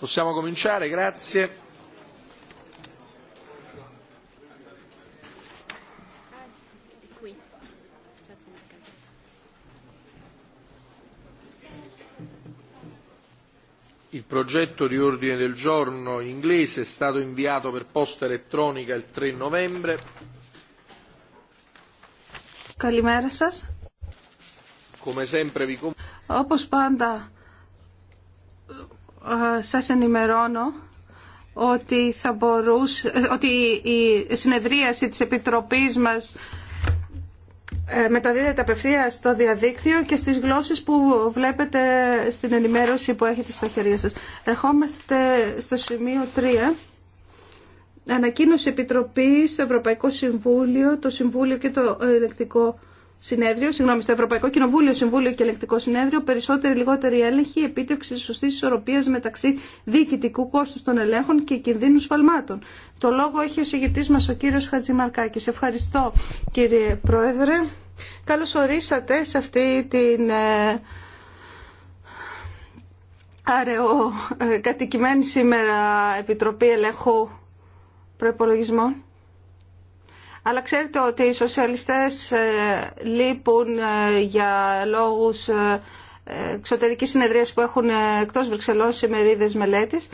Possiamo cominciare, grazie. Il progetto di ordine del giorno in inglese è stato inviato per posta elettronica il 3 novembre. Come sempre vi σας ενημερώνω ότι θα ότι η συνεδρίαση της Επιτροπής μας ε, μεταδίδεται απευθεία στο διαδίκτυο και στις γλώσσες που βλέπετε στην ενημέρωση που έχετε στα χέρια σας. Ερχόμαστε στο σημείο 3. Ανακοίνωση Επιτροπής, Ευρωπαϊκό Συμβούλιο, το Συμβούλιο και το Ελεκτικό συνέδριο, συγγνώμη, στο Ευρωπαϊκό Κοινοβούλιο, Συμβούλιο και Ελεκτικό Συνέδριο, περισσότερη λιγότερη έλεγχη, επίτευξη σωστή ισορροπία μεταξύ διοικητικού κόστου των ελέγχων και κινδύνου σφαλμάτων. Το λόγο έχει ο συγγητή μα ο κύριο Χατζημαρκάκη. Ευχαριστώ, κύριε Πρόεδρε. Καλώ ορίσατε σε αυτή την. Αραιό ε, ε, κατοικημένη σήμερα Επιτροπή Ελέγχου Προπολογισμών. Αλλά ξέρετε ότι οι σοσιαλιστές ε, λείπουν ε, για λόγους ε, εξωτερικής συνεδρίας που έχουν εκτός Βρυξελών σε μερίδες μελέτης.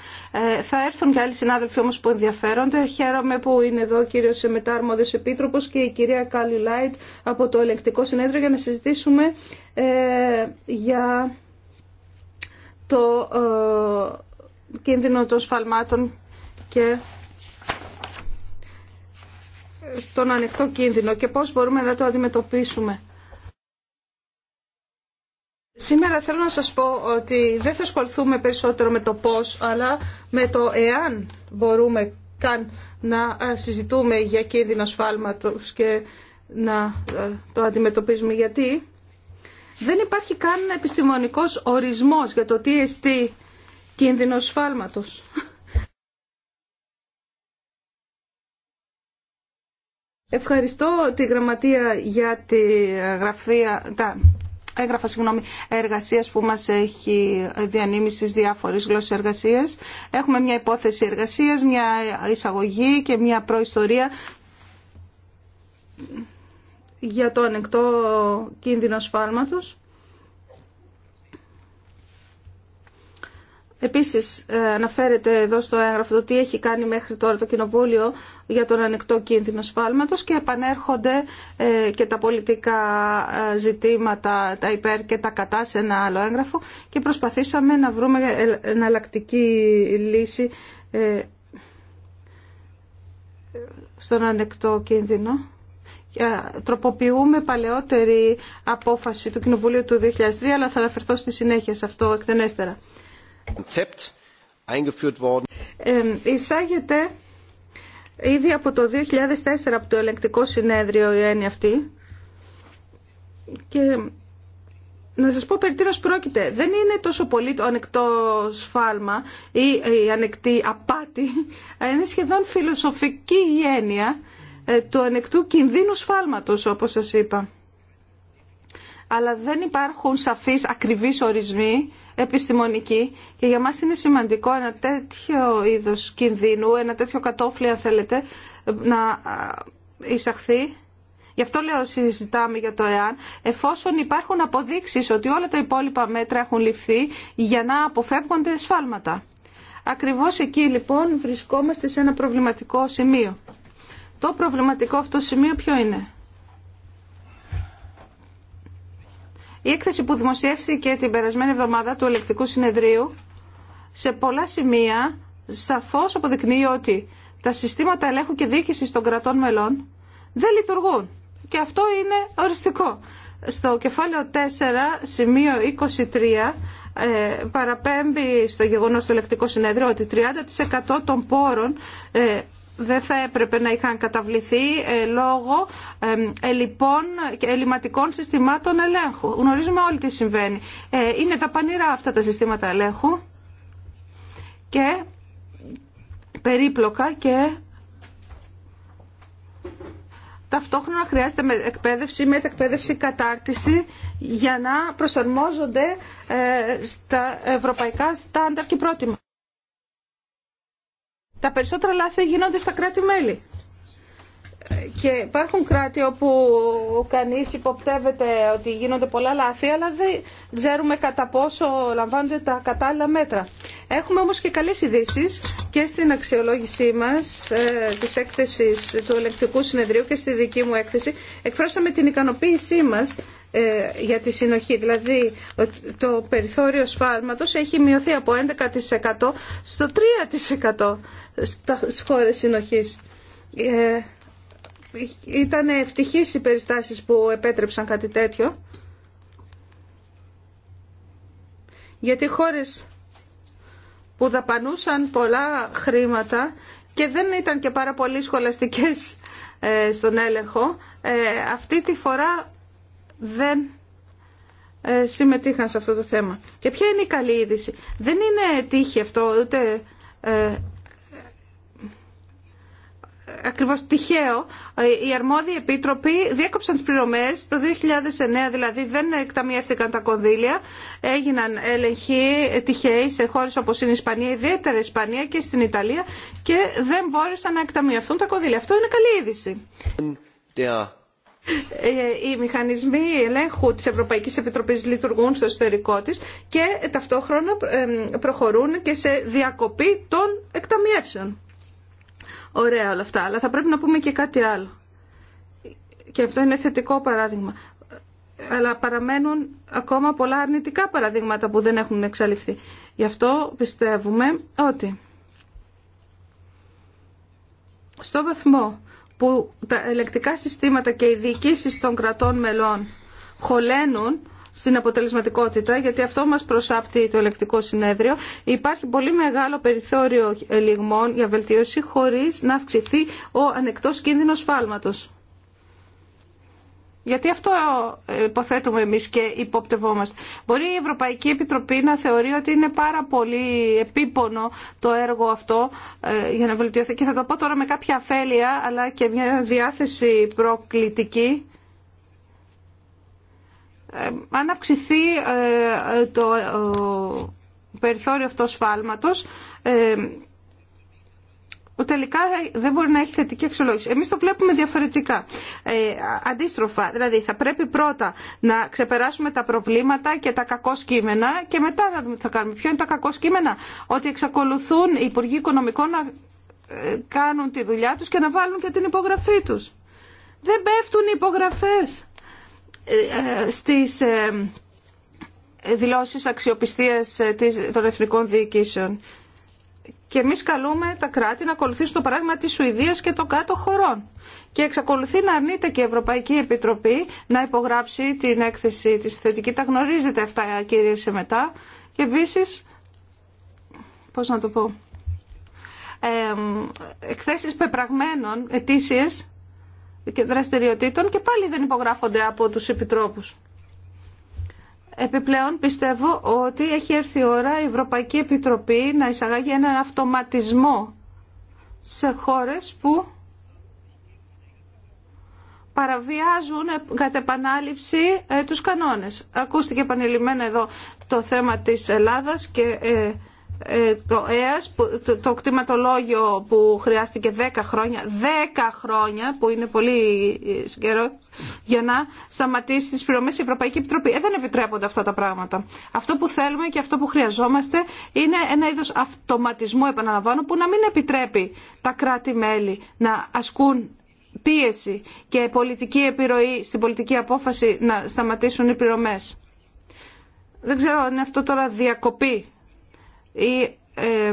Θα έρθουν και άλλοι συνάδελφοι όμως που ενδιαφέρονται. Χαίρομαι που είναι εδώ ο κύριος Μετάρμοδης Επίτροπος και η κυρία Κάλλη Λάιτ από το Ελεκτικό Συνέδριο για να συζητήσουμε για το κίνδυνο των σφαλμάτων και τον ανοιχτό κίνδυνο και πώς μπορούμε να το αντιμετωπίσουμε. Σήμερα θέλω να σας πω ότι δεν θα ασχοληθούμε περισσότερο με το πώς, αλλά με το εάν μπορούμε καν να ε, συζητούμε για κίνδυνο σφάλματος και να ε, το αντιμετωπίζουμε. Γιατί δεν υπάρχει καν επιστημονικός ορισμός για το τι εστί κίνδυνο σφάλματος. Ευχαριστώ τη Γραμματεία για τη γραφεία, τα έγγραφα συγγνώμη, εργασίας που μας έχει διανύμει στις διάφορες γλώσσες εργασίας. Έχουμε μια υπόθεση εργασίας, μια εισαγωγή και μια προϊστορία για το ανεκτό κίνδυνο σφάλματος. Επίσης ε, αναφέρεται εδώ στο έγγραφο το τι έχει κάνει μέχρι τώρα το Κοινοβούλιο για τον ανεκτό κίνδυνο σφάλματος και επανέρχονται ε, και τα πολιτικά ε, ζητήματα, τα υπέρ και τα κατά σε ένα άλλο έγγραφο και προσπαθήσαμε να βρούμε εναλλακτική λύση στον ανεκτό κίνδυνο. Τροποποιούμε παλαιότερη απόφαση του Κοινοβουλίου του 2003, αλλά θα αναφερθώ στη συνέχεια σε αυτό εκτενέστερα worden. εισάγεται ήδη από το 2004 από το ελεκτικό συνέδριο η έννοια αυτή και να σας πω περί τίνος πρόκειται. Δεν είναι τόσο πολύ το ανεκτό σφάλμα ή η ανεκτή απάτη. Είναι σχεδόν φιλοσοφική η έννοια ε, του ανεκτού κινδύνου σφάλματος όπως σας είπα αλλά δεν υπάρχουν σαφείς ακριβείς ορισμοί επιστημονικοί και για μας είναι σημαντικό ένα τέτοιο είδος κινδύνου, ένα τέτοιο κατόφλι αν θέλετε, να εισαχθεί. Γι' αυτό λέω συζητάμε για το εάν, εφόσον υπάρχουν αποδείξεις ότι όλα τα υπόλοιπα μέτρα έχουν ληφθεί για να αποφεύγονται σφάλματα. Ακριβώς εκεί λοιπόν βρισκόμαστε σε ένα προβληματικό σημείο. Το προβληματικό αυτό σημείο ποιο είναι. Η έκθεση που δημοσιεύθηκε την περασμένη εβδομάδα του Ελεκτικού Συνεδρίου σε πολλά σημεία σαφώς αποδεικνύει ότι τα συστήματα ελέγχου και διοίκησης των κρατών μελών δεν λειτουργούν. Και αυτό είναι οριστικό. Στο κεφάλαιο 4, σημείο 23, ε, παραπέμπει στο γεγονός του ελεκτικού συνέδριου ότι 30% των πόρων ε, δεν θα έπρεπε να είχαν καταβληθεί ε, λόγω και ελληματικών συστημάτων ελέγχου. Γνωρίζουμε όλοι τι συμβαίνει. Ε, είναι τα πανηρά αυτά τα συστήματα ελέγχου και περίπλοκα και ταυτόχρονα χρειάζεται με εκπαίδευση, εκπαίδευση κατάρτιση για να προσαρμόζονται ε, στα ευρωπαϊκά στάνταρ και πρότυπα. Τα περισσότερα λάθη γίνονται στα κράτη-μέλη. Και υπάρχουν κράτη όπου κανείς υποπτεύεται ότι γίνονται πολλά λάθη, αλλά δεν ξέρουμε κατά πόσο λαμβάνονται τα κατάλληλα μέτρα. Έχουμε όμως και καλές ειδήσει και στην αξιολόγησή μας ε, της έκθεσης του ελεκτικού συνεδρίου και στη δική μου έκθεση. Εκφράσαμε την ικανοποίησή μας ε, για τη συνοχή. Δηλαδή το περιθώριο σφάλματος έχει μειωθεί από 11% στο 3% στις χώρες συνοχής. Ε, ήταν ευτυχείς οι περιστάσεις που επέτρεψαν κάτι τέτοιο. Γιατί χώρες που δαπανούσαν πολλά χρήματα και δεν ήταν και πάρα πολύ σχολαστικές ε, στον έλεγχο, αυτή τη φορά δεν ε, συμμετείχαν σε αυτό το θέμα. Και ποια είναι η καλή είδηση. Δεν είναι τύχη αυτό, ούτε ε, ακριβώς τυχαίο. Ε, οι αρμόδιοι επίτροποι διέκοψαν τις πληρωμές το 2009, δηλαδή δεν εκταμιεύθηκαν τα κονδύλια. Έγιναν έλεγχοι τυχαίοι σε χώρες όπως είναι η Ισπανία, ιδιαίτερα η Ισπανία και στην Ιταλία και δεν μπόρεσαν να εκταμιευθούν τα κονδύλια. Αυτό είναι καλή είδηση. Ε, οι μηχανισμοί ελέγχου της Ευρωπαϊκής Επιτροπής λειτουργούν στο εσωτερικό της και ταυτόχρονα προχωρούν και σε διακοπή των εκταμιεύσεων. Ωραία όλα αυτά, αλλά θα πρέπει να πούμε και κάτι άλλο. Και αυτό είναι θετικό παράδειγμα. Αλλά παραμένουν ακόμα πολλά αρνητικά παραδείγματα που δεν έχουν εξαλειφθεί. Γι' αυτό πιστεύουμε ότι στο βαθμό που τα ελεκτικά συστήματα και οι διοικήσει των κρατών μελών χωλένουν στην αποτελεσματικότητα, γιατί αυτό μας προσάπτει το ελεκτικό συνέδριο, υπάρχει πολύ μεγάλο περιθώριο ελιγμών για βελτίωση χωρίς να αυξηθεί ο ανεκτός κίνδυνος φάλματος. Γιατί αυτό ε, υποθέτουμε εμεί και υποπτευόμαστε. Μπορεί η Ευρωπαϊκή Επιτροπή να θεωρεί ότι είναι πάρα πολύ επίπονο το έργο αυτό ε, για να βελτιωθεί. Και θα το πω τώρα με κάποια αφέλεια, αλλά και μια διάθεση προκλητική. Ε, αν αυξηθεί το περιθώριο αυτό σφάλματος, που τελικά δεν μπορεί να έχει θετική αξιολόγηση. Εμείς το βλέπουμε διαφορετικά. Ε, αντίστροφα, δηλαδή θα πρέπει πρώτα να ξεπεράσουμε τα προβλήματα και τα κακό σκήμενα και μετά να δούμε τι θα κάνουμε. Ποιο είναι τα κακό σκήμενα, ότι εξακολουθούν οι Υπουργοί Οικονομικών να ε, κάνουν τη δουλειά τους και να βάλουν και την υπογραφή τους. Δεν πέφτουν οι υπογραφές ε, ε στις ε, ε, δηλώσεις αξιοπιστίας των εθνικών διοικήσεων. Και εμεί καλούμε τα κράτη να ακολουθήσουν το παράδειγμα της Σουηδίας και των κάτω χωρών. Και εξακολουθεί να αρνείται και η Ευρωπαϊκή Επιτροπή να υπογράψει την έκθεση της θετική. Τα γνωρίζετε αυτά κύριε Σεμετά. μετά. Και επίση, Πώ να το πω, ε, εκθέσεις πεπραγμένων, ετήσιες και δραστηριοτήτων και πάλι δεν υπογράφονται από τους επιτρόπους. Επιπλέον πιστεύω ότι έχει έρθει η ώρα η Ευρωπαϊκή Επιτροπή να εισαγάγει έναν αυτοματισμό σε χώρες που παραβιάζουν κατ' επανάληψη ε, τους κανόνες. Ακούστηκε επανειλημμένα εδώ το θέμα της Ελλάδας και ε, ε, το ΕΑΣ, το κτηματολόγιο που χρειάστηκε 10 χρόνια, 10 χρόνια που είναι πολύ ε, καιρό για να σταματήσει τις πληρωμές η Ευρωπαϊκή Επιτροπή. Ε, δεν επιτρέπονται αυτά τα πράγματα. Αυτό που θέλουμε και αυτό που χρειαζόμαστε είναι ένα είδος αυτοματισμού, επαναλαμβάνω, που να μην επιτρέπει τα κράτη-μέλη να ασκούν πίεση και πολιτική επιρροή στην πολιτική απόφαση να σταματήσουν οι πληρωμές. Δεν ξέρω αν αυτό τώρα διακοπεί η ε,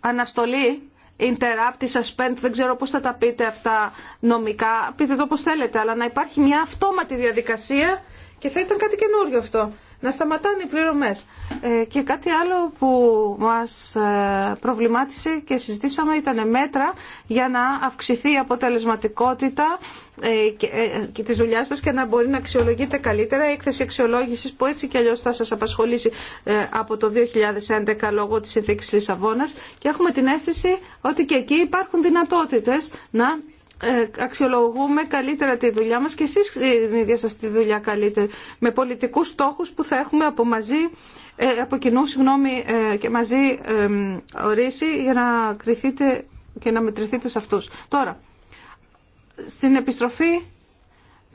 αναστολή interrupt, suspend, δεν ξέρω πώς θα τα πείτε αυτά νομικά, πείτε το πώς θέλετε, αλλά να υπάρχει μια αυτόματη διαδικασία και θα ήταν κάτι καινούριο αυτό να σταματάνε οι πληρωμές. Ε, και κάτι άλλο που μας ε, προβλημάτισε και συζητήσαμε ήταν μέτρα για να αυξηθεί η αποτελεσματικότητα ε, και της δουλειάς σας και να μπορεί να αξιολογείτε καλύτερα η έκθεση αξιολόγησης που έτσι και αλλιώς θα σας απασχολήσει από το 2011 λόγω της συνθήκης Λισαβόνας και έχουμε την αίσθηση ότι και εκεί υπάρχουν δυνατότητες να ε, αξιολογούμε καλύτερα τη δουλειά μας και εσείς την ίδια σας τη δουλειά καλύτερα με πολιτικούς στόχους που θα έχουμε από, μαζί, ε, από κοινού συγγνώμη, ε, και μαζί ορίσει για να κριθείτε και να μετρηθείτε σε αυτούς. Τώρα, στην επιστροφή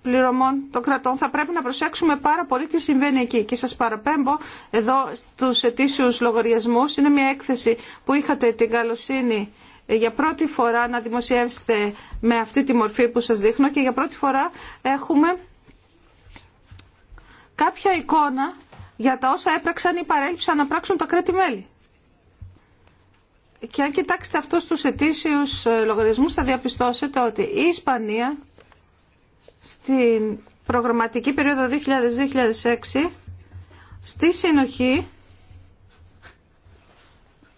πληρωμών των κρατών θα πρέπει να προσέξουμε πάρα πολύ τι συμβαίνει εκεί. Και σας παραπέμπω εδώ στους ετήσιους λογαριασμούς. Είναι μια έκθεση που είχατε την καλοσύνη για πρώτη φορά να δημοσιεύσετε με αυτή τη μορφή που σας δείχνω και για πρώτη φορά έχουμε κάποια εικόνα για τα όσα έπραξαν ή παρέλειψαν να πράξουν τα κράτη-μέλη. Και αν κοιτάξετε αυτού του ετήσιους ε, λογαριασμούς θα διαπιστώσετε ότι η Ισπανία στην προγραμματική περίοδο 2000-2006 στη συνοχή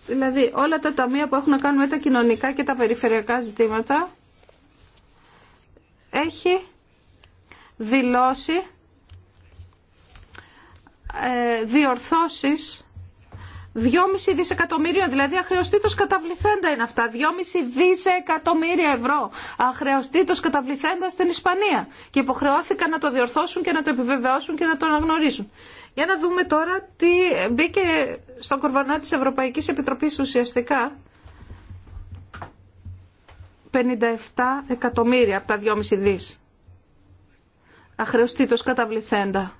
Δηλαδή όλα τα ταμεία που έχουν να κάνουν με τα κοινωνικά και τα περιφερειακά ζητήματα έχει δηλώσει ε, διορθώσεις 2,5 δισεκατομμύρια. δηλαδή αχρεωστήτως καταβληθέντα είναι αυτά, 2,5 δισεκατομμύρια ευρώ αχρεωστήτως καταβληθέντα στην Ισπανία και υποχρεώθηκαν να το διορθώσουν και να το επιβεβαιώσουν και να το αναγνωρίσουν. Για να δούμε τώρα τι μπήκε στον κορβανά της Ευρωπαϊκής Επιτροπής ουσιαστικά. 57 εκατομμύρια από τα 2,5 δις. Αχρεωστήτως καταβληθέντα.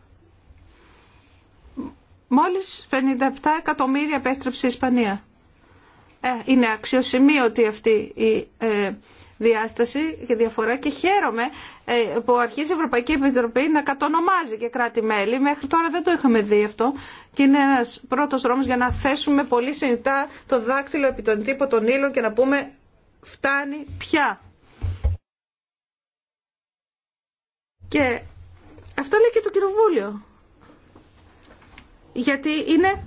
Μόλις 57 εκατομμύρια επέστρεψε η Ισπανία. Ε, είναι αξιοσημείωτη αυτή η ε, διάσταση και διαφορά και χαίρομαι ε, που αρχίζει η Ευρωπαϊκή Επιτροπή να κατονομάζει και κράτη-μέλη. Μέχρι τώρα δεν το είχαμε δει αυτό και είναι ένας πρώτος δρόμο για να θέσουμε πολύ συνειδητά το δάκτυλο επί τον τύπο των ήλων και να πούμε φτάνει πια. Και αυτό λέει και το Κοινοβούλιο. Γιατί είναι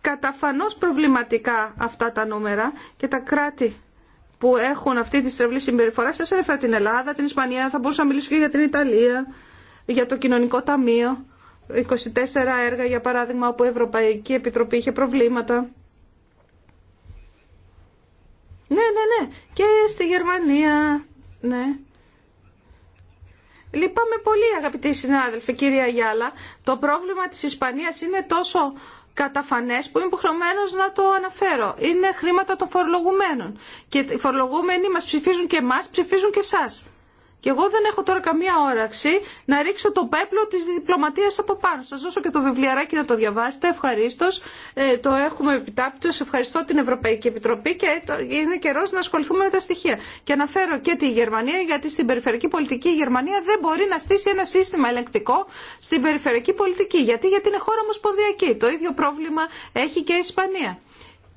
καταφανώς προβληματικά αυτά τα νούμερα και τα κράτη που έχουν αυτή τη στρεβλή συμπεριφορά. σε έφερα την Ελλάδα, την Ισπανία, θα μπορούσα να μιλήσω και για την Ιταλία, για το κοινωνικό ταμείο. 24 έργα, για παράδειγμα, όπου η Ευρωπαϊκή Επιτροπή είχε προβλήματα. Ναι, ναι, ναι. Και στη Γερμανία. Ναι. Λυπάμαι πολύ αγαπητοί συνάδελφοι, κυρία Γιάλα. Το πρόβλημα της Ισπανίας είναι τόσο καταφανές που είμαι υποχρεωμένο να το αναφέρω. Είναι χρήματα των φορολογουμένων. Και οι φορολογούμενοι μας ψηφίζουν και εμάς, ψηφίζουν και εσάς. Και εγώ δεν έχω τώρα καμία όραξη να ρίξω το πέπλο της διπλωματίας από πάνω. Σας δώσω και το βιβλιαράκι να το διαβάσετε. Ευχαρίστω. Ε, το έχουμε επιτάπητο. ευχαριστώ την Ευρωπαϊκή Επιτροπή και είναι καιρός να ασχοληθούμε με τα στοιχεία. Και αναφέρω και τη Γερμανία γιατί στην περιφερειακή πολιτική η Γερμανία δεν μπορεί να στήσει ένα σύστημα ελεγκτικό στην περιφερειακή πολιτική. Γιατί, γιατί είναι χώρα ομοσπονδιακή. Το ίδιο πρόβλημα έχει και η Ισπανία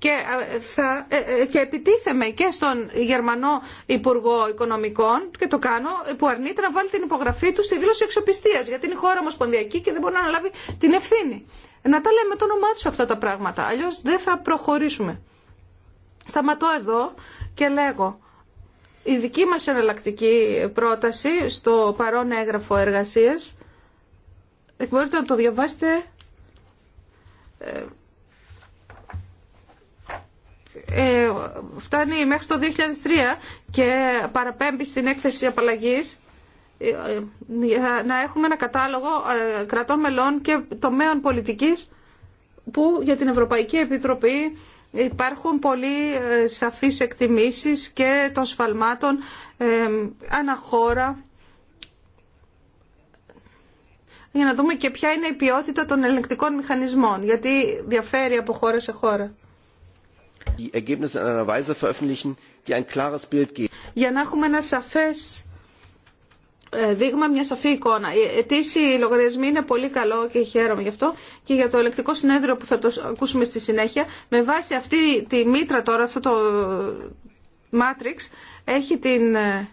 και, ε, θα, ε, ε, και επιτίθεμαι και στον Γερμανό Υπουργό Οικονομικών και το κάνω που αρνείται να βάλει την υπογραφή του στη δήλωση εξοπιστία γιατί είναι χώρα ομοσπονδιακή και δεν μπορεί να αναλάβει την ευθύνη. Να τα λέμε το όνομά του αυτά τα πράγματα. Αλλιώ δεν θα προχωρήσουμε. Σταματώ εδώ και λέγω. Η δική μας εναλλακτική πρόταση στο παρόν έγγραφο εργασίας μπορείτε να το διαβάσετε ε, φτάνει μέχρι το 2003 και παραπέμπει στην έκθεση απαλλαγής ε, ε, να έχουμε ένα κατάλογο κρατών μελών και τομέων πολιτικής που για την Ευρωπαϊκή Επιτροπή υπάρχουν πολύ σαφείς εκτιμήσεις και των σφαλμάτων αναχώρα για να δούμε και ποια είναι η ποιότητα των ελεγκτικών μηχανισμών, γιατί διαφέρει από χώρα σε χώρα. Για να έχουμε ένα σαφές ε, δείγμα, μια σαφή εικόνα. Οι αιτήσιοι λογαριασμοί είναι πολύ καλό και χαίρομαι γι' αυτό και για το ελεκτικό συνέδριο που θα το ακούσουμε στη συνέχεια. Με βάση αυτή τη μήτρα τώρα, αυτό το Matrix, έχει την ε,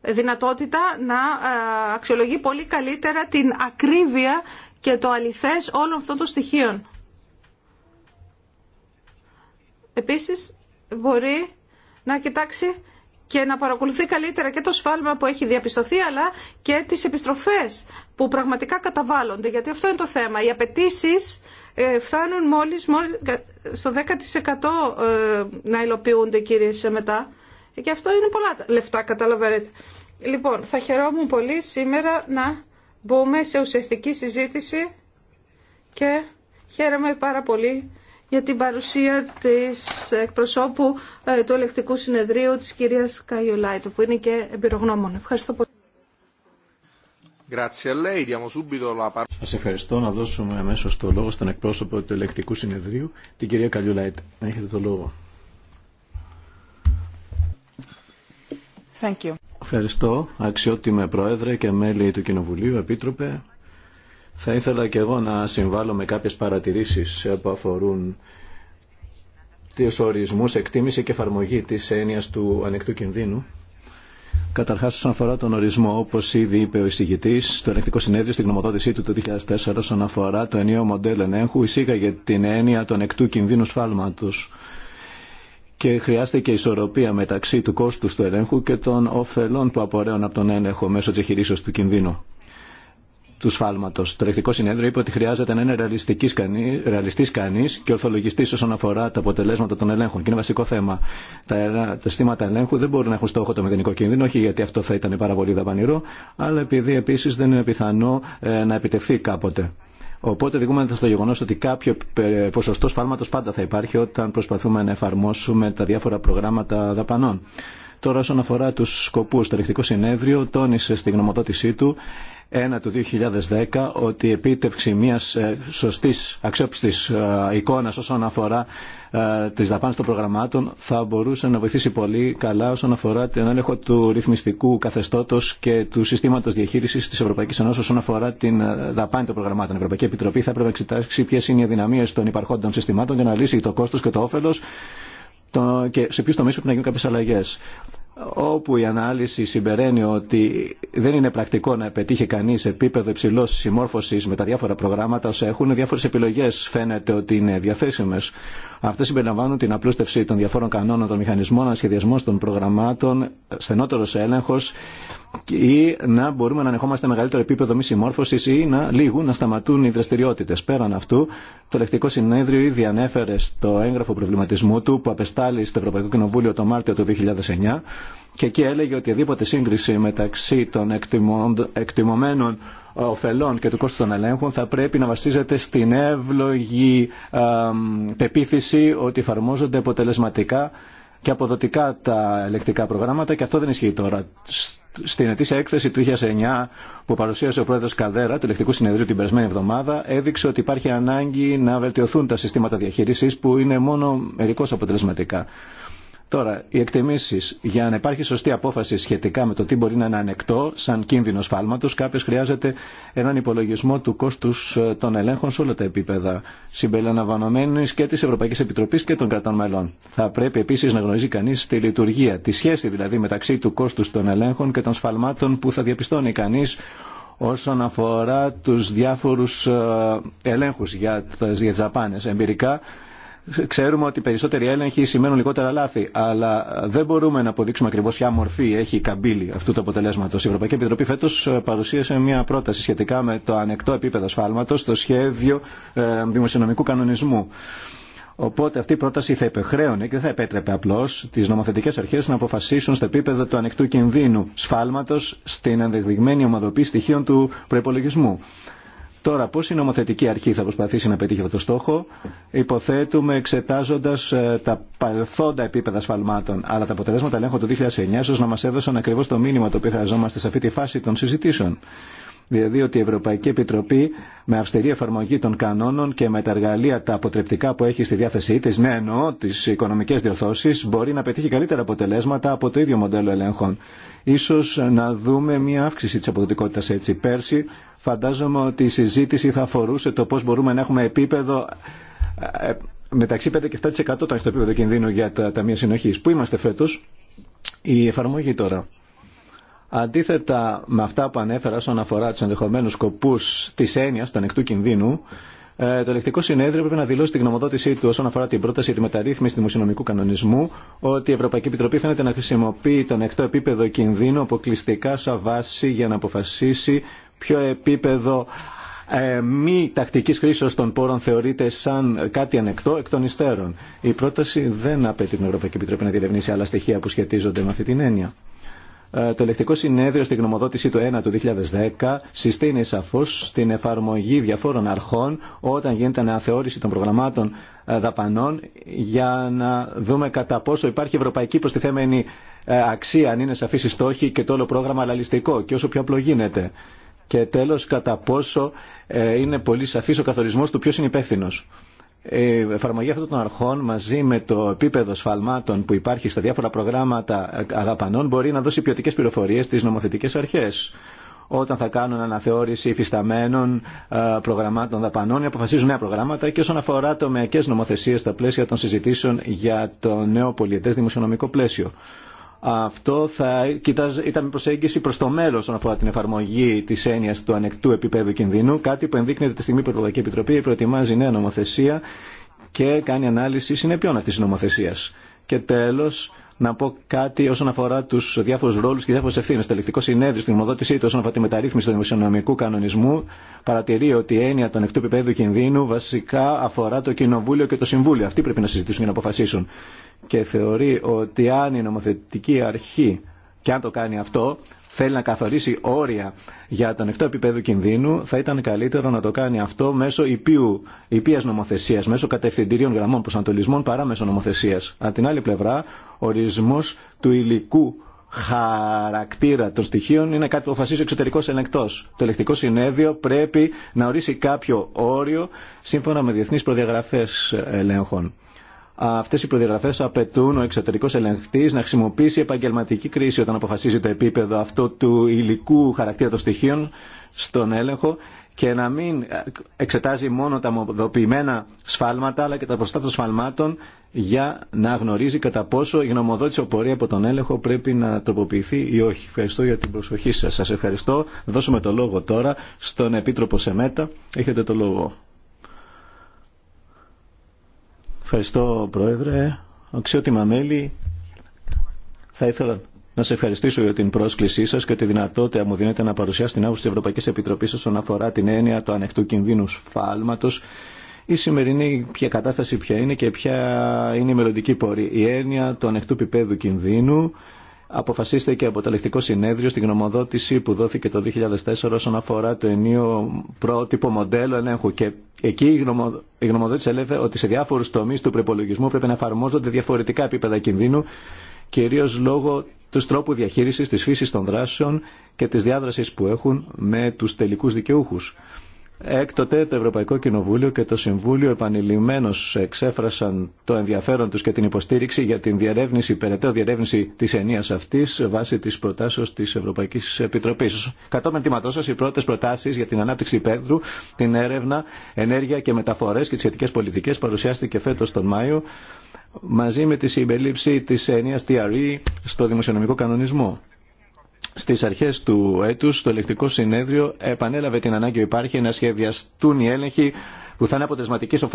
δυνατότητα να ε, αξιολογεί πολύ καλύτερα την ακρίβεια και το αληθές όλων αυτών των στοιχείων. Επίσης μπορεί να κοιτάξει και να παρακολουθεί καλύτερα και το σφάλμα που έχει διαπιστωθεί αλλά και τις επιστροφές που πραγματικά καταβάλλονται γιατί αυτό είναι το θέμα. Οι απαιτήσει ε, φτάνουν μόλις, μόλις στο 10% ε, να υλοποιούνται κύριε μετά και αυτό είναι πολλά λεφτά καταλαβαίνετε. Λοιπόν, θα χαιρόμουν πολύ σήμερα να μπούμε σε ουσιαστική συζήτηση και χαίρομαι πάρα πολύ για την παρουσία της εκπροσώπου ε, του ελεκτικού συνεδρίου της κυρίας Καϊολάιτου, που είναι και εμπειρογνώμων. Ευχαριστώ πολύ. Σας ευχαριστώ. Να δώσουμε αμέσω το λόγο στον εκπρόσωπο του ελεκτικού συνεδρίου, την κυρία Να Έχετε το λόγο. Ευχαριστώ, αξιότιμε Πρόεδρε και μέλη του Κοινοβουλίου, Επίτροπε, θα ήθελα και εγώ να συμβάλλω με κάποιες παρατηρήσεις που αφορούν τις ορισμούς, εκτίμηση και εφαρμογή της έννοιας του ανεκτού κινδύνου. Καταρχάς, όσον αφορά τον ορισμό, όπως ήδη είπε ο εισηγητής, το ελεκτικό συνέδριο στην γνωμοδότησή του το 2004, όσον αφορά το ενίο μοντέλο ενέχου, εισήγαγε την έννοια του ανεκτού κινδύνου σφάλματος και χρειάστηκε ισορροπία μεταξύ του κόστου του ελέγχου και των ωφελών που απορρέουν από τον έλεγχο μέσω τη του κινδύνου του σφάλματο. Το Ελεκτικό Συνέδριο είπε ότι χρειάζεται να είναι ρεαλιστή κανεί και ορθολογιστή όσον αφορά τα αποτελέσματα των ελέγχων. Και είναι βασικό θέμα. Τα, τα συστήματα ελέγχου δεν μπορούν να έχουν στόχο το μηδενικό κίνδυνο, όχι γιατί αυτό θα ήταν πάρα πολύ δαπανηρό, αλλά επειδή επίση δεν είναι πιθανό ε, να επιτευχθεί κάποτε. Οπότε δικούμαστε στο γεγονό ότι κάποιο ε, ποσοστό σφάλματο πάντα θα υπάρχει όταν προσπαθούμε να εφαρμόσουμε τα διάφορα προγράμματα δαπανών. Τώρα όσον αφορά του σκοπού το ελεκτικό συνέδριο τόνισε στη γνωμοδότησή του ένα του 2010 ότι η επίτευξη μια ε, σωστή αξιόπιστη ε, εικόνα όσον αφορά ε, τι δαπάνε των προγραμμάτων θα μπορούσε να βοηθήσει πολύ καλά όσον αφορά την έλεγχο του ρυθμιστικού καθεστώτο και του συστήματο διαχείριση τη Ευρωπαϊκή Ενώσης όσον αφορά την δαπάνη των προγραμμάτων. Η Ευρωπαϊκή Επιτροπή θα έπρεπε να εξετάσει ποιε είναι οι αδυναμίε των υπαρχόντων συστημάτων για να λύσει το κόστο και το όφελο και σε ποιου τομεί πρέπει να γίνουν κάποιε αλλαγέ όπου η ανάλυση συμπεραίνει ότι δεν είναι πρακτικό να πετύχει κανεί επίπεδο υψηλό συμμόρφωση με τα διάφορα προγράμματα όσα έχουν, διάφορε επιλογέ φαίνεται ότι είναι διαθέσιμε. Αυτέ συμπεριλαμβάνουν την απλούστευση των διαφόρων κανόνων, των μηχανισμών, σχεδιασμών των προγραμμάτων, στενότερο έλεγχο ή να μπορούμε να ανεχόμαστε μεγαλύτερο επίπεδο μη συμμόρφωση ή να λύγουν να σταματούν οι δραστηριότητε. Πέραν αυτού, το λεκτικό Συνέδριο ήδη ανέφερε στο έγγραφο προβληματισμού του που απεστάλει στο Ευρωπαϊκό Κοινοβούλιο το Μάρτιο του 2009 και εκεί έλεγε ότι οδήποτε σύγκριση μεταξύ των εκτιμωμένων ωφελών και του κόστου των ελέγχων θα πρέπει να βασίζεται στην εύλογη πεποίθηση ότι εφαρμόζονται αποτελεσματικά και αποδοτικά τα ελεκτικά προγράμματα και αυτό δεν ισχύει τώρα. Στην ετήσια έκθεση του 2009 που παρουσίασε ο πρόεδρος Καδέρα του Ελεκτικού Συνεδρίου την περασμένη εβδομάδα έδειξε ότι υπάρχει ανάγκη να βελτιωθούν τα συστήματα διαχείρισης που είναι μόνο μερικώς αποτελεσματικά. Τώρα, οι εκτιμήσει για να υπάρχει σωστή απόφαση σχετικά με το τι μπορεί να είναι ανεκτό σαν κίνδυνο σφάλματο, κάποιο χρειάζεται έναν υπολογισμό του κόστου ε, των ελέγχων σε όλα τα επίπεδα, συμπεριλαμβανομένη και τη Ευρωπαϊκή Επιτροπή και των κρατών μελών. Θα πρέπει επίση να γνωρίζει κανεί τη λειτουργία, τη σχέση δηλαδή μεταξύ του κόστου των ελέγχων και των σφαλμάτων που θα διαπιστώνει κανεί όσον αφορά του διάφορου ε, ελέγχου για τι δαπάνε Εμπειρικά Ξέρουμε ότι περισσότεροι έλεγχοι σημαίνουν λιγότερα λάθη, αλλά δεν μπορούμε να αποδείξουμε ακριβώ ποια μορφή έχει η καμπύλη αυτού του αποτελέσματο. Η Ευρωπαϊκή Επιτροπή φέτο ε, παρουσίασε μια πρόταση σχετικά με το ανεκτό επίπεδο σφάλματο στο σχέδιο ε, δημοσιονομικού κανονισμού. Οπότε αυτή η πρόταση θα υπεχρέωνε και δεν θα επέτρεπε απλώ τι νομοθετικέ αρχέ να αποφασίσουν στο επίπεδο του ανεκτού κινδύνου σφάλματο στην ενδεδειγμένη ομαδοποίηση στοιχείων του προπολογισμού. Τώρα, πώς η νομοθετική αρχή θα προσπαθήσει να πετύχει αυτό το στόχο, υποθέτουμε εξετάζοντας ε, τα παρελθόντα επίπεδα σφαλμάτων, αλλά τα αποτελέσματα ελέγχου του 2009 ώστε να μας έδωσαν ακριβώς το μήνυμα το οποίο χρειαζόμαστε σε αυτή τη φάση των συζητήσεων. Δηλαδή ότι η Ευρωπαϊκή Επιτροπή με αυστηρή εφαρμογή των κανόνων και με τα εργαλεία τα αποτρεπτικά που έχει στη διάθεσή τη, ναι εννοώ τι οικονομικέ διορθώσει, μπορεί να πετύχει καλύτερα αποτελέσματα από το ίδιο μοντέλο ελέγχων. σω να δούμε μια αύξηση τη αποδοτικότητα έτσι. Πέρσι φαντάζομαι ότι η συζήτηση θα αφορούσε το πώ μπορούμε να έχουμε επίπεδο ε, μεταξύ 5 και 7% το επίπεδο κινδύνου για τα ταμεία συνοχή. Πού είμαστε φέτο, η εφαρμογή τώρα. Αντίθετα με αυτά που ανέφερα όσον αφορά του ενδεχομένου σκοπού τη έννοια, του ανεκτού κινδύνου, ε, το ελεκτικό συνέδριο πρέπει να δηλώσει την γνωμοδότησή του όσον αφορά την πρόταση τη μεταρρύθμιση του δημοσιονομικού κανονισμού ότι η Ευρωπαϊκή Επιτροπή φαίνεται να χρησιμοποιεί τον εκτό επίπεδο κινδύνου αποκλειστικά σαν βάση για να αποφασίσει ποιο επίπεδο ε, μη τακτική χρήση των πόρων θεωρείται σαν κάτι ανεκτό εκ των υστέρων. Η πρόταση δεν απαιτεί την Ευρωπαϊκή Επιτροπή να διερευνήσει άλλα στοιχεία που σχετίζονται με αυτή την έννοια. Ε, το ελεκτικό συνέδριο στην γνωμοδότησή του 1 του 2010 συστήνει σαφώς την εφαρμογή διαφόρων αρχών όταν γίνεται αναθεώρηση των προγραμμάτων ε, δαπανών για να δούμε κατά πόσο υπάρχει ευρωπαϊκή προστιθέμενη ε, αξία αν είναι σαφή η στόχη και το όλο πρόγραμμα αλλαλιστικό και όσο πιο απλό γίνεται. Και τέλος κατά πόσο είναι πολύ σαφής ο καθορισμός του ποιο είναι υπεύθυνο. Ε, εφαρμογή αυτών των αρχών μαζί με το επίπεδο σφαλμάτων που υπάρχει στα διάφορα προγράμματα αγαπανών μπορεί να δώσει ποιοτικέ πληροφορίε στι νομοθετικέ αρχέ όταν θα κάνουν αναθεώρηση υφισταμένων ε, προγραμμάτων δαπανών ή αποφασίζουν νέα προγράμματα και όσον αφορά τομεακέ νομοθεσίε στα πλαίσια των συζητήσεων για το νέο πολιετέ δημοσιονομικό πλαίσιο. Αυτό θα κοιτάζ, ήταν προσέγγιση προ το μέλλον όσον αφορά την εφαρμογή τη έννοια του ανεκτού επίπεδου κινδύνου. Κάτι που ενδείκνεται τη στιγμή που η Ευρωπαϊκή Επιτροπή προετοιμάζει νέα νομοθεσία και κάνει ανάλυση συνεπειών αυτή τη νομοθεσία. Και τέλο, να πω κάτι όσον αφορά του διάφορου ρόλου και διάφορε ευθύνε. Το ελεκτικό συνέδριο στην Ομοδότησή του όσον αφορά τη μεταρρύθμιση του δημοσιονομικού κανονισμού παρατηρεί ότι η έννοια των ανοιχτού επίπεδου κινδύνου βασικά αφορά το Κοινοβούλιο και το Συμβούλιο. Αυτοί πρέπει να συζητήσουν και να αποφασίσουν. Και θεωρεί ότι αν η νομοθετική αρχή, και αν το κάνει αυτό, θέλει να καθορίσει όρια για τον εκτό επίπεδο κινδύνου, θα ήταν καλύτερο να το κάνει αυτό μέσω υπείου, νομοθεσία, νομοθεσίας, μέσω κατευθυντήριων γραμμών προσανατολισμών παρά μέσω νομοθεσίας. Από την άλλη πλευρά, ορισμός του υλικού χαρακτήρα των στοιχείων είναι κάτι που αποφασίζει ο εξωτερικό ελεγκτό. Το ελεκτικό συνέδριο πρέπει να ορίσει κάποιο όριο σύμφωνα με διεθνεί προδιαγραφέ ελέγχων. Αυτέ οι προδιαγραφέ απαιτούν ο εξωτερικό ελεγχτή να χρησιμοποιήσει επαγγελματική κρίση όταν αποφασίζει το επίπεδο αυτό του υλικού χαρακτήρα των στοιχείων στον έλεγχο και να μην εξετάζει μόνο τα μοδοποιημένα σφάλματα αλλά και τα ποσοστά των σφαλμάτων για να γνωρίζει κατά πόσο η γνωμοδότηση οπορία από τον έλεγχο πρέπει να τροποποιηθεί ή όχι. Ευχαριστώ για την προσοχή σας. Σας ευχαριστώ. Δώσουμε το λόγο τώρα στον Επίτροπο Σεμέτα. Έχετε το λόγο. Ευχαριστώ, Πρόεδρε. Αξιότιμα μέλη, θα ήθελα να σε ευχαριστήσω για την πρόσκλησή σα και τη δυνατότητα μου δίνετε να παρουσιάσω την άποψη τη Ευρωπαϊκή Επιτροπή όσον αφορά την έννοια του ανοιχτού κινδύνου σφάλματο. Η σημερινή ποια κατάσταση ποια είναι και ποια είναι η μελλοντική πορεία. Η έννοια του ανοιχτού πιπέδου κινδύνου αποφασίστηκε από το ελεκτικό συνέδριο στην γνωμοδότηση που δόθηκε το 2004 όσον αφορά το ενίο πρότυπο μοντέλο ελέγχου. Και εκεί η, γνωμοδότηση έλεγε ότι σε διάφορου τομεί του προπολογισμού πρέπει να εφαρμόζονται διαφορετικά επίπεδα κινδύνου, κυρίω λόγω του τρόπου διαχείριση τη φύση των δράσεων και τη διάδραση που έχουν με του τελικού δικαιούχου. Έκτοτε το Ευρωπαϊκό Κοινοβούλιο και το Συμβούλιο επανειλημμένω εξέφρασαν το ενδιαφέρον του και την υποστήριξη για την διερεύνηση, περαιτέρω διερεύνηση τη ενία αυτή βάσει της προτάσεως της Ευρωπαϊκής Επιτροπής. Κατόπιν τίματό σα, οι πρώτε προτάσει για την ανάπτυξη πέδρου, την έρευνα, ενέργεια και μεταφορέ και τι σχετικέ πολιτικέ παρουσιάστηκε φέτο τον Μάιο μαζί με τη συμπερίληψη τη ενία TRE στο δημοσιονομικό κανονισμό. Στις αρχές του έτους το ελεκτικό συνέδριο επανέλαβε την ανάγκη που υπάρχει να σχεδιαστούν οι έλεγχοι που θα είναι αποτελεσματικοί όσον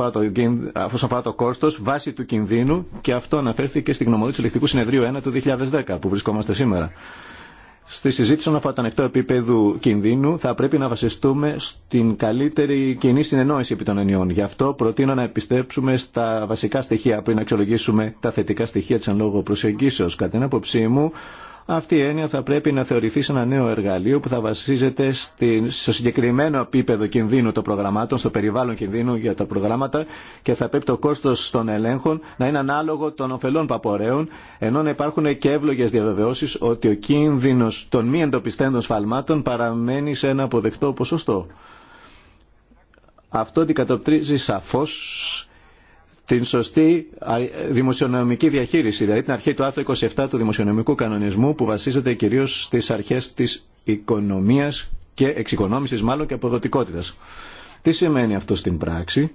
αφορά το κόστος βάσει του κινδύνου και αυτό αναφέρθηκε στην γνωμοδότηση του ελεκτικού συνεδρίου 1 του 2010 που βρισκόμαστε σήμερα. Στη συζήτηση όσον αφορά το ανοιχτό επίπεδο κινδύνου θα πρέπει να βασιστούμε στην καλύτερη κοινή συνεννόηση επί των ενιών. Γι' αυτό προτείνω να επιστρέψουμε στα βασικά στοιχεία πριν να αξιολογήσουμε τα θετικά στοιχεία τη λόγω Κατά την άποψή μου, αυτή η έννοια θα πρέπει να θεωρηθεί σε ένα νέο εργαλείο που θα βασίζεται στο συγκεκριμένο επίπεδο κινδύνου των προγραμμάτων, στο περιβάλλον κινδύνου για τα προγράμματα και θα πρέπει το κόστο των ελέγχων να είναι ανάλογο των ωφελών παπορέων, ενώ να υπάρχουν και εύλογε διαβεβαιώσει ότι ο κίνδυνο των μη εντοπιστέντων σφαλμάτων παραμένει σε ένα αποδεκτό ποσοστό. Αυτό αντικατοπτρίζει σαφώς την σωστή δημοσιονομική διαχείριση, δηλαδή την αρχή του άρθρου 27 του δημοσιονομικού κανονισμού που βασίζεται κυρίως στις αρχές της οικονομίας και εξοικονόμησης μάλλον και αποδοτικότητας. Τι σημαίνει αυτό στην πράξη.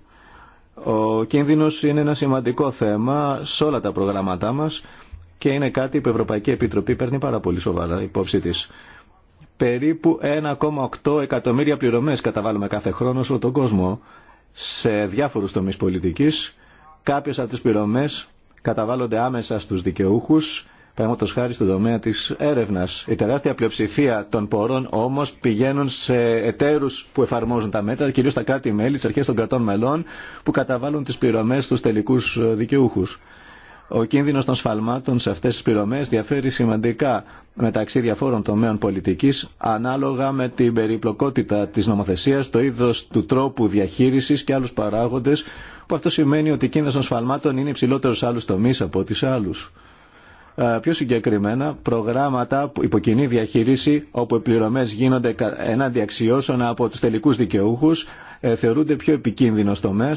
Ο κίνδυνος είναι ένα σημαντικό θέμα σε όλα τα προγράμματά μας και είναι κάτι που η Ευρωπαϊκή Επιτροπή παίρνει πάρα πολύ σοβαρά υπόψη της. Περίπου 1,8 εκατομμύρια πληρωμές καταβάλουμε κάθε χρόνο σε όλο τον κόσμο σε διάφορους τομεί πολιτικής Κάποιες από τις πληρωμές καταβάλλονται άμεσα στους δικαιούχους, παραδείγματος χάρη στον τομέα της έρευνας. Η τεράστια πλειοψηφία των πόρων όμως πηγαίνουν σε εταίρους που εφαρμόζουν τα μέτρα, κυρίως τα κράτη-μέλη, τις αρχές των κρατών μελών, που καταβάλλουν τις πληρωμές στους τελικούς ε, δικαιούχους. Ο κίνδυνο των σφαλμάτων σε αυτέ τι πληρωμέ διαφέρει σημαντικά μεταξύ διαφόρων τομέων πολιτική, ανάλογα με την περιπλοκότητα τη νομοθεσία, το είδο του τρόπου διαχείριση και άλλου παράγοντε, που αυτό σημαίνει ότι ο κίνδυνο των σφαλμάτων είναι υψηλότερο σε άλλου τομεί από ό,τι σε άλλου. Ε, πιο συγκεκριμένα, προγράμματα υποκοινή διαχείριση, όπου οι πληρωμέ γίνονται ενάντια αξιώσεων από του τελικού δικαιούχου, ε, θεωρούνται πιο επικίνδυνο τομέα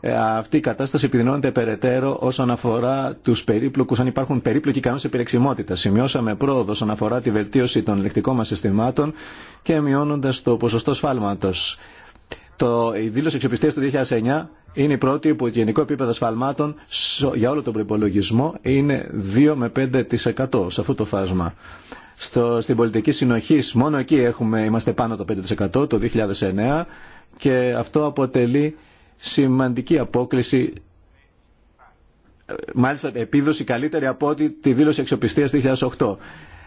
ε, αυτή η κατάσταση επιδεινώνεται περαιτέρω όσον αφορά του περίπλοκου, αν υπάρχουν περίπλοκοι κανόνε επιλεξιμότητα. Σημειώσαμε πρόοδο όσον αφορά τη βελτίωση των ελεκτικών μα συστημάτων και μειώνοντα το ποσοστό σφάλματο. Το, η δήλωση εξοπιστία του 2009 είναι η πρώτη που το γενικό επίπεδο σφαλμάτων για όλο τον προπολογισμό είναι 2 με 5% σε αυτό το φάσμα. Στο, στην πολιτική συνοχή, μόνο εκεί έχουμε, είμαστε πάνω το 5% το 2009 και αυτό αποτελεί σημαντική απόκληση μάλιστα επίδοση καλύτερη από ό,τι τη δήλωση εξοπιστίας 2008.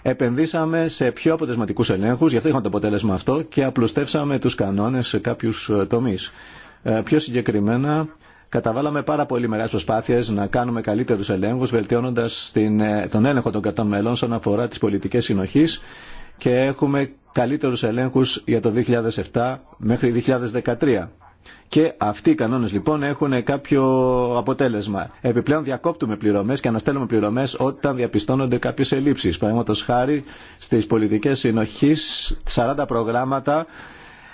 Επενδύσαμε σε πιο αποτελεσματικού ελέγχου, γι' αυτό είχαμε το αποτέλεσμα αυτό και απλουστεύσαμε του κανόνε σε κάποιου ε, τομεί. Ε, πιο συγκεκριμένα, καταβάλαμε πάρα πολύ μεγάλε προσπάθειε να κάνουμε καλύτερου ελέγχου, βελτιώνοντα ε, τον έλεγχο των κρατών μελών όσον αφορά τι πολιτικέ συνοχή και έχουμε καλύτερου ελέγχου για το 2007 μέχρι 2013. Και αυτοί οι κανόνε λοιπόν έχουν κάποιο αποτέλεσμα. Επιπλέον διακόπτουμε πληρωμέ και αναστέλουμε πληρωμέ όταν διαπιστώνονται κάποιε ελλείψει. Παραδείγματο χάρη στι πολιτικέ συνοχή 40 προγράμματα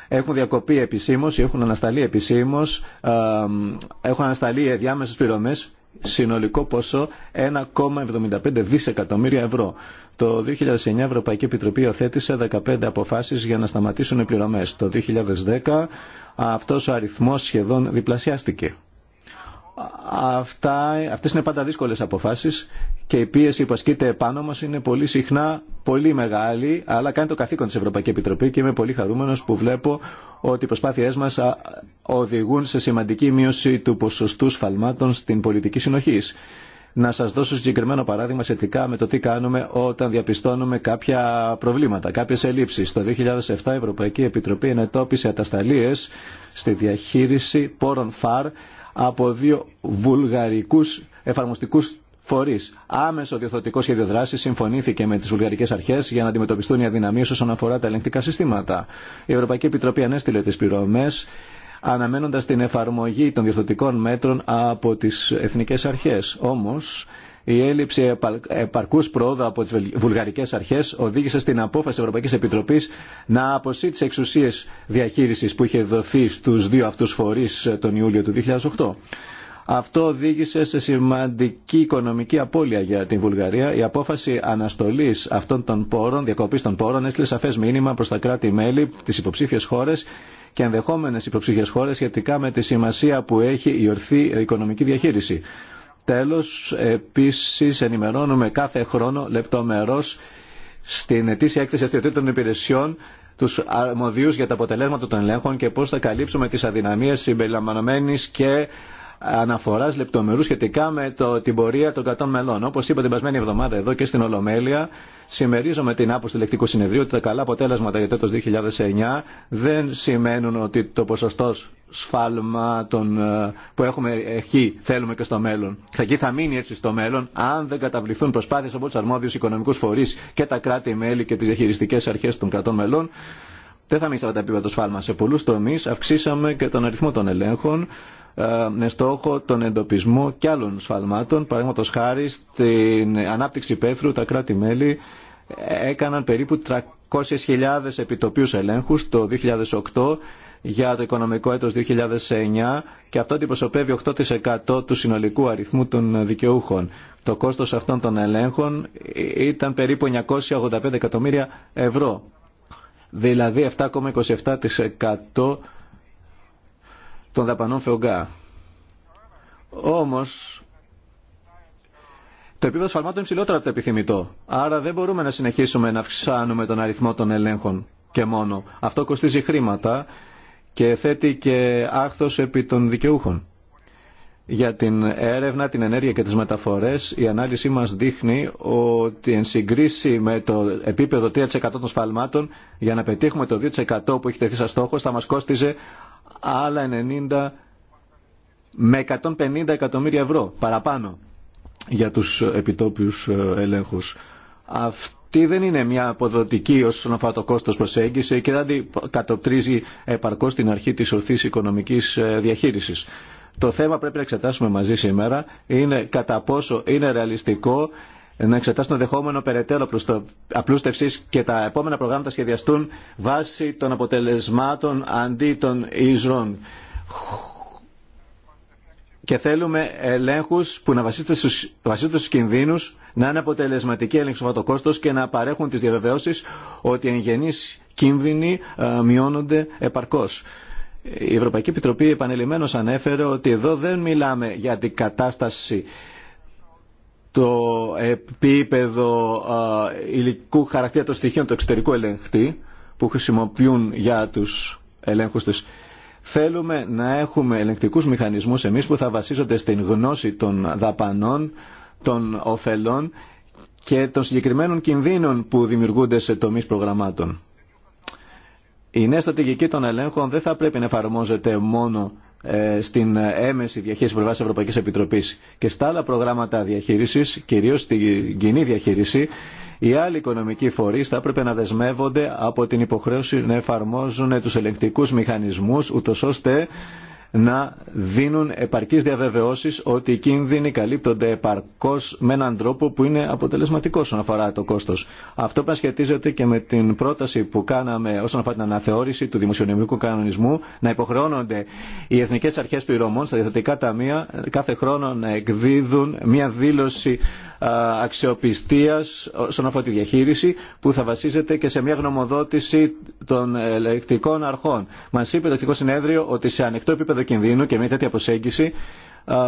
έχουν διακοπεί επισήμω ή έχουν ανασταλεί επισήμω, ε, έχουν ανασταλεί διάμεσε πληρωμέ συνολικό ποσό 1,75 δισεκατομμύρια ευρώ. Το 2009 η Ευρωπαϊκή Επιτροπή οθέτησε 15 αποφάσεις για να σταματήσουν οι πληρωμές. Το 2010 αυτός ο αριθμός σχεδόν διπλασιάστηκε. Αυτά, αυτές είναι πάντα δύσκολες αποφάσεις και η πίεση που ασκείται επάνω μας είναι πολύ συχνά πολύ μεγάλη αλλά κάνει το καθήκον της Ευρωπαϊκή Επιτροπή και είμαι πολύ χαρούμενος που βλέπω ότι οι προσπάθειές μας οδηγούν σε σημαντική μείωση του ποσοστού σφαλμάτων στην πολιτική συνοχή. Να σας δώσω συγκεκριμένο παράδειγμα σχετικά με το τι κάνουμε όταν διαπιστώνουμε κάποια προβλήματα, κάποιες ελλείψεις. Το 2007 η Ευρωπαϊκή Επιτροπή ενετόπισε ατασταλίες στη διαχείριση πόρων ΦΑΡ από δύο βουλγαρικούς εφαρμοστικούς φορεί. Άμεσο διορθωτικό σχέδιο δράση συμφωνήθηκε με τι βουλγαρικέ αρχέ για να αντιμετωπιστούν οι αδυναμίε όσον αφορά τα ελεγκτικά συστήματα. Η Ευρωπαϊκή Επιτροπή ανέστηλε τι πληρωμέ αναμένοντα την εφαρμογή των διορθωτικών μέτρων από τι εθνικέ αρχέ. Όμω, η έλλειψη επαρκού πρόοδου από τι βουλγαρικέ αρχέ οδήγησε στην απόφαση Ευρωπαϊκή Επιτροπή να αποσύρει τι εξουσίε διαχείριση που είχε δοθεί στου δύο αυτού φορεί τον Ιούλιο του 2008. Αυτό οδήγησε σε σημαντική οικονομική απώλεια για την Βουλγαρία. Η απόφαση αναστολή αυτών των πόρων, διακοπή των πόρων, έστειλε σαφέ μήνυμα προ τα κράτη-μέλη, τι υποψήφιε χώρε και ενδεχόμενε υποψήφιε χώρε σχετικά με τη σημασία που έχει η ορθή οικονομική διαχείριση. Τέλος, επίσης ενημερώνουμε κάθε χρόνο λεπτομερώς στην ετήσια έκθεση αστυνομικών υπηρεσιών του αρμοδίου για τα αποτελέσματα των ελέγχων και πώ θα καλύψουμε τι αδυναμίε συμπεριλαμβανομένη και Αναφορά λεπτομερού σχετικά με το, την πορεία των κατών μελών. Όπω είπα την πασμένη εβδομάδα εδώ και στην Ολομέλεια, συμμερίζομαι την άποψη του λεκτικού συνεδρίου ότι τα καλά αποτέλεσματα για το 2009 δεν σημαίνουν ότι το ποσοστό σφάλμα των, ε, που έχουμε εκεί θέλουμε και στο μέλλον. Εκεί θα μείνει έτσι στο μέλλον αν δεν καταβληθούν προσπάθειε από του αρμόδιους οικονομικού φορεί και τα κράτη-μέλη και τι διαχειριστικέ αρχέ των κρατών μελών δεν θα μείνει τα επίπεδα το σφάλμα. Σε πολλού τομεί αυξήσαμε και τον αριθμό των ελέγχων ε, με στόχο τον εντοπισμό και άλλων σφαλμάτων. Παραδείγματο χάρη στην ανάπτυξη πέθρου τα κράτη-μέλη έκαναν περίπου 300.000 επιτοπίους ελέγχους το 2008 για το οικονομικό έτος 2009 και αυτό αντιπροσωπεύει 8% του συνολικού αριθμού των δικαιούχων. Το κόστος αυτών των ελέγχων ήταν περίπου 985 εκατομμύρια ευρώ δηλαδή 7,27% των δαπανών φεογγά. Όμως, το επίπεδο σφαλμάτων είναι ψηλότερο από το επιθυμητό. Άρα δεν μπορούμε να συνεχίσουμε να αυξάνουμε τον αριθμό των ελέγχων και μόνο. Αυτό κοστίζει χρήματα και θέτει και άχθος επί των δικαιούχων για την έρευνα, την ενέργεια και τις μεταφορές η ανάλυση μας δείχνει ότι εν συγκρίση με το επίπεδο 3% των σφαλμάτων για να πετύχουμε το 2% που έχει τεθεί σαν στόχος θα μας κόστιζε άλλα 90 με 150 εκατομμύρια ευρώ παραπάνω για τους επιτόπιους ε, ελέγχους. Αυτή δεν είναι μια αποδοτική όσον αφορά το κόστος προσέγγιση και δεν κατοπτρίζει επαρκώς την αρχή της ορθής οικονομικής ε, διαχείρισης. Το θέμα πρέπει να εξετάσουμε μαζί σήμερα είναι κατά πόσο είναι ρεαλιστικό να εξετάσουμε το δεχόμενο περαιτέρω απλούστευση και τα επόμενα προγράμματα σχεδιαστούν βάσει των αποτελεσμάτων αντί των ίσρων. Και θέλουμε ελέγχου που να βασίζονται στου κινδύνου, να είναι αποτελεσματικοί έλεγχοι στο κόστο και να παρέχουν τι διαβεβαιώσει ότι οι εγγενεί κίνδυνοι ε, μειώνονται επαρκώ. Η Ευρωπαϊκή Επιτροπή επανειλημμένως ανέφερε ότι εδώ δεν μιλάμε για κατάσταση το επίπεδο υλικού χαρακτήρα των στοιχείων του εξωτερικού ελεγχτή που χρησιμοποιούν για τους ελέγχους τους. Θέλουμε να έχουμε ελεγκτικούς μηχανισμούς εμείς που θα βασίζονται στην γνώση των δαπανών, των ωφελών και των συγκεκριμένων κινδύνων που δημιουργούνται σε τομείς προγραμμάτων. Η νέα στρατηγική των ελέγχων δεν θα πρέπει να εφαρμόζεται μόνο ε, στην έμεση διαχείριση πλευρά Ευρωπαϊκή Επιτροπή και στα άλλα προγράμματα διαχείριση, κυρίω στην κοινή διαχείριση, οι άλλοι οικονομικοί φορεί θα έπρεπε να δεσμεύονται από την υποχρέωση να εφαρμόζουν του ελεγκτικού μηχανισμού, ούτω ώστε να δίνουν επαρκείς διαβεβαιώσεις ότι οι κίνδυνοι καλύπτονται επαρκώς με έναν τρόπο που είναι αποτελεσματικό όσον αφορά το κόστος. Αυτό που σχετίζεται και με την πρόταση που κάναμε όσον αφορά την αναθεώρηση του δημοσιονομικού κανονισμού να υποχρεώνονται οι εθνικές αρχές πληρωμών στα διαθετικά ταμεία κάθε χρόνο να εκδίδουν μια δήλωση αξιοπιστίας όσον αφορά τη διαχείριση που θα βασίζεται και σε μια γνωμοδότηση των ελεκτικών αρχών. Μας είπε το Συνέδριο ότι σε ανοιχτό επίπεδο επίπεδο κινδύνου και μια τέτοια προσέγγιση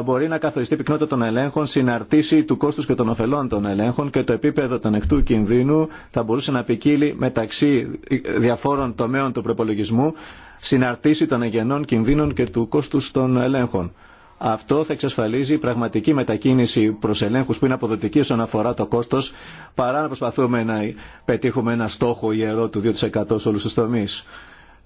μπορεί να καθοριστεί η πυκνότητα των ελέγχων, συναρτήσει του κόστου και των ωφελών των ελέγχων και το επίπεδο των εκτού κινδύνου θα μπορούσε να ποικίλει μεταξύ διαφόρων τομέων του προπολογισμού, συναρτήσει των εγενών κινδύνων και του κόστου των ελέγχων. Αυτό θα εξασφαλίζει πραγματική μετακίνηση προ ελέγχου που είναι αποδοτική όσον αφορά το κόστο, παρά να προσπαθούμε να πετύχουμε ένα στόχο ιερό του 2% σε όλου του τομεί.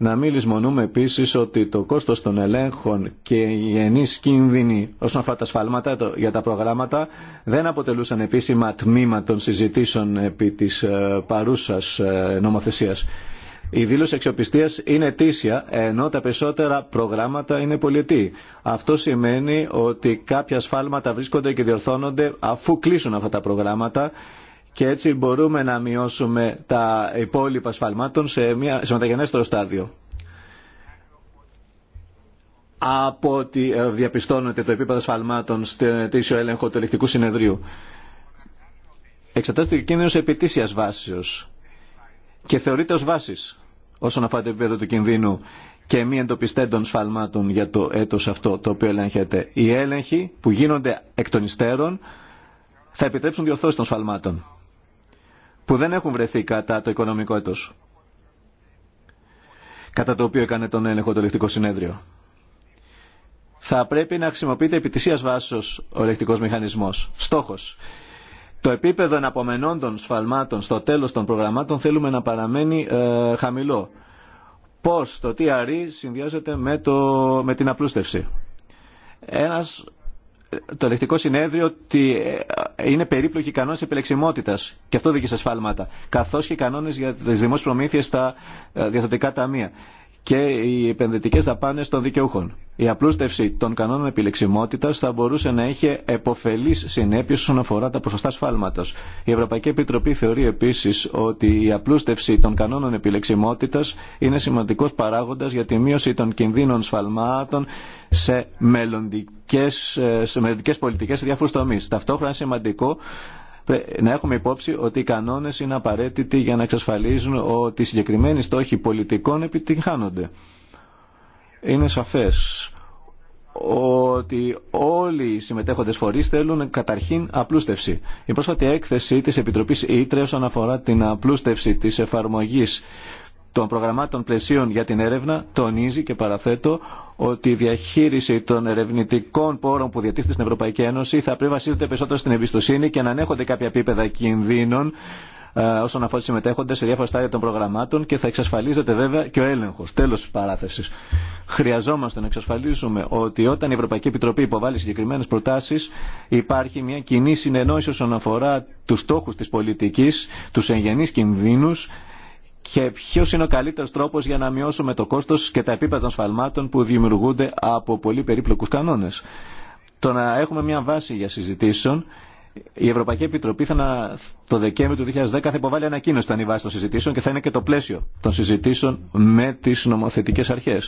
Να μην λησμονούμε επίση ότι το κόστο των ελέγχων και οι ενεί κίνδυνοι όσον αφορά τα σφάλματα για τα προγράμματα δεν αποτελούσαν επίσημα τμήμα των συζητήσεων επί τη ε, παρούσα ε, νομοθεσία. Η δήλωση αξιοπιστία είναι αιτήσια, ενώ τα περισσότερα προγράμματα είναι πολιτή. Αυτό σημαίνει ότι κάποια σφάλματα βρίσκονται και διορθώνονται αφού κλείσουν αυτά τα προγράμματα και έτσι μπορούμε να μειώσουμε τα υπόλοιπα σφαλμάτων σε, μια, σε μεταγενέστερο στάδιο. Από ότι ε, διαπιστώνεται το επίπεδο σφαλμάτων στην ετήσιο έλεγχο του ελεκτικού συνεδρίου. Εξετάζεται ο κίνδυνο επιτήσια βάσεω και θεωρείται ω βάση όσον αφορά το επίπεδο του κινδύνου και μη εντοπιστέντων σφαλμάτων για το έτος αυτό το οποίο ελέγχεται. Οι έλεγχοι που γίνονται εκ των υστέρων θα επιτρέψουν διορθώσει των σφαλμάτων που δεν έχουν βρεθεί κατά το οικονομικό έτος, κατά το οποίο έκανε τον έλεγχο το ελεκτικό συνέδριο. Θα πρέπει να χρησιμοποιείται επί της βάσεως ο ελεκτικός μηχανισμός. Στόχος. Το επίπεδο εναπομενών των σφαλμάτων στο τέλος των προγραμμάτων θέλουμε να παραμένει ε, χαμηλό. Πώς το TRE συνδυάζεται με, το, με την απλούστευση. Ένας το ελεκτικό συνέδριο ότι ε, είναι περίπλοκοι οι κανόνε επιλεξιμότητα και αυτό δίκη σε σφάλματα. Καθώ και οι κανόνε για τι δημόσιε προμήθειε στα ε, διαθετικά ταμεία και οι επενδυτικέ δαπάνε των δικαιούχων. Η απλούστευση των κανόνων επιλεξιμότητα θα μπορούσε να είχε επωφελεί συνέπειε όσον αφορά τα ποσοστά σφάλματο. Η Ευρωπαϊκή Επιτροπή θεωρεί επίση ότι η απλούστευση των κανόνων επιλεξιμότητα είναι σημαντικό παράγοντα για τη μείωση των κινδύνων σφαλμάτων σε μελλοντικέ πολιτικέ ε, σε διάφορου τομεί. Ταυτόχρονα σημαντικό να έχουμε υπόψη ότι οι κανόνες είναι απαραίτητοι για να εξασφαλίζουν ότι οι συγκεκριμένοι στόχοι πολιτικών επιτυγχάνονται. Είναι σαφές ότι όλοι οι συμμετέχοντες φορείς θέλουν καταρχήν απλούστευση. Η πρόσφατη έκθεση της Επιτροπής Ήτρε όσον αφορά την απλούστευση της εφαρμογής των προγραμμάτων πλαισίων για την έρευνα τονίζει και παραθέτω ότι η διαχείριση των ερευνητικών πόρων που διατίθεται στην Ευρωπαϊκή Ένωση θα πρέπει βασίζεται περισσότερο στην εμπιστοσύνη και να ανέχονται κάποια επίπεδα κινδύνων ε, όσον αφορά συμμετέχονται σε διάφορα στάδια των προγραμμάτων και θα εξασφαλίζεται βέβαια και ο έλεγχο. Τέλο τη παράθεση. Χρειαζόμαστε να εξασφαλίσουμε ότι όταν η Ευρωπαϊκή Επιτροπή υποβάλλει συγκεκριμένε προτάσει, υπάρχει μια κοινή συνεννόηση όσον του στόχου τη πολιτική, του εγγενεί κινδύνου και ποιο είναι ο καλύτερο τρόπο για να μειώσουμε το κόστο και τα επίπεδα των σφαλμάτων που δημιουργούνται από πολύ περίπλοκου κανόνε. Το να έχουμε μια βάση για συζητήσεων. Η Ευρωπαϊκή Επιτροπή θα να, το Δεκέμβριο του 2010 θα υποβάλει ανακοίνωση η βάση των συζητήσεων και θα είναι και το πλαίσιο των συζητήσεων με τι νομοθετικέ αρχέ.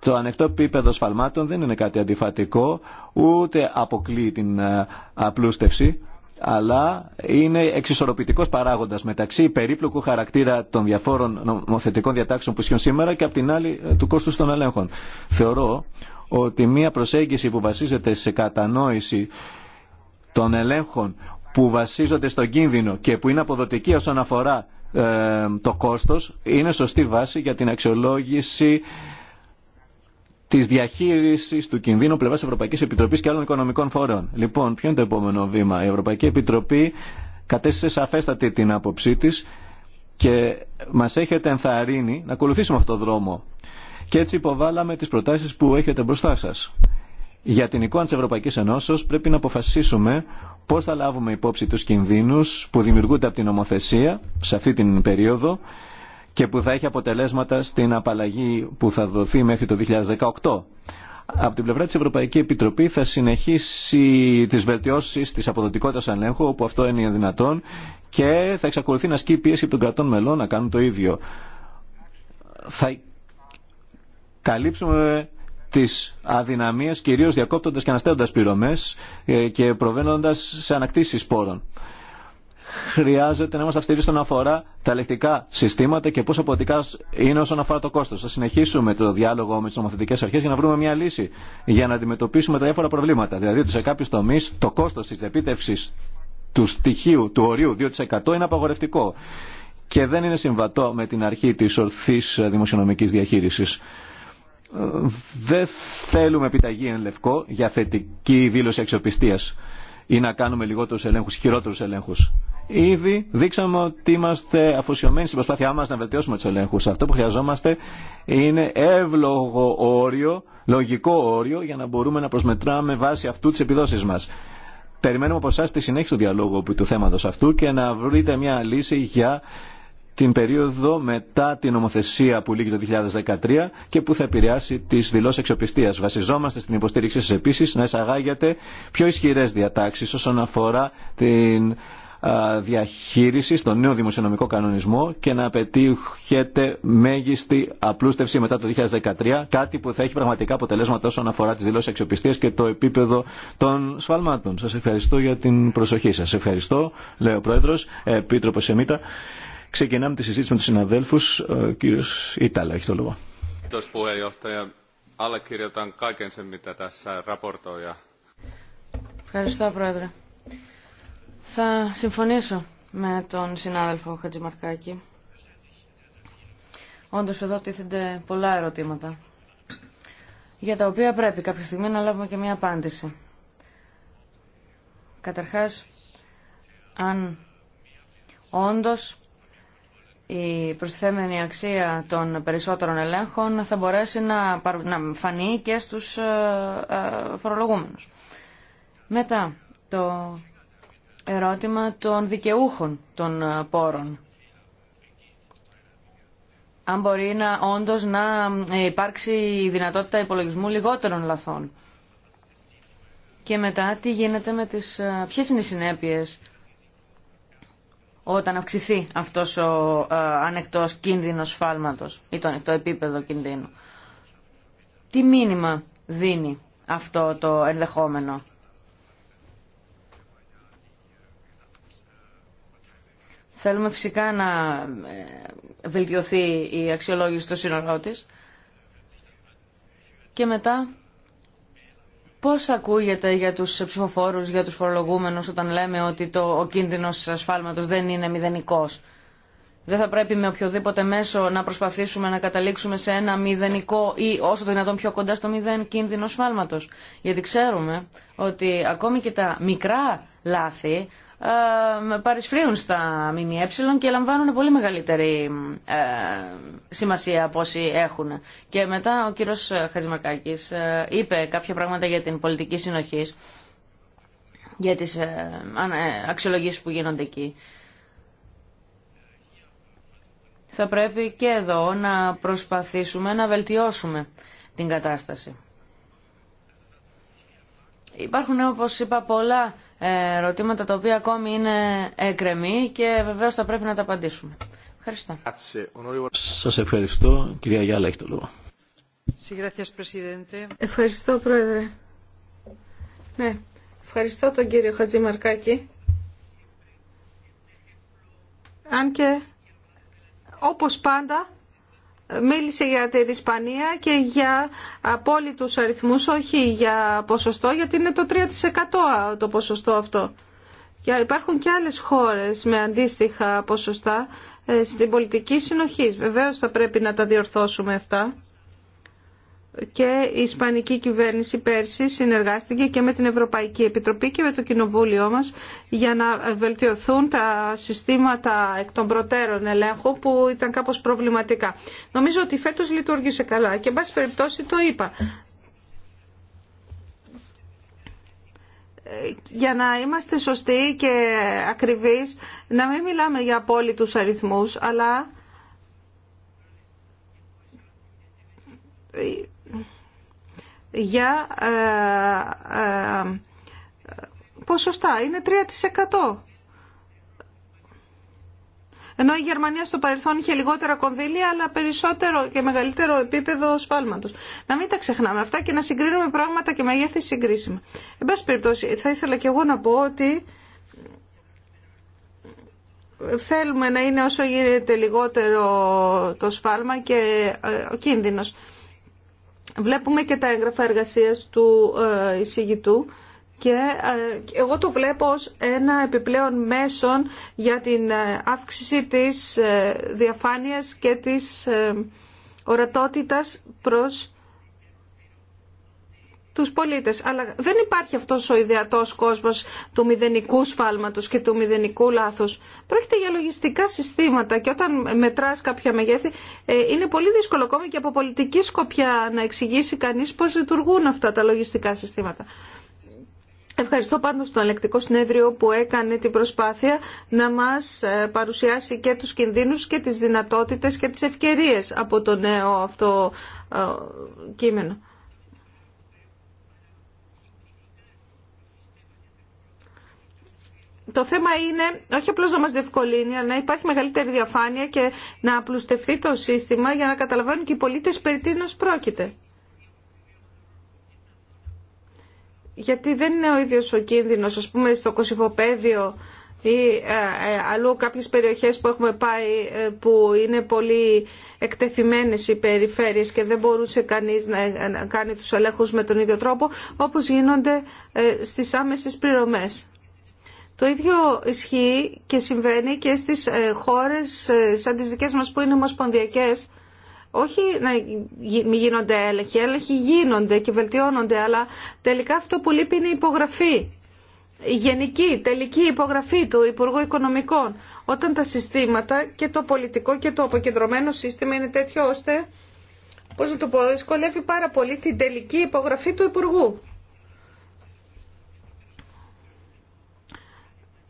Το ανεκτό επίπεδο σφαλμάτων δεν είναι κάτι αντιφατικό, ούτε αποκλείει την ε, απλούστευση αλλά είναι εξισορροπητικός παράγοντας μεταξύ περίπλοκου χαρακτήρα των διαφόρων νομοθετικών διατάξεων που ισχύουν σήμερα και από την άλλη ε, του κόστου των ελέγχων. Θεωρώ ότι μια προσέγγιση που βασίζεται σε κατανόηση των ελέγχων που βασίζονται στον κίνδυνο και που είναι αποδοτική όσον αφορά ε, το κόστος είναι σωστή βάση για την αξιολόγηση τη διαχείριση του κινδύνου πλευρά Ευρωπαϊκή Επιτροπή και άλλων οικονομικών φόρων. Λοιπόν, ποιο είναι το επόμενο βήμα. Η Ευρωπαϊκή Επιτροπή κατέστησε σαφέστατη την άποψή τη και μα έχετε ενθαρρύνει να ακολουθήσουμε αυτόν τον δρόμο. Και έτσι υποβάλαμε τι προτάσει που έχετε μπροστά σα. Για την εικόνα τη Ευρωπαϊκή Ενώσεω πρέπει να αποφασίσουμε πώ θα λάβουμε υπόψη του κινδύνου που δημιουργούνται από την νομοθεσία σε αυτή την περίοδο και που θα έχει αποτελέσματα στην απαλλαγή που θα δοθεί μέχρι το 2018. Από την πλευρά της Ευρωπαϊκή Επιτροπή θα συνεχίσει τις βελτιώσεις της αποδοτικότητας ανέχου όπου αυτό είναι δυνατόν και θα εξακολουθεί να ασκεί πίεση από τον κρατών μελών να κάνουν το ίδιο. Θα καλύψουμε τις αδυναμίες κυρίως διακόπτοντας και αναστέοντας πληρωμές ε, και προβαίνοντας σε ανακτήσεις σπόρων χρειάζεται να είμαστε αυστηροί στον αφορά τα ελεκτικά συστήματα και πόσο ποτικά είναι όσον αφορά το κόστο. Θα συνεχίσουμε το διάλογο με τι νομοθετικέ αρχέ για να βρούμε μια λύση για να αντιμετωπίσουμε τα διάφορα προβλήματα. Δηλαδή, σε κάποιου τομεί το κόστο τη επίτευξη του στοιχείου, του ορίου 2% είναι απαγορευτικό και δεν είναι συμβατό με την αρχή τη ορθή δημοσιονομική διαχείριση. Δεν θέλουμε επιταγή εν λευκό για θετική δήλωση αξιοπιστία ή να κάνουμε λιγότερου ελέγχου, χειρότερου ελέγχου. Ήδη δείξαμε ότι είμαστε αφοσιωμένοι στην προσπάθειά μα να βελτιώσουμε του ελέγχου Αυτό που χρειαζόμαστε είναι εύλογο όριο, λογικό όριο, για να μπορούμε να προσμετράμε βάσει αυτού τις επιδόσεις μα. Περιμένουμε από εσά τη συνέχιση του διαλόγου του θέματο αυτού και να βρείτε μια λύση για την περίοδο μετά την νομοθεσία που λήγει το 2013 και που θα επηρεάσει τι δηλώσει αξιοπιστία. Βασιζόμαστε στην υποστήριξή σα επίση να εισαγάγετε πιο ισχυρέ διατάξει όσον αφορά την διαχείρισης, τον νέο δημοσιονομικό κανονισμό και να πετύχεται μέγιστη απλούστευση μετά το 2013, κάτι που θα έχει πραγματικά αποτελέσματα όσον αφορά τις δηλώσεις αξιοπιστίας και το επίπεδο των σφαλμάτων. Σας ευχαριστώ για την προσοχή σας. Ευχαριστώ, λέει ο Πρόεδρος, Επίτροπο Σεμίτα. Ξεκινάμε τη συζήτηση με τους συναδέλφους. Ο κύριος Ιτάλα έχει το λόγο. Ευχαριστώ, Πρόεδρε. Θα συμφωνήσω με τον συνάδελφο Χατζημαρκάκη. Όντως εδώ τίθενται πολλά ερωτήματα, για τα οποία πρέπει κάποια στιγμή να λάβουμε και μια απάντηση. Καταρχάς, αν όντως η προσθέμενη αξία των περισσότερων ελέγχων θα μπορέσει να φανεί και στους ε, ε, φορολογούμενους. Μετά, το ερώτημα των δικαιούχων των ε, πόρων. Αν μπορεί να, όντως να ε, υπάρξει η δυνατότητα υπολογισμού λιγότερων λαθών. Και μετά τι γίνεται με τις... Ε, ποιες είναι οι συνέπειες όταν αυξηθεί αυτός ο ανεκτός κίνδυνος φάλματος ή το ανεκτό επίπεδο κινδύνου. Τι μήνυμα δίνει αυτό το ενδεχόμενο. Θέλουμε φυσικά να ε, βελτιωθεί η αξιολόγηση των σύνολό τη. Και μετά, πώς ακούγεται για τους ψηφοφόρους, για τους φορολογούμενους όταν λέμε ότι το, ο κίνδυνος ασφάλματος δεν είναι μηδενικός. Δεν θα πρέπει με οποιοδήποτε μέσο να προσπαθήσουμε να καταλήξουμε σε ένα μηδενικό ή όσο το δυνατόν πιο κοντά στο μηδέν κίνδυνο σφάλματος. Γιατί ξέρουμε ότι ακόμη και τα μικρά λάθη ε, παρισφρίουν στα ΜΜΕ και λαμβάνουν πολύ μεγαλύτερη ε, σημασία από όσοι έχουν. Και μετά ο κύριος Χατζημακάκης ε, είπε κάποια πράγματα για την πολιτική συνοχή για τις αξιολογήσεις που γίνονται εκεί. Θα πρέπει και εδώ να προσπαθήσουμε να βελτιώσουμε την κατάσταση. Υπάρχουν, όπως είπα, πολλά Ρωτήματα τα οποία ακόμη είναι εκρεμή και βεβαίω θα πρέπει να τα απαντήσουμε. Ευχαριστώ. Σας ευχαριστώ. Κυρία Γιάλα έχει το λόγο. Ευχαριστώ Πρόεδρε. Ναι, ευχαριστώ τον κύριο Χατζημαρκάκη. Αν και όπως πάντα μίλησε για την Ισπανία και για απόλυτους αριθμούς, όχι για ποσοστό, γιατί είναι το 3% το ποσοστό αυτό. Και υπάρχουν και άλλες χώρες με αντίστοιχα ποσοστά ε, στην πολιτική συνοχή. Βεβαίως θα πρέπει να τα διορθώσουμε αυτά και η Ισπανική κυβέρνηση πέρσι συνεργάστηκε και με την Ευρωπαϊκή Επιτροπή και με το Κοινοβούλιο μας για να βελτιωθούν τα συστήματα εκ των προτέρων ελέγχου που ήταν κάπως προβληματικά. Νομίζω ότι φέτος λειτουργήσε καλά και εν πάση περιπτώσει το είπα. για να είμαστε σωστοί και ακριβείς, να μην μιλάμε για απόλυτους αριθμούς, αλλά για ε, ε, ποσοστά. Είναι 3%. Ενώ η Γερμανία στο παρελθόν είχε λιγότερα κονδύλια, αλλά περισσότερο και μεγαλύτερο επίπεδο σφάλματος. Να μην τα ξεχνάμε αυτά και να συγκρίνουμε πράγματα και μεγέθη συγκρίσιμα. Εν πάση περιπτώσει, θα ήθελα και εγώ να πω ότι θέλουμε να είναι όσο γίνεται λιγότερο το σφάλμα και ε, ο κίνδυνος. Βλέπουμε και τα έγγραφα εργασίας του ε, εισηγητού και ε, εγώ το βλέπω ως ένα επιπλέον μέσον για την ε, αύξηση της διαφάνειας και της ορατότητας προς τους πολίτες. Αλλά δεν υπάρχει αυτός ο ιδεατός κόσμος του μηδενικού σφάλματος και του μηδενικού λάθους. Πρόκειται για λογιστικά συστήματα και όταν μετράς κάποια μεγέθη ε, είναι πολύ δύσκολο ακόμα και από πολιτική σκοπιά να εξηγήσει κανείς πώς λειτουργούν αυτά τα λογιστικά συστήματα. Ευχαριστώ πάντως το Ελεκτικό Συνέδριο που έκανε την προσπάθεια να μας ε, παρουσιάσει και τους κινδύνους και τις δυνατότητες και τις ευκαιρίες από το νέο αυτό ε, κείμενο. Το θέμα είναι όχι απλώς να μας διευκολύνει, αλλά να υπάρχει μεγαλύτερη διαφάνεια και να απλουστευτεί το σύστημα για να καταλαβαίνουν και οι πολίτες περί τίνος πρόκειται. Γιατί δεν είναι ο ίδιος ο κίνδυνος, ας πούμε, στο κοσυφοπαίδιο ή ε, ε, αλλού κάποιες περιοχές που έχουμε πάει ε, που είναι πολύ εκτεθειμένες οι περιφέρειες και δεν μπορούσε κανείς να κάνει τους ελέγχους με τον ίδιο τρόπο όπως γίνονται στις άμεσες πληρωμές. Το ίδιο ισχύει και συμβαίνει και στις ε, χώρες ε, σαν τις δικές μας που είναι ομοσπονδιακές. Όχι να μην γίνονται έλεγχοι, έλεγχοι γίνονται και βελτιώνονται, αλλά τελικά αυτό που λείπει είναι η υπογραφή. Η γενική, τελική υπογραφή του Υπουργού Οικονομικών. Όταν τα συστήματα και το πολιτικό και το αποκεντρωμένο σύστημα είναι τέτοιο ώστε, πώς να το πω, δυσκολεύει πάρα πολύ την τελική υπογραφή του Υπουργού.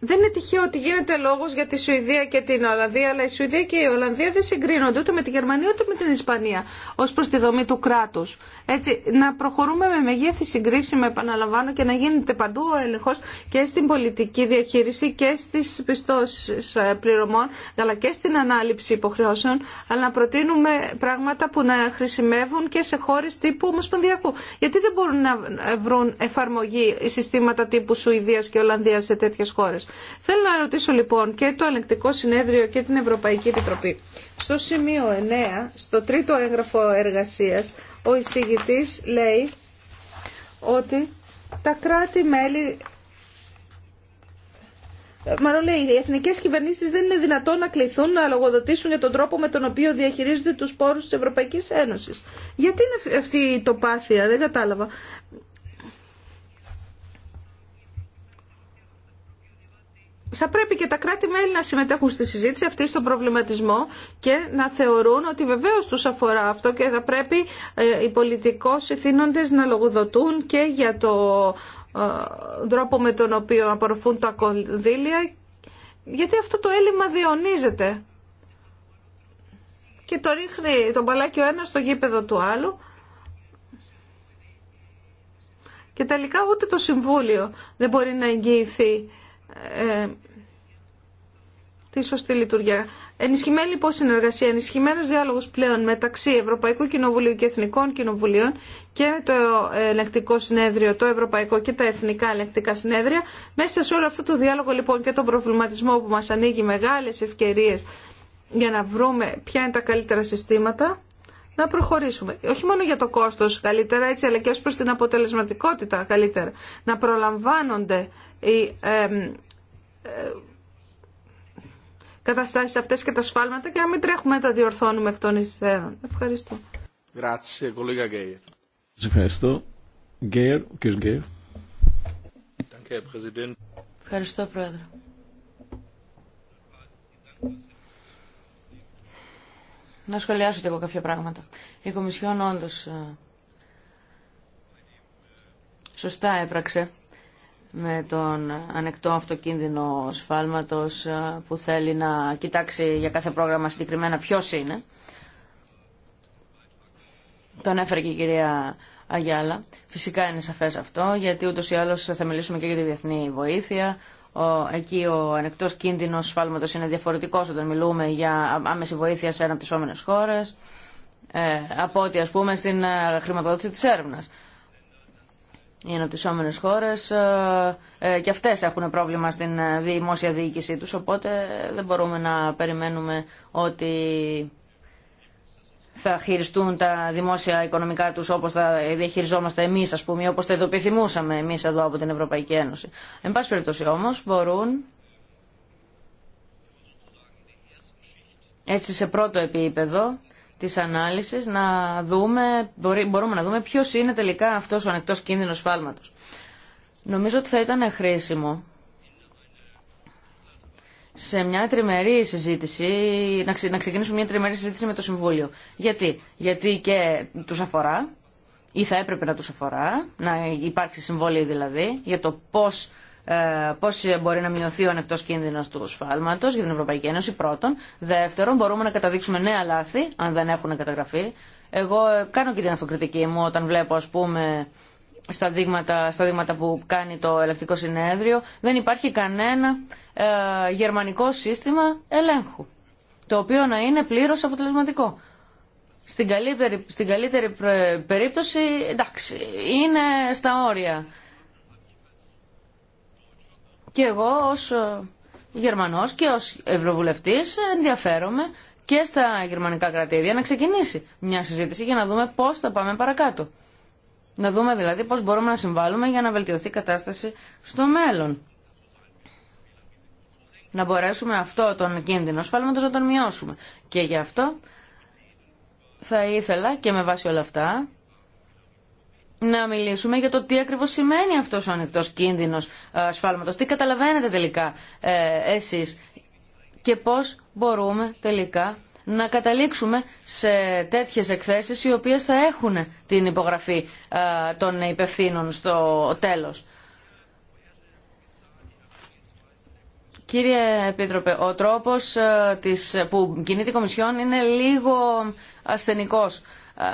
Δεν είναι τυχαίο ότι γίνεται λόγο για τη Σουηδία και την Ολλανδία, αλλά η Σουηδία και η Ολλανδία δεν συγκρίνονται ούτε με τη Γερμανία ούτε με την Ισπανία ω προ τη δομή του κράτου. Έτσι, να προχωρούμε με μεγέθη συγκρίση, με επαναλαμβάνω, και να γίνεται παντού ο έλεγχο και στην πολιτική διαχείριση και στι πιστώσει ε, πληρωμών, αλλά και στην ανάληψη υποχρεώσεων, αλλά να προτείνουμε πράγματα που να χρησιμεύουν και σε χώρε τύπου ομοσπονδιακού. Γιατί δεν μπορούν να βρουν εφαρμογή συστήματα τύπου Σουηδία και Ολλανδία σε τέτοιε χώρε. Θέλω να ρωτήσω λοιπόν και το Ελεγκτικό Συνέδριο και την Ευρωπαϊκή Επιτροπή. Στο σημείο 9, στο τρίτο έγγραφο εργασίας, ο εισηγητής λέει ότι τα κράτη-μέλη Μάλλον λέει, οι εθνικέ κυβερνήσει δεν είναι δυνατόν να κληθούν να λογοδοτήσουν για τον τρόπο με τον οποίο διαχειρίζονται του πόρου τη Ευρωπαϊκή Ένωση. Γιατί είναι αυτή η τοπάθεια, δεν κατάλαβα. θα πρέπει και τα κράτη-μέλη να συμμετέχουν στη συζήτηση αυτή στον προβληματισμό και να θεωρούν ότι βεβαίω του αφορά αυτό και θα πρέπει ε, οι πολιτικοί ηθήνοντε να λογοδοτούν και για το ε, τρόπο με τον οποίο απορροφούν τα κονδύλια γιατί αυτό το έλλειμμα διονίζεται και το ρίχνει τον μπαλάκι ο ένας στο γήπεδο του άλλου και τελικά ούτε το Συμβούλιο δεν μπορεί να εγγυηθεί ε, τη σωστή λειτουργία. Ενισχυμένη λοιπόν συνεργασία, ενισχυμένο διάλογο πλέον μεταξύ Ευρωπαϊκού Κοινοβουλίου και Εθνικών Κοινοβουλίων και το Ελεκτικό συνέδριο, το Ευρωπαϊκό και τα Εθνικά Ελεκτικά Συνέδρια. Μέσα σε όλο αυτό το διάλογο λοιπόν και τον προβληματισμό που μα ανοίγει μεγάλε ευκαιρίε για να βρούμε ποια είναι τα καλύτερα συστήματα, να προχωρήσουμε. Όχι μόνο για το κόστο καλύτερα, έτσι, αλλά και ω προ την αποτελεσματικότητα καλύτερα. Να προλαμβάνονται οι. Ε, καταστάσεις αυτές και τα σφάλματα και να μην τρέχουμε να τα διορθώνουμε εκ των υστέρων. Ευχαριστώ. Ευχαριστώ. Γκέιρ, ο Ευχαριστώ, Πρόεδρε. Να σχολιάσω και εγώ κάποια πράγματα. Η Κομισιόν όντως ε, σωστά έπραξε με τον ανεκτό αυτοκίνδυνο σφάλματος ε, που θέλει να κοιτάξει για κάθε πρόγραμμα συγκεκριμένα ποιος είναι. Το έφερε και η κυρία Αγιάλα. Φυσικά είναι σαφές αυτό, γιατί ούτως ή άλλως θα μιλήσουμε και για τη διεθνή βοήθεια. Ο, εκεί ο ανεκτός κίνδυνος σφάλματος είναι διαφορετικός όταν μιλούμε για άμεση βοήθεια σε αναπτυσσόμενες χώρες, ε, από ότι ας πούμε στην ε, χρηματοδότηση της έρευνας οι αναπτυσσόμενε χώρε ε, ε, και αυτές έχουν πρόβλημα στην ε, δημόσια διοίκησή τους, οπότε δεν μπορούμε να περιμένουμε ότι θα χειριστούν τα δημόσια οικονομικά τους όπω θα διαχειριζόμαστε εμεί, α πούμε, όπω θα το επιθυμούσαμε εμείς εδώ από την Ευρωπαϊκή Ένωση. Εν πάση περιπτώσει όμω μπορούν έτσι σε πρώτο επίπεδο Τη ανάλυση να δούμε, μπορούμε να δούμε ποιος είναι τελικά αυτός ο ανεκτός κίνδυνος φάλματος. Νομίζω ότι θα ήταν χρήσιμο σε μια τριμερή συζήτηση, να ξεκινήσουμε μια τριμερή συζήτηση με το Συμβούλιο. Γιατί, Γιατί και τους αφορά, ή θα έπρεπε να τους αφορά, να υπάρξει συμβόλαιο δηλαδή, για το πώς ε, Πώ μπορεί να μειωθεί ο ανεκτός κίνδυνο του Σφάλματο για την Ευρωπαϊκή Ένωση πρώτον. Δεύτερον, μπορούμε να καταδείξουμε νέα λάθη, αν δεν έχουν καταγραφεί. Εγώ ε, κάνω και την αυτοκριτική μου όταν βλέπω, α πούμε, στα δείγματα, στα δείγματα που κάνει το ελεκτικό συνέδριο, δεν υπάρχει κανένα ε, γερμανικό σύστημα ελέγχου, το οποίο να είναι πλήρως αποτελεσματικό. Στην καλύτερη, στην καλύτερη περίπτωση, εντάξει, είναι στα όρια και εγώ ως ε, Γερμανός και ως Ευρωβουλευτής ενδιαφέρομαι και στα γερμανικά κρατήδια να ξεκινήσει μια συζήτηση για να δούμε πώς θα πάμε παρακάτω. Να δούμε δηλαδή πώς μπορούμε να συμβάλλουμε για να βελτιωθεί η κατάσταση στο μέλλον. Να μπορέσουμε αυτό τον κίνδυνο ασφάλματος να τον μειώσουμε. Και γι' αυτό θα ήθελα και με βάση όλα αυτά να μιλήσουμε για το τι ακριβώς σημαίνει αυτός ο ανοιχτός κίνδυνος ε, ασφάλματος. Τι καταλαβαίνετε τελικά ε, εσείς και πώς μπορούμε τελικά να καταλήξουμε σε τέτοιες εκθέσεις οι οποίες θα έχουν την υπογραφή ε, των υπευθύνων στο τέλος. Κύριε Επίτροπε, ο τρόπος ε, της, που κινείται η Κομισιόν είναι λίγο ασθενικός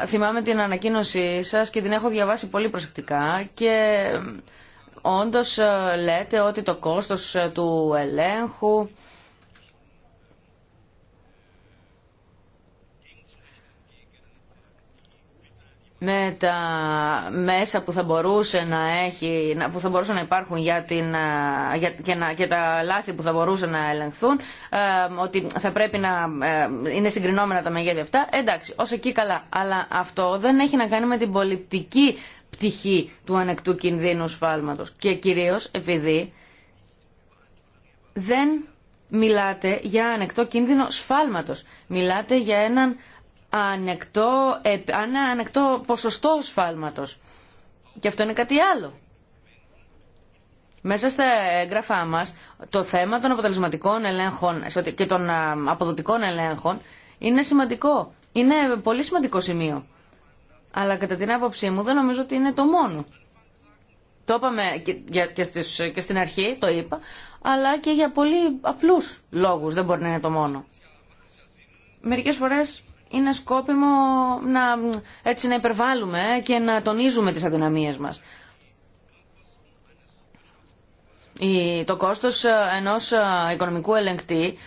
θυμάμαι την ανακοίνωσή σας και την έχω διαβάσει πολύ προσεκτικά και όντως ε, λέτε ότι το κόστος ε, του ελέγχου με τα μέσα που θα, μπορούσε να έχει, που θα μπορούσαν να υπάρχουν για την, και, να, και τα λάθη που θα μπορούσε να ελεγχθούν, ότι θα πρέπει να ε, είναι συγκρινόμενα τα μεγέθη αυτά. Εντάξει, ως εκεί καλά. Αλλά αυτό δεν έχει να κάνει με την πολιτική πτυχή του ανεκτού κινδύνου σφάλματος. Και κυρίως επειδή δεν μιλάτε για ανεκτό κίνδυνο σφάλματος. Μιλάτε για έναν ανεκτό, ένα ανεκτό ποσοστό σφάλματος. Και αυτό είναι κάτι άλλο. Μέσα στα έγγραφά μας, το θέμα των αποτελεσματικών ελέγχων και των αποδοτικών ελέγχων είναι σημαντικό. Είναι πολύ σημαντικό σημείο. Αλλά κατά την άποψή μου δεν νομίζω ότι είναι το μόνο. Το είπαμε και στην αρχή, το είπα, αλλά και για πολύ απλούς λόγους δεν μπορεί να είναι το μόνο. Μερικές φορές είναι σκόπιμο να, έτσι, να υπερβάλλουμε και να τονίζουμε τις αδυναμίες μας. Το κόστος ε, ενός ε, οικονομικού ελεγκτή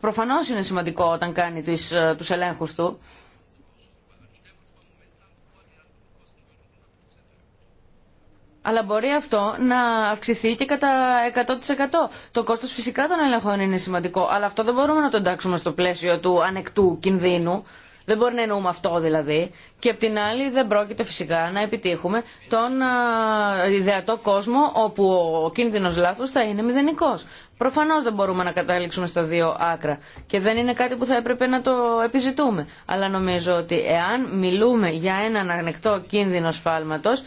προφανώς είναι σημαντικό όταν κάνει τις, ε, τους ελέγχους του αλλά μπορεί αυτό να αυξηθεί και κατά 100%. Το κόστος φυσικά των ελεγχών είναι σημαντικό, αλλά αυτό δεν μπορούμε να το εντάξουμε στο πλαίσιο του ανεκτού κινδύνου. Δεν μπορεί να εννοούμε αυτό δηλαδή. Και απ' την άλλη δεν πρόκειται φυσικά να επιτύχουμε τον α, ιδεατό κόσμο όπου ο κίνδυνος λάθος θα είναι μηδενικός. Προφανώς δεν μπορούμε να καταλήξουμε στα δύο άκρα και δεν είναι κάτι που θα έπρεπε να το επιζητούμε. Αλλά νομίζω ότι εάν μιλούμε για έναν ανεκτό κίνδυνο σφάλματος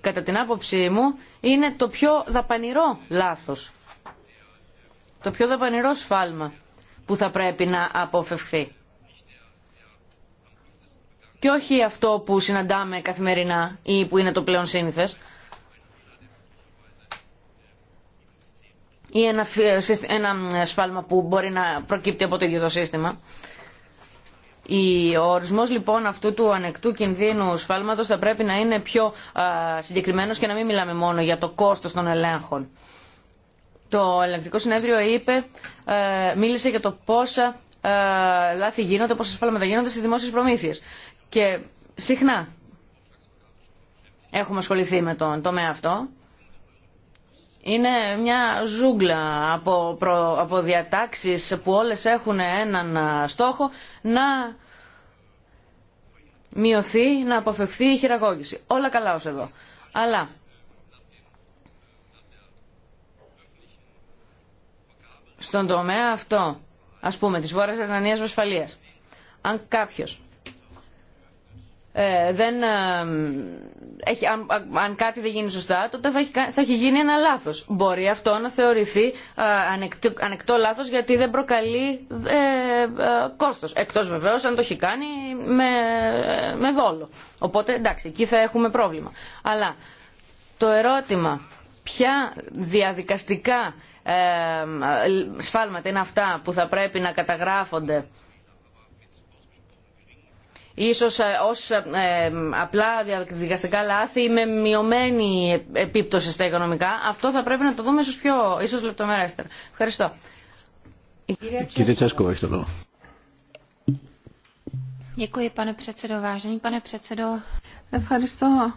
κατά την άποψή μου, είναι το πιο δαπανηρό λάθος. Το πιο δαπανηρό σφάλμα που θα πρέπει να αποφευχθεί. Και όχι αυτό που συναντάμε καθημερινά ή που είναι το πλέον σύνηθες. Ή ένα, ένα ε, σφάλμα που μπορεί να προκύπτει από το ίδιο το σύστημα. Ο ορισμό λοιπόν αυτού του ανεκτού κινδύνου σφάλματο θα πρέπει να είναι πιο συγκεκριμένο και να μην μιλάμε μόνο για το κόστο των ελέγχων. Το ελεγκτικό συνέδριο είπε, ε, μίλησε για το πόσα ε, λάθη γίνονται, πόσα σφάλματα γίνονται στι δημόσιε προμήθειε. Και συχνά έχουμε ασχοληθεί με τον τομέα αυτό είναι μια ζούγκλα από, προ, διατάξεις που όλες έχουν έναν στόχο να μειωθεί, να αποφευθεί η χειραγώγηση. Όλα καλά ως εδώ. Αλλά στον τομέα αυτό, ας πούμε, της Βόρειας Ιρλανδίας βασφαλίας αν κάποιος ε, δεν, ε, έχει, αν, κάτι δεν γίνει σωστά, τότε θα έχει, θα γίνει ένα λάθος. Μπορεί αυτό να θεωρηθεί ε, ανεκτό, λάθος γιατί δεν προκαλεί ε, ε, κόστος. Εκτός βεβαίως αν το έχει κάνει με, με δόλο. Οπότε εντάξει, εκεί θα έχουμε πρόβλημα. Αλλά το ερώτημα ποια διαδικαστικά σφάλματα είναι αυτά που θα πρέπει να καταγράφονται ίσως ε, ως ε, ε, απλά διαδικαστικά λάθη με μειωμένη επίπτωση στα οικονομικά. Αυτό θα πρέπει να το δούμε ίσως πιο ίσως λεπτομερέστερα. Ευχαριστώ. Κύριε κυρία, Κύριε. έχει το λόγο. Ευχαριστώ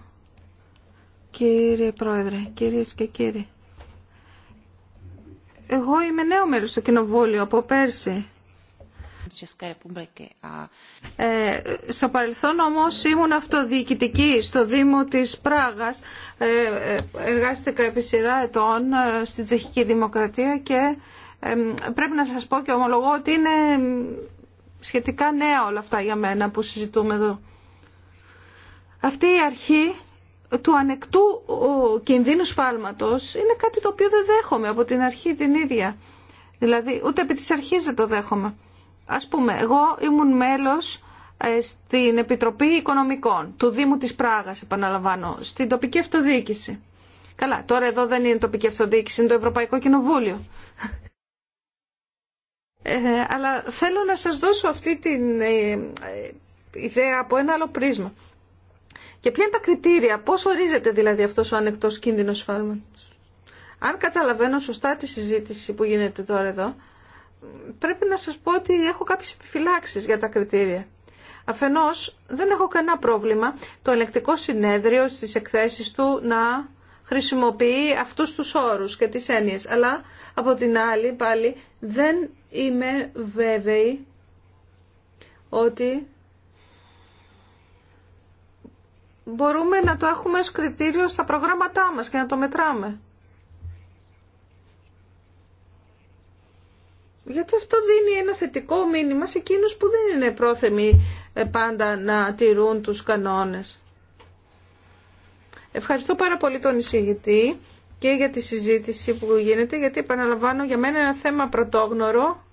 κύριε Πρόεδρε, κύριε και κύριοι. Εγώ είμαι νέο μέρος στο Κοινοβούλιο από πέρσι ε, στο παρελθόν όμως ήμουν αυτοδιοικητική στο Δήμο της Πράγας. Ε, ε, εργάστηκα επί σειρά ετών στην Τσεχική Δημοκρατία και πρέπει να σας πω και ομολογώ ότι είναι σχετικά νέα όλα αυτά για μένα που συζητούμε εδώ. Αυτή η αρχή του ανεκτού κινδύνου σφάλματος είναι κάτι το οποίο δεν δέχομαι από την αρχή την ίδια. Δηλαδή ούτε επί της αρχής δεν το δέχομαι. Ας πούμε, εγώ ήμουν μέλος ε, στην Επιτροπή Οικονομικών του Δήμου της Πράγας, επαναλαμβάνω, στην τοπική αυτοδιοίκηση. Καλά, τώρα εδώ δεν είναι τοπική αυτοδιοίκηση, είναι το Ευρωπαϊκό Κοινοβούλιο. Ε, αλλά θέλω να σας δώσω αυτή την ε, ε, ιδέα από ένα άλλο πρίσμα. Και ποια είναι τα κριτήρια, πώς ορίζεται δηλαδή αυτός ο ανεκτός κίνδυνος φάρμακος. Αν καταλαβαίνω σωστά τη συζήτηση που γίνεται τώρα εδώ, πρέπει να σας πω ότι έχω κάποιες επιφυλάξεις για τα κριτήρια. Αφενός, δεν έχω κανένα πρόβλημα το ελεκτικό συνέδριο στις εκθέσεις του να χρησιμοποιεί αυτούς τους όρους και τις έννοιες. Αλλά από την άλλη πάλι δεν είμαι βέβαιη ότι μπορούμε να το έχουμε ως κριτήριο στα προγράμματά μας και να το μετράμε. Γιατί αυτό δίνει ένα θετικό μήνυμα σε εκείνους που δεν είναι πρόθεμοι ε, πάντα να τηρούν τους κανόνες. Ευχαριστώ πάρα πολύ τον εισηγητή και για τη συζήτηση που γίνεται, γιατί επαναλαμβάνω για μένα ένα θέμα πρωτόγνωρο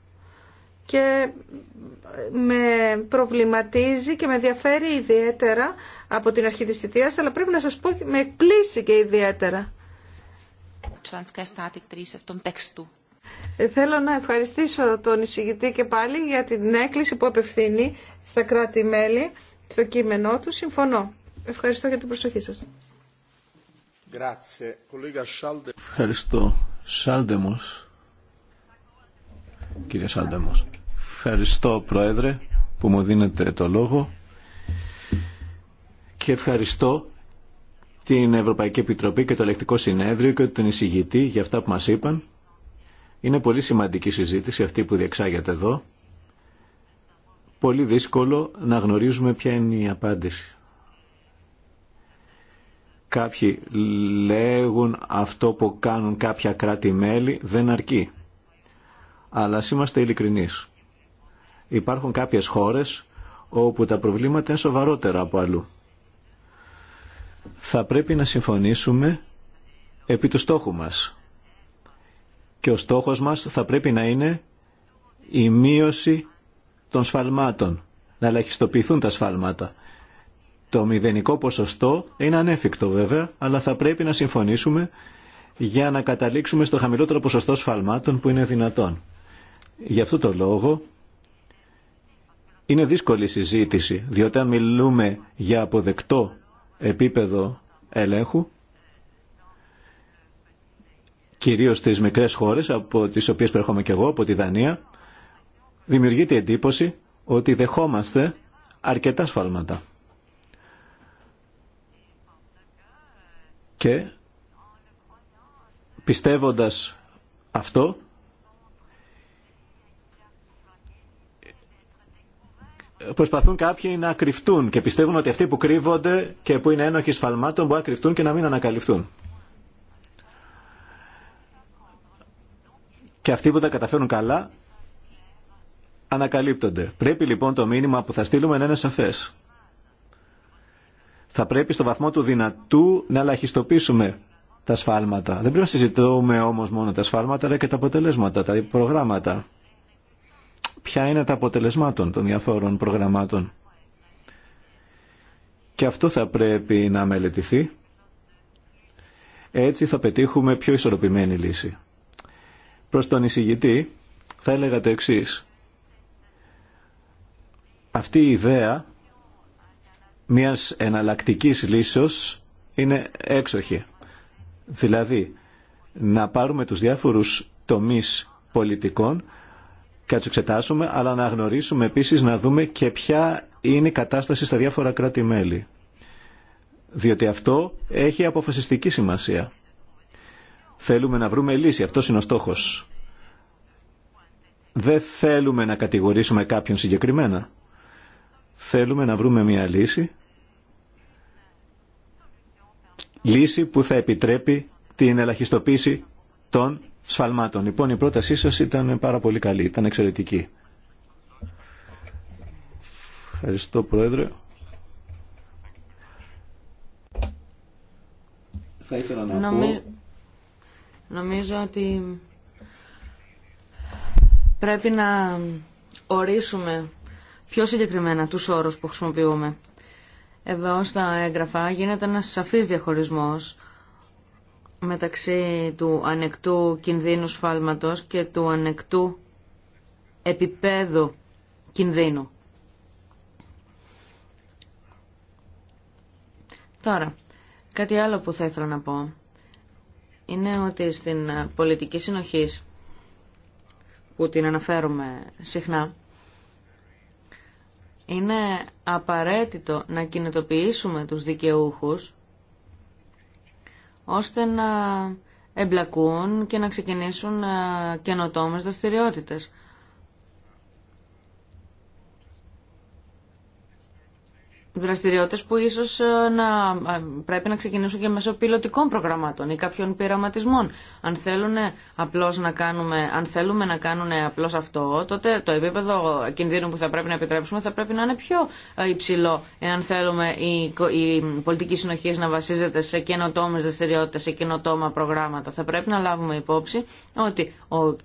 και ε, με προβληματίζει και με ενδιαφέρει ιδιαίτερα από την αρχή της θητείας, αλλά πρέπει να σας πω με εκπλήσει και ιδιαίτερα. Θέλω να ευχαριστήσω τον εισηγητή και πάλι για την έκκληση που απευθύνει στα κράτη-μέλη στο κείμενό του. Συμφωνώ. Ευχαριστώ για την προσοχή σας. Ευχαριστώ. Κύριε Σάλτεμος. Ευχαριστώ Πρόεδρε που μου δίνετε το λόγο και ευχαριστώ την Ευρωπαϊκή Επιτροπή και το Ελεκτικό Συνέδριο και τον εισηγητή για αυτά που μας είπαν είναι πολύ σημαντική συζήτηση αυτή που διεξάγεται εδώ. Πολύ δύσκολο να γνωρίζουμε ποια είναι η απάντηση. Κάποιοι λέγουν αυτό που κάνουν κάποια κράτη-μέλη δεν αρκεί. Αλλά ας είμαστε ειλικρινείς. Υπάρχουν κάποιες χώρες όπου τα προβλήματα είναι σοβαρότερα από αλλού. Θα πρέπει να συμφωνήσουμε επί του στόχου μας και ο στόχος μας θα πρέπει να είναι η μείωση των σφαλμάτων, να ελαχιστοποιηθούν τα σφάλματα. Το μηδενικό ποσοστό είναι ανέφικτο βέβαια, αλλά θα πρέπει να συμφωνήσουμε για να καταλήξουμε στο χαμηλότερο ποσοστό σφαλμάτων που είναι δυνατόν. Γι' αυτό το λόγο είναι δύσκολη η συζήτηση, διότι αν μιλούμε για αποδεκτό επίπεδο ελέγχου, κυρίως στις μικρές χώρες από τις οποίες προέρχομαι και εγώ, από τη Δανία, δημιουργείται η εντύπωση ότι δεχόμαστε αρκετά σφάλματα. Και πιστεύοντας αυτό, προσπαθούν κάποιοι να κρυφτούν και πιστεύουν ότι αυτοί που κρύβονται και που είναι ένοχοι σφαλμάτων μπορούν να κρυφτούν και να μην ανακαλυφθούν. και αυτοί που τα καταφέρουν καλά ανακαλύπτονται. Πρέπει λοιπόν το μήνυμα που θα στείλουμε να είναι σαφές. Θα πρέπει στο βαθμό του δυνατού να ελαχιστοποιήσουμε τα σφάλματα. Δεν πρέπει να συζητούμε όμως μόνο τα σφάλματα, αλλά και τα αποτελέσματα, τα προγράμματα. Ποια είναι τα αποτελεσμάτων των διαφόρων προγραμμάτων. Και αυτό θα πρέπει να μελετηθεί. Έτσι θα πετύχουμε πιο ισορροπημένη λύση. Προς τον εισηγητή θα έλεγα το εξή. Αυτή η ιδέα μιας εναλλακτικής λύσεως είναι έξοχη. Δηλαδή, να πάρουμε τους διάφορους τομείς πολιτικών και να τους εξετάσουμε, αλλά να γνωρίσουμε επίσης να δούμε και ποια είναι η κατάσταση στα διάφορα κράτη-μέλη. Διότι αυτό έχει αποφασιστική σημασία. Θέλουμε να βρούμε λύση. Αυτός είναι ο στόχος. Δεν θέλουμε να κατηγορήσουμε κάποιον συγκεκριμένα. Θέλουμε να βρούμε μια λύση. Λύση που θα επιτρέπει την ελαχιστοποίηση των σφαλμάτων. Λοιπόν, η πρότασή σας ήταν πάρα πολύ καλή, ήταν εξαιρετική. Ευχαριστώ, Πρόεδρε. Θα ήθελα να Νομίζω ότι πρέπει να ορίσουμε πιο συγκεκριμένα τους όρους που χρησιμοποιούμε. Εδώ στα έγγραφα γίνεται ένας σαφής διαχωρισμός μεταξύ του ανεκτού κινδύνου σφάλματος και του ανεκτού επίπεδου κινδύνου. Τώρα, κάτι άλλο που θα ήθελα να πω είναι ότι στην ε, πολιτική συνοχή που την αναφέρουμε συχνά είναι απαραίτητο να κινητοποιήσουμε τους δικαιούχους ώστε να εμπλακούν και να ξεκινήσουν ε, καινοτόμες δραστηριότητε. Δραστηριότητε που ίσω ε, να, ε, πρέπει να ξεκινήσουν και μέσω πιλωτικών προγραμμάτων ή κάποιων πειραματισμών. Αν, θέλουν απλώς να κάνουμε, αν θέλουμε να κάνουν απλώ αυτό, τότε το επίπεδο κινδύνου που θα πρέπει να επιτρέψουμε θα πρέπει να είναι πιο ε, υψηλό, εάν θέλουμε η, η πολιτική συνοχή να βασίζεται σε καινοτόμε δραστηριότητε, σε καινοτόμα προγράμματα. Θα πρέπει να λάβουμε υπόψη ότι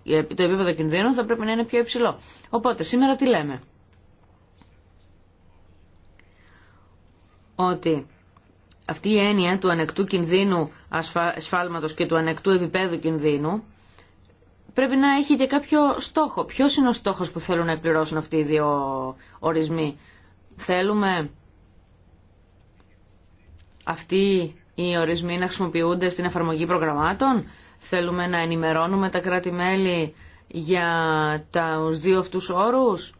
το επίπεδο κινδύνου θα πρέπει να είναι πιο υψηλό. Οπότε, σήμερα τι λέμε. ότι αυτή η έννοια του ανεκτού κινδύνου ασφάλματος και του ανεκτού επίπεδου κινδύνου πρέπει να έχει και κάποιο στόχο. Ποιος είναι ο στόχος που θέλουν να εκπληρώσουν αυτοί οι δύο ορισμοί. Θέλουμε αυτοί οι ορισμοί να χρησιμοποιούνται στην εφαρμογή προγραμμάτων. Θέλουμε να ενημερώνουμε τα κράτη-μέλη για τους δύο αυτούς όρους.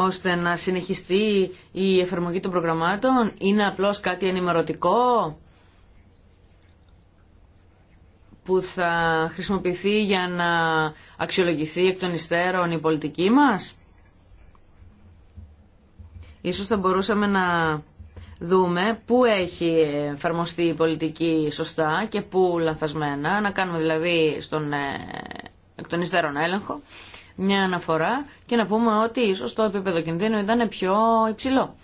ώστε να συνεχιστεί η εφαρμογή των προγραμμάτων, είναι απλώς κάτι ενημερωτικό που θα χρησιμοποιηθεί για να αξιολογηθεί εκ των υστέρων η πολιτική μας. Ίσως θα μπορούσαμε να δούμε πού έχει εφαρμοστεί η πολιτική σωστά και πού λανθασμένα, να κάνουμε δηλαδή στον ε, εκ των υστέρων έλεγχο μια αναφορά και να πούμε ότι ίσως το επίπεδο κινδύνου ήταν πιο υψηλό.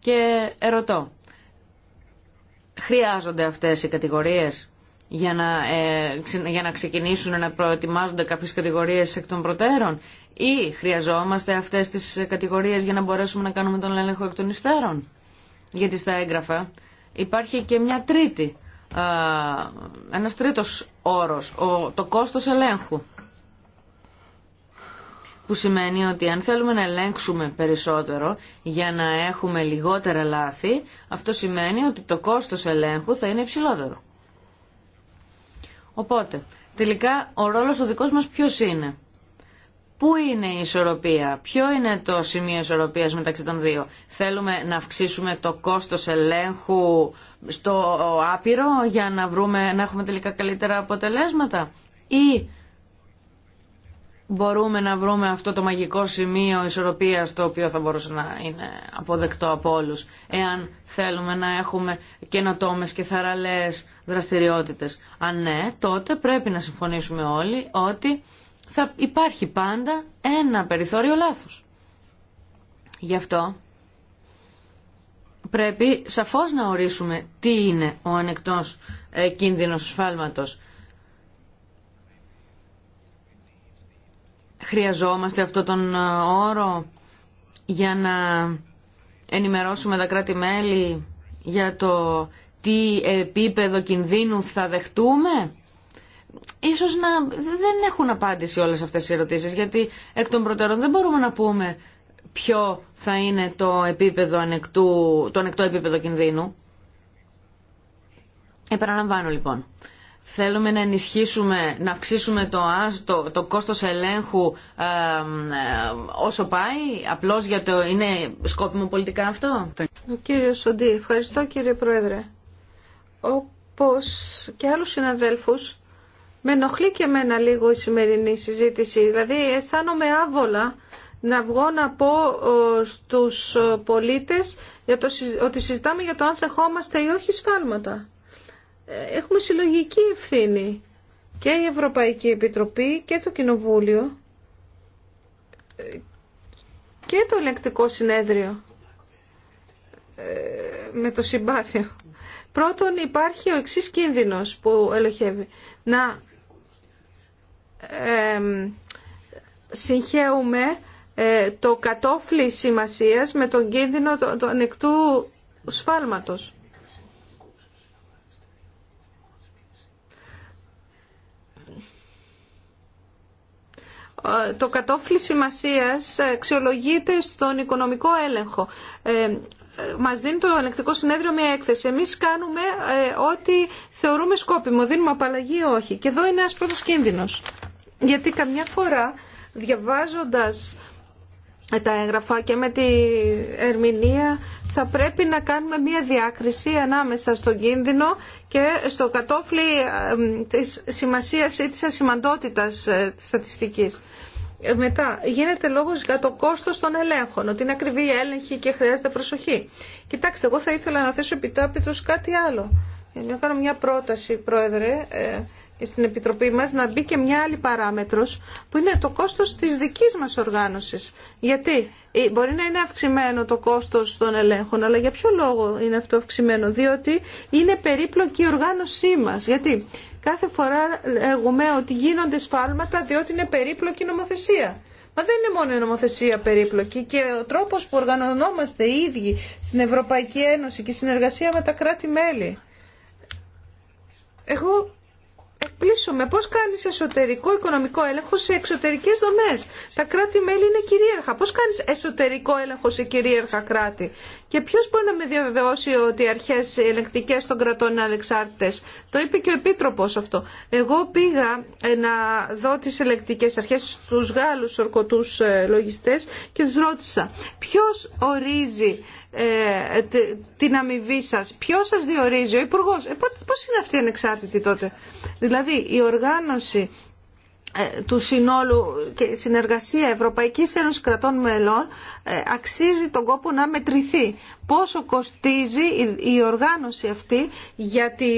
Και ερωτώ, χρειάζονται αυτές οι κατηγορίες για να, ε, για να ξεκινήσουν να προετοιμάζονται κάποιες κατηγορίες εκ των προτέρων ή χρειαζόμαστε αυτές τις κατηγορίες για να μπορέσουμε να κάνουμε τον έλεγχο εκ των υστέρων. Γιατί στα έγγραφα υπάρχει και μια τρίτη, ε, ένας τρίτος όρος, το κόστος ελέγχου που σημαίνει ότι αν θέλουμε να ελέγξουμε περισσότερο για να έχουμε λιγότερα λάθη, αυτό σημαίνει ότι το κόστος ελέγχου θα είναι υψηλότερο. Οπότε, τελικά ο ρόλος ο δικός μας ποιος είναι. Πού είναι η ισορροπία, ποιο είναι το σημείο ισορροπίας μεταξύ των δύο. Θέλουμε να αυξήσουμε το κόστος ελέγχου στο άπειρο για να, βρούμε, να έχουμε τελικά καλύτερα αποτελέσματα μπορούμε να βρούμε αυτό το μαγικό σημείο ισορροπίας το οποίο θα μπορούσε να είναι αποδεκτό από όλους εάν θέλουμε να έχουμε καινοτόμε και θαραλές δραστηριότητες. Αν ναι, τότε πρέπει να συμφωνήσουμε όλοι ότι θα υπάρχει πάντα ένα περιθώριο λάθος. Γι' αυτό πρέπει σαφώς να ορίσουμε τι είναι ο ανεκτός ε, κίνδυνος σφάλματος Χρειαζόμαστε αυτό τον ε, όρο για να ενημερώσουμε τα κράτη-μέλη για το τι επίπεδο κινδύνου θα δεχτούμε. Ίσως να δεν έχουν απάντηση όλες αυτές οι ερωτήσεις, γιατί εκ των προτέρων δεν μπορούμε να πούμε ποιο θα είναι το, επίπεδο ανεκτού, το ανεκτό επίπεδο κινδύνου. Επαναλαμβάνω λοιπόν. Θέλουμε να ενισχύσουμε, να αυξήσουμε το, το, το κόστος ελέγχου ε, όσο πάει, απλώς για το είναι σκόπιμο πολιτικά αυτό. Ο κύριος Σοντή, ευχαριστώ κύριε Πρόεδρε. Όπως και άλλους συναδέλφους, με ενοχλεί και εμένα λίγο η σημερινή συζήτηση. Δηλαδή αισθάνομαι άβολα να βγω να πω ε, στους ε, πολίτες για το, ότι συζητάμε για το αν θεχόμαστε ή όχι σφάλματα. Ε, έχουμε συλλογική ευθύνη και η Ευρωπαϊκή Επιτροπή και το Κοινοβούλιο ε, και το ελεκτικό συνέδριο ε, με το συμπάθειο. Πρώτον υπάρχει ο εξής κίνδυνος που ελοχεύει. Να συγχέουμε το κατόφλι σημασίας με τον κίνδυνο του ανεκτού σφάλματος. το κατόφλι σημασίας αξιολογείται στον οικονομικό έλεγχο. Ε, μας δίνει το ελεκτικό συνέδριο μια έκθεση. Εμείς κάνουμε ε, ό,τι θεωρούμε σκόπιμο. Δίνουμε απαλλαγή ή όχι. Και εδώ είναι ένας πρώτος κίνδυνος. Γιατί καμιά φορά διαβάζοντας τα έγγραφα και με τη ερμηνεία θα πρέπει να κάνουμε μία διάκριση ανάμεσα στον κίνδυνο και στο κατόφλι της σημασίας ή της ασημαντότητας ε, της στατιστικής. Ε, μετά γίνεται λόγος για το κόστος των ελέγχων, ότι είναι ακριβή η έλεγχη και χρειάζεται προσοχή. Κοιτάξτε, εγώ θα ήθελα να θέσω επιτάπητος κάτι άλλο. Ε, να κάνω μια πρόταση, Πρόεδρε, στην Επιτροπή μας να μπει και μια άλλη παράμετρος που είναι το κόστος της δικής μας οργάνωσης. Γιατί ε, μπορεί να είναι αυξημένο το κόστος των ελέγχων, αλλά για ποιο λόγο είναι αυτό αυξημένο. Διότι είναι περίπλοκη η οργάνωσή μας. Γιατί κάθε φορά λέγουμε ότι γίνονται σφάλματα διότι είναι περίπλοκη νομοθεσία. Μα δεν είναι μόνο η νομοθεσία περίπλοκη και ο τρόπος που οργανωνόμαστε οι ίδιοι στην Ευρωπαϊκή Ένωση και η συνεργασία με τα κράτη-μέλη. Εγώ με. πώς κάνεις εσωτερικό οικονομικό έλεγχο σε εξωτερικές δομές. Τα κράτη-μέλη είναι κυρίαρχα. Πώς κάνεις εσωτερικό έλεγχο σε κυρίαρχα κράτη. Και ποιος μπορεί να με διαβεβαιώσει ότι οι αρχές ελεγκτικές των κρατών είναι ανεξάρτητες. Το είπε και ο Επίτροπος αυτό. Εγώ πήγα ε, να δω τις ελεγκτικές αρχές στους Γάλλους ορκωτούς ε, λογιστές και τους ρώτησα ποιος ορίζει ε, την αμοιβή σα, Ποιό σα διορίζει, ο υπουργό. Ε, είναι αυτή η ανεξάρτητη τότε. Δηλαδή η οργάνωση ε, του συνόλου και συνεργασία Ευρωπαϊκής Ένωσης Κρατών Μελών ε, αξίζει τον κόπο να μετρηθεί. Πόσο κοστίζει η οργάνωση αυτή για τη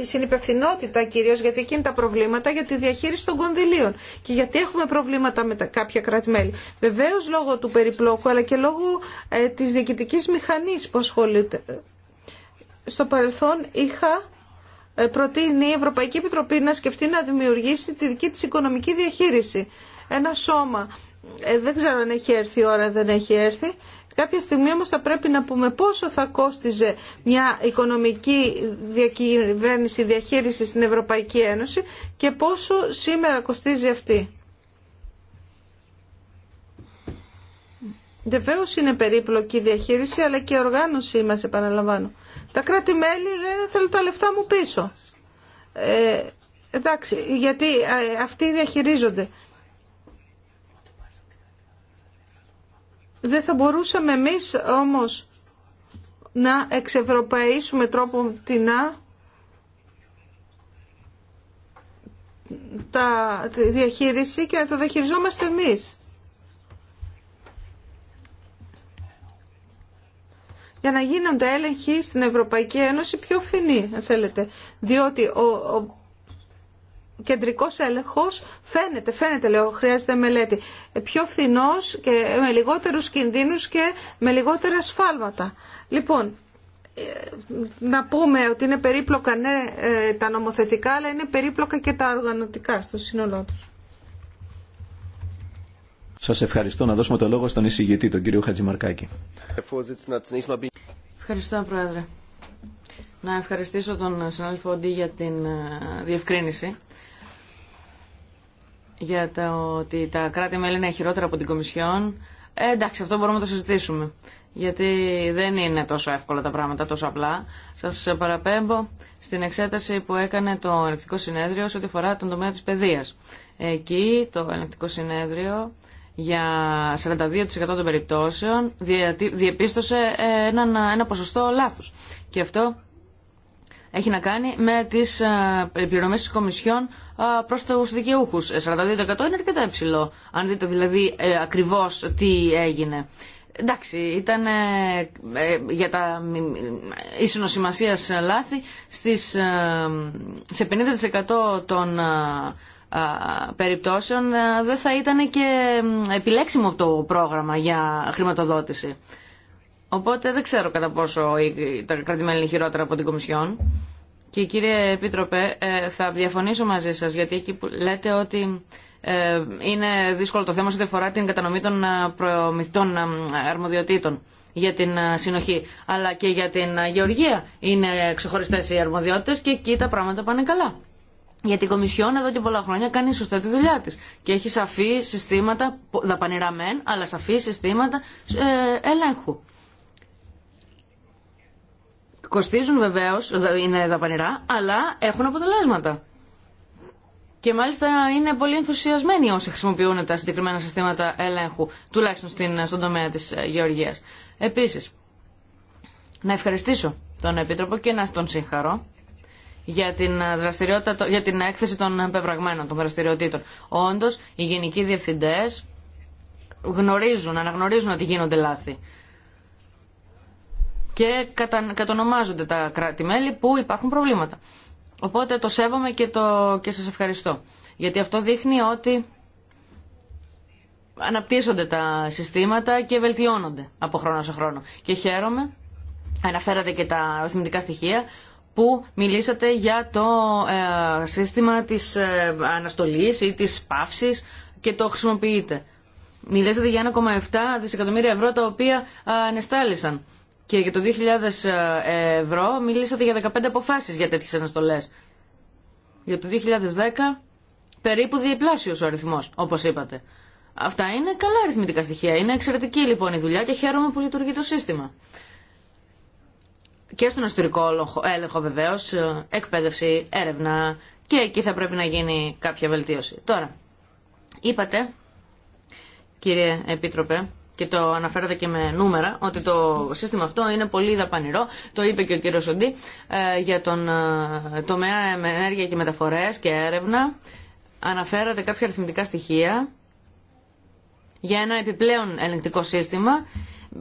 συνυπευθυνότητα κυρίως γιατί είναι τα προβλήματα για τη διαχείριση των κονδυλίων και γιατί έχουμε προβλήματα με τα κάποια κράτη-μέλη. Βεβαίως λόγω του περιπλόκου αλλά και λόγω ε, της διοικητικής μηχανής που ασχολείται. Στο παρελθόν είχα ε, προτείνει η Ευρωπαϊκή Επιτροπή να σκεφτεί να δημιουργήσει τη δική τη οικονομική διαχείριση. Ένα σώμα. Ε, δεν ξέρω αν έχει έρθει η ώρα, δεν έχει έρθει. Κάποια στιγμή όμως θα πρέπει να πούμε πόσο θα κόστιζε μια οικονομική διακυβέρνηση, διαχείριση στην Ευρωπαϊκή Ένωση και πόσο σήμερα κοστίζει αυτή. Βεβαίω είναι περίπλοκη η διαχείριση αλλά και η οργάνωση μας επαναλαμβάνω. Τα κράτη-μέλη λένε θέλω τα λεφτά μου πίσω. Ε, εντάξει, γιατί ε, αυτοί διαχειρίζονται. Δεν θα μπορούσαμε εμείς όμως να εξευρωπαίσουμε τρόπο τεινά τα, τη διαχείριση και να τα διαχειριζόμαστε εμείς. για να γίνονται έλεγχοι στην Ευρωπαϊκή Ένωση πιο φθηνοί, θέλετε. Διότι ο Κεντρικό έλεγχο, φαίνεται, φαίνεται λέω, χρειάζεται μελέτη. Πιο φθηνό και με λιγότερους κινδύνου και με λιγότερα σφάλματα. Λοιπόν, ε, να πούμε ότι είναι περίπλοκα ναι, ε, τα νομοθετικά, αλλά είναι περίπλοκα και τα οργανωτικά στο σύνολό του. Σας ευχαριστώ. Να δώσουμε το λόγο στον εισηγητή, τον κύριο Χατζημαρκάκη. Ευχαριστώ, Πρόεδρε. Να ευχαριστήσω τον συνάδελφο για την ε, διευκρίνηση για το ότι τα κράτη-μέλη είναι χειρότερα από την Κομισιόν. Ε, εντάξει, αυτό μπορούμε να το συζητήσουμε. Γιατί δεν είναι τόσο εύκολα τα πράγματα, τόσο απλά. Σα παραπέμπω στην εξέταση που έκανε το Ελεκτικό Συνέδριο σε ό,τι αφορά τον τομέα τη παιδεία. Εκεί το Ελεκτικό Συνέδριο για 42% των περιπτώσεων διεπίστωσε ε, ένα, ένα ποσοστό λάθους. Και αυτό έχει να κάνει με τι ε, πληρωμέ τη Κομισιόν προς τους δικαιούχους. 42% ε, είναι αρκετά υψηλό, αν δείτε δηλαδή ε, ακριβώς τι έγινε. Εντάξει, ήταν ε, ε, για τα σημασίας λάθη στις, σε 50% των περιπτώσεων δεν θα ήταν και επιλέξιμο το πρόγραμμα για χρηματοδότηση. Οπότε δεν ξέρω κατά πόσο τα κρατημένα είναι χειρότερα από την Κομισιόν. Και κύριε Επίτροπε, ε, θα διαφωνήσω μαζί σας, γιατί εκεί που λέτε ότι ε, είναι δύσκολο το θέμα σε ό,τι αφορά την κατανομή των ε, προμηθών αρμοδιοτήτων για την συνοχή. Αλλά και για την γεωργία είναι ξεχωριστές οι αρμοδιότητες και εκεί τα πράγματα πάνε καλά. Γιατί η Κομισιόν εδώ και πολλά χρόνια κάνει σωστά τη δουλειά της και έχει σαφή συστήματα, δαπανηρά αλλά σαφή συστήματα ελέγχου. Κοστίζουν βεβαίω, είναι δαπανηρά, αλλά έχουν αποτελέσματα. Και μάλιστα είναι πολύ ενθουσιασμένοι όσοι χρησιμοποιούν τα συγκεκριμένα συστήματα ελέγχου, τουλάχιστον στην, στον τομέα τη ε, γεωργία. Επίση, να ευχαριστήσω τον Επίτροπο και να τον συγχαρώ για την, ε, δραστηριότητα, για την έκθεση των ε, πεπραγμένων, των δραστηριοτήτων. Όντω, οι γενικοί διευθυντέ γνωρίζουν, αναγνωρίζουν ότι γίνονται λάθη και κατονομάζονται τα κράτη-μέλη που υπάρχουν προβλήματα. Οπότε το σέβομαι και, το... και σας ευχαριστώ. Γιατί αυτό δείχνει ότι αναπτύσσονται τα συστήματα και βελτιώνονται από χρόνο σε χρόνο. Και χαίρομαι, αναφέρατε και τα αριθμητικά στοιχεία, που μιλήσατε για το ε, σύστημα της ε, αναστολής ή της παύσης και το χρησιμοποιείτε. Μιλήσατε για 1,7 δισεκατομμύρια ευρώ τα οποία ε, ανεστάλησαν. Και για το 2.000 ε, ευρώ μιλήσατε για 15 αποφάσει για τέτοιε αναστολέ. Για το 2010 περίπου διπλάσιο ο αριθμό, όπω είπατε. Αυτά είναι καλά αριθμητικά στοιχεία. Είναι εξαιρετική λοιπόν η δουλειά και χαίρομαι που λειτουργεί το σύστημα. Και στον ιστορικό έλεγχο βεβαίω, ε, εκπαίδευση, έρευνα και εκεί θα πρέπει να γίνει κάποια βελτίωση. Τώρα, είπατε, κύριε Επίτροπε, και το αναφέρατε και με νούμερα, ότι το σύστημα αυτό είναι πολύ δαπανηρό. Το είπε και ο κύριο Σοντή ε, για τον ε, τομέα με ενέργεια και μεταφορές και έρευνα. Αναφέρατε κάποια αριθμητικά στοιχεία για ένα επιπλέον ελεγκτικό σύστημα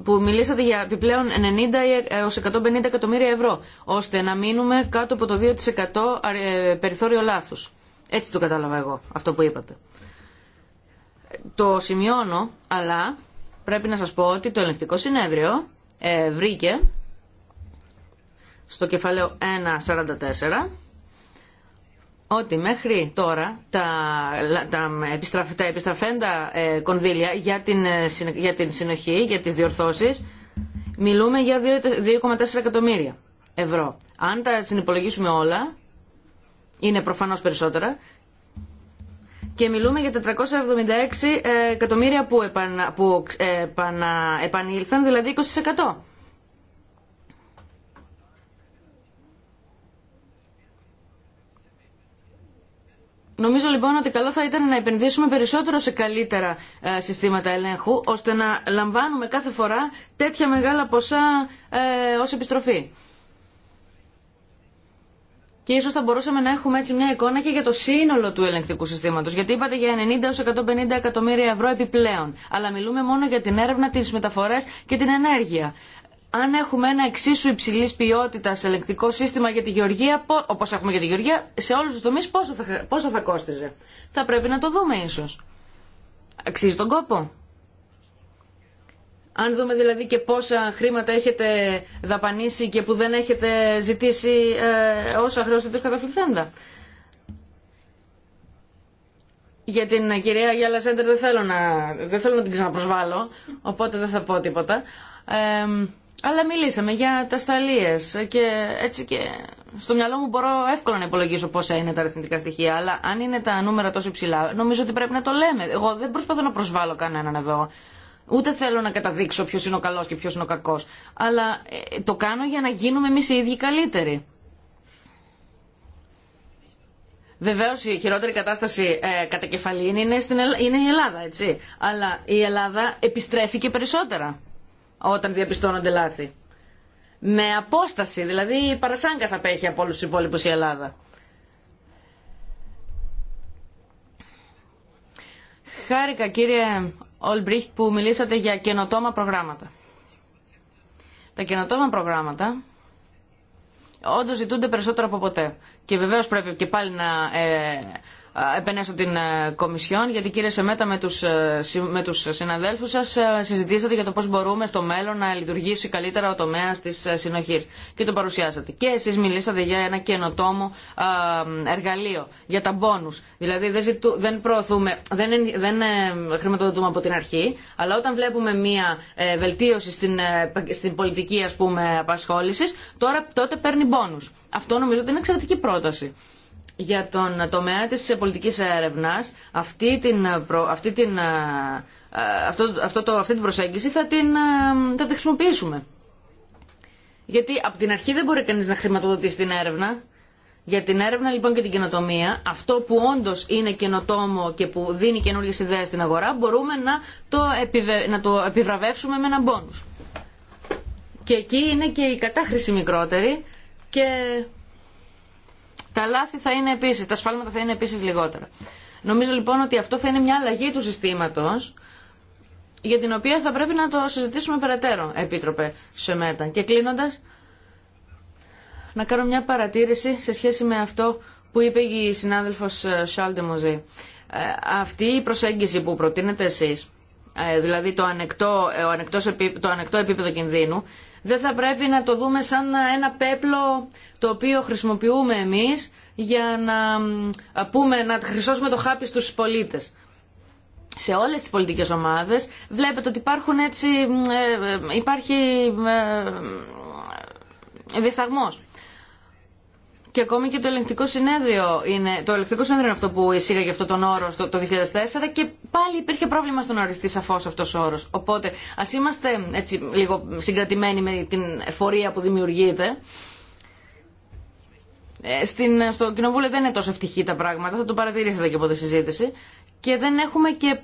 που μιλήσατε για επιπλέον 90 ε, έως 150 εκατομμύρια ευρώ, ώστε να μείνουμε κάτω από το 2% περιθώριο λάθους. Έτσι το κατάλαβα εγώ, αυτό που είπατε. Το σημειώνω, αλλά πρέπει να σας πω ότι το ελεγκτικό συνέδριο ε, βρήκε στο κεφαλαίο 1.44 ότι μέχρι τώρα τα, τα, τα επιστραφέντα ε, κονδύλια για την, ε, για την συνοχή, για τις διορθώσεις, μιλούμε για 2,4 εκατομμύρια ευρώ. Αν τα συνυπολογίσουμε όλα, είναι προφανώς περισσότερα, και μιλούμε για 476 ε, εκατομμύρια που, επανα, που ε, επανήλθαν, δηλαδή 20%. Νομίζω λοιπόν ότι καλό θα ήταν να επενδύσουμε περισσότερο σε καλύτερα ε, συστήματα ελέγχου, ώστε να λαμβάνουμε κάθε φορά τέτοια μεγάλα ποσά ε, ως επιστροφή. Και ίσως θα μπορούσαμε να έχουμε έτσι μια εικόνα και για το σύνολο του ελεγκτικού συστήματος. Γιατί είπατε για 90 150 εκατομμύρια ευρώ επιπλέον. Αλλά μιλούμε μόνο για την έρευνα, τι μεταφορές και την ενέργεια. Αν έχουμε ένα εξίσου υψηλής ποιότητας ελεγκτικό σύστημα για τη γεωργία, όπως έχουμε για τη γεωργία, σε όλου του τομεί πόσο θα, πόσο θα κόστιζε. Θα πρέπει να το δούμε ίσω. Αξίζει τον κόπο. Αν δούμε δηλαδή και πόσα χρήματα έχετε δαπανίσει και που δεν έχετε ζητήσει ε, όσα χρεώσετε ως καταφληθέντα. Για την κυρία Γιάλα Σέντερ δεν θέλω, να, δεν θέλω να την ξαναπροσβάλλω, οπότε δεν θα πω τίποτα. Ε, αλλά μιλήσαμε για τα σταλίες και έτσι και στο μυαλό μου μπορώ εύκολα να υπολογίσω πόσα είναι τα αριθμητικά στοιχεία, αλλά αν είναι τα νούμερα τόσο υψηλά, νομίζω ότι πρέπει να το λέμε. Εγώ δεν προσπαθώ να προσβάλλω κανέναν εδώ. Ούτε θέλω να καταδείξω ποιο είναι ο καλό και ποιο είναι ο κακό. Αλλά ε, το κάνω για να γίνουμε εμεί οι ίδιοι καλύτεροι. Βεβαίω η χειρότερη κατάσταση ε, κατά κεφαλή είναι, στην, είναι η Ελλάδα, έτσι. Αλλά η Ελλάδα επιστρέφει και περισσότερα όταν διαπιστώνονται λάθη. Με απόσταση, δηλαδή η παρασάγκα απέχει από όλου του υπόλοιπου η Ελλάδα. Χάρηκα κύριε Ολμπριχτ που μιλήσατε για καινοτόμα προγράμματα. Τα καινοτόμα προγράμματα όντω ζητούνται περισσότερο από ποτέ. Και βεβαίω πρέπει και πάλι να ε, επενέσω την ε, Κομισιόν, γιατί κύριε Σεμέτα με τους, ε, με τους συναδέλφους σας ε, συζητήσατε για το πώς μπορούμε στο μέλλον να λειτουργήσει καλύτερα ο τομέας της συνοχής και το παρουσιάσατε. Και εσείς μιλήσατε για ένα καινοτόμο εργαλείο, για τα μπόνους. Δηλαδή δεν, δεν προωθούμε, δεν, δεν χρηματοδοτούμε από την αρχή, αλλά όταν βλέπουμε μία βελτίωση στην, στην πολιτική ας πούμε απασχόλησης, τώρα, τότε παίρνει μπόνους. Αυτό νομίζω ότι είναι εξαιρετική πρόταση για τον τομέα της πολιτικής έρευνας αυτή την, αυτή την, ε, αυτό, αυτό το, αυτή την προσέγγιση θα την, ε, θα τη χρησιμοποιήσουμε. Γιατί από την αρχή δεν μπορεί κανείς να χρηματοδοτήσει την έρευνα. Για την έρευνα λοιπόν και την καινοτομία, αυτό που όντως είναι καινοτόμο και που δίνει καινούργιε ιδέες στην αγορά, μπορούμε να το, το επιβραβεύσουμε με ένα μπόνους. Και εκεί είναι και η κατάχρηση μικρότερη και τα λάθη θα είναι επίση, τα σφάλματα θα είναι επίση λιγότερα. Νομίζω λοιπόν ότι αυτό θα είναι μια αλλαγή του συστήματο για την οποία θα πρέπει να το συζητήσουμε περαιτέρω, Επίτροπε Σεμέτα. Και κλείνοντα. να κάνω μια παρατήρηση σε σχέση με αυτό που είπε η συνάδελφο ε, Σάλντε Μοζή. Ε, αυτή η προσέγγιση που προτείνετε εσεί, ε, δηλαδή το ανεκτό επίπεδο κινδύνου, δεν θα πρέπει να το δούμε σαν ένα πέπλο το οποίο χρησιμοποιούμε εμείς για να, πούμε, να χρυσώσουμε το χάπι στους πολίτες. Σε όλες τις πολιτικές ομάδες βλέπετε ότι υπάρχουν έτσι, ε, ε, υπάρχει ε, δισταγμός και ακόμη και το ελεγκτικό συνέδριο είναι, το ελεγκτικό συνέδριο είναι αυτό που εισήγαγε αυτό τον όρο το, το 2004 και πάλι υπήρχε πρόβλημα στον οριστή σαφώ αυτό ο όρο. Οπότε α είμαστε έτσι λίγο συγκρατημένοι με την εφορία που δημιουργείται. Ε, στην, στο κοινοβούλιο δεν είναι τόσο ευτυχή τα πράγματα, θα το παρατηρήσετε και από τη συζήτηση. Και δεν έχουμε και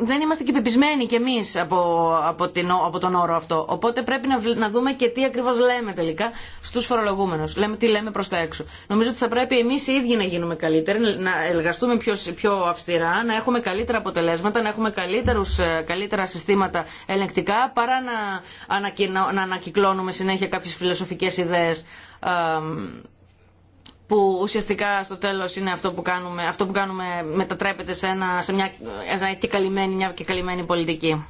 δεν είμαστε και πεπισμένοι κι εμείς από, από, την, από τον όρο αυτό. Οπότε πρέπει να, να δούμε και τι ακριβώς λέμε τελικά στους φορολογούμενους. Λέμε, τι λέμε προς τα έξω. Νομίζω ότι θα πρέπει εμείς οι ίδιοι να γίνουμε καλύτεροι, να εργαστούμε πιο, πιο αυστηρά, να έχουμε καλύτερα αποτελέσματα, να έχουμε καλύτερους, ε, καλύτερα συστήματα ελεγκτικά, παρά να, να ανακυκλώνουμε συνέχεια κάποιες φιλοσοφικές ιδέες που ουσιαστικά στο τέλος είναι αυτό που κάνουμε, αυτό που κάνουμε μετατρέπεται σε, ένα, σε μια, ένα και καλυμμένη, μια και καλυμμένη πολιτική.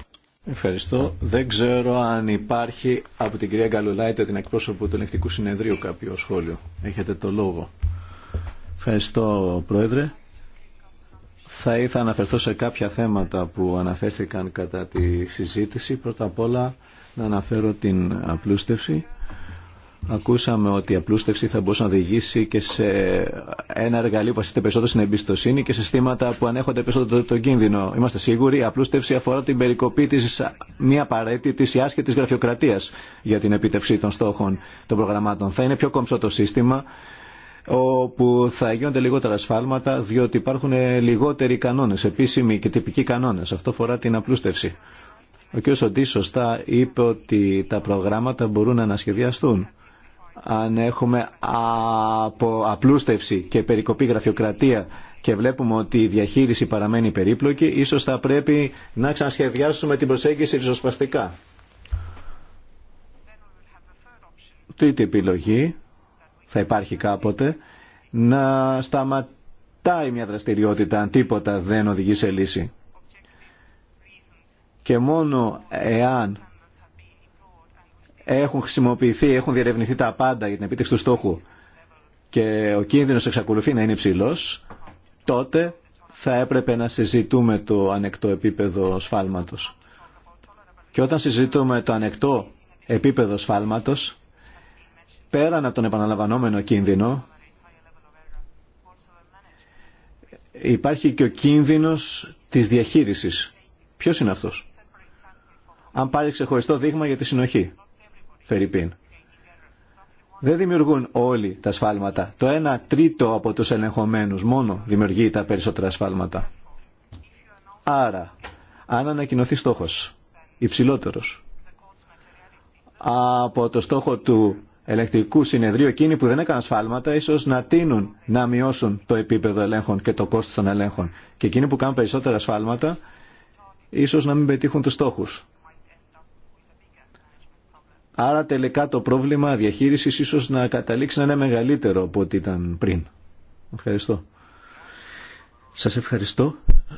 Ευχαριστώ. Δεν ξέρω αν υπάρχει από την κυρία Γκαλουλάιτε, την εκπρόσωπο του Ελεκτικού Συνεδρίου, κάποιο σχόλιο. Έχετε το λόγο. Ευχαριστώ, Πρόεδρε. Θα ήθελα να αναφερθώ σε κάποια θέματα που αναφέρθηκαν κατά τη συζήτηση. Πρώτα απ' όλα να αναφέρω την απλούστευση Ακούσαμε ότι η απλούστευση θα μπορούσε να οδηγήσει και σε ένα εργαλείο που βασίζεται περισσότερο στην εμπιστοσύνη και σε συστήματα που ανέχονται περισσότερο τον κίνδυνο. Είμαστε σίγουροι, η απλούστευση αφορά την περικοπή τη μη απαραίτητη ή άσχετη γραφειοκρατία για την επίτευξη των στόχων των προγραμμάτων. Θα είναι πιο κομψό το σύστημα, όπου θα γίνονται λιγότερα σφάλματα, διότι υπάρχουν λιγότεροι κανόνε, επίσημοι και τυπικοί κανόνε. Αυτό αφορά την απλούστευση. Ο κ. Σοντή σωστά είπε ότι τα προγράμματα μπορούν να ανασχεδιαστούν αν έχουμε από απλούστευση και περικοπή γραφειοκρατία και βλέπουμε ότι η διαχείριση παραμένει περίπλοκη, ίσως θα πρέπει να ξανασχεδιάσουμε την προσέγγιση ριζοσπαστικά. Τρίτη επιλογή, θα υπάρχει κάποτε, να σταματάει μια δραστηριότητα αν τίποτα δεν οδηγεί σε λύση. Και μόνο εάν έχουν χρησιμοποιηθεί, έχουν διερευνηθεί τα πάντα για την επίτευξη του στόχου και ο κίνδυνος εξακολουθεί να είναι υψηλό, τότε θα έπρεπε να συζητούμε το ανεκτό επίπεδο σφάλματος. Και όταν συζητούμε το ανεκτό επίπεδο σφάλματος, πέραν από τον επαναλαμβανόμενο κίνδυνο, υπάρχει και ο κίνδυνος της διαχείρισης. Ποιος είναι αυτός? Αν πάρει ξεχωριστό δείγμα για τη συνοχή. Δεν δημιουργούν όλοι τα σφάλματα. Το 1 τρίτο από τους ελεγχομένους μόνο δημιουργεί τα περισσότερα σφάλματα. Άρα, αν ανακοινωθεί στόχος υψηλότερος από το στόχο του ελεκτικού συνεδρίου εκείνοι που δεν έκαναν σφάλματα ίσως να τίνουν να μειώσουν το επίπεδο ελέγχων και το κόστος των ελέγχων και εκείνοι που κάνουν περισσότερα σφάλματα ίσως να μην πετύχουν τους στόχους. Άρα τελικά το πρόβλημα διαχείρισης ίσως να καταλήξει να είναι μεγαλύτερο από ό,τι ήταν πριν. Ευχαριστώ. Σας ευχαριστώ.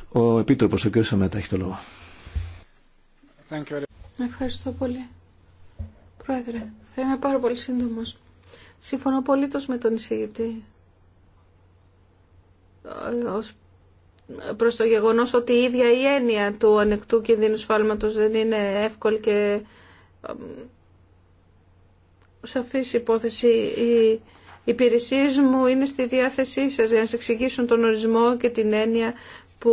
Ο Επίτροπος, ο κ. Σαμέτα, έχει το λόγο. Ευχαριστώ πολύ. Πρόεδρε, θα είμαι πάρα πολύ σύντομος. Συμφωνώ απολύτως με τον εισηγητή. Ε, ως προς το γεγονός ότι η ίδια η έννοια του ανεκτού κινδύνου σφάλματος δεν είναι εύκολη και ε, σαφής υπόθεση. Οι υπηρεσίες μου είναι στη διάθεσή σας για να σας εξηγήσουν τον ορισμό και την έννοια που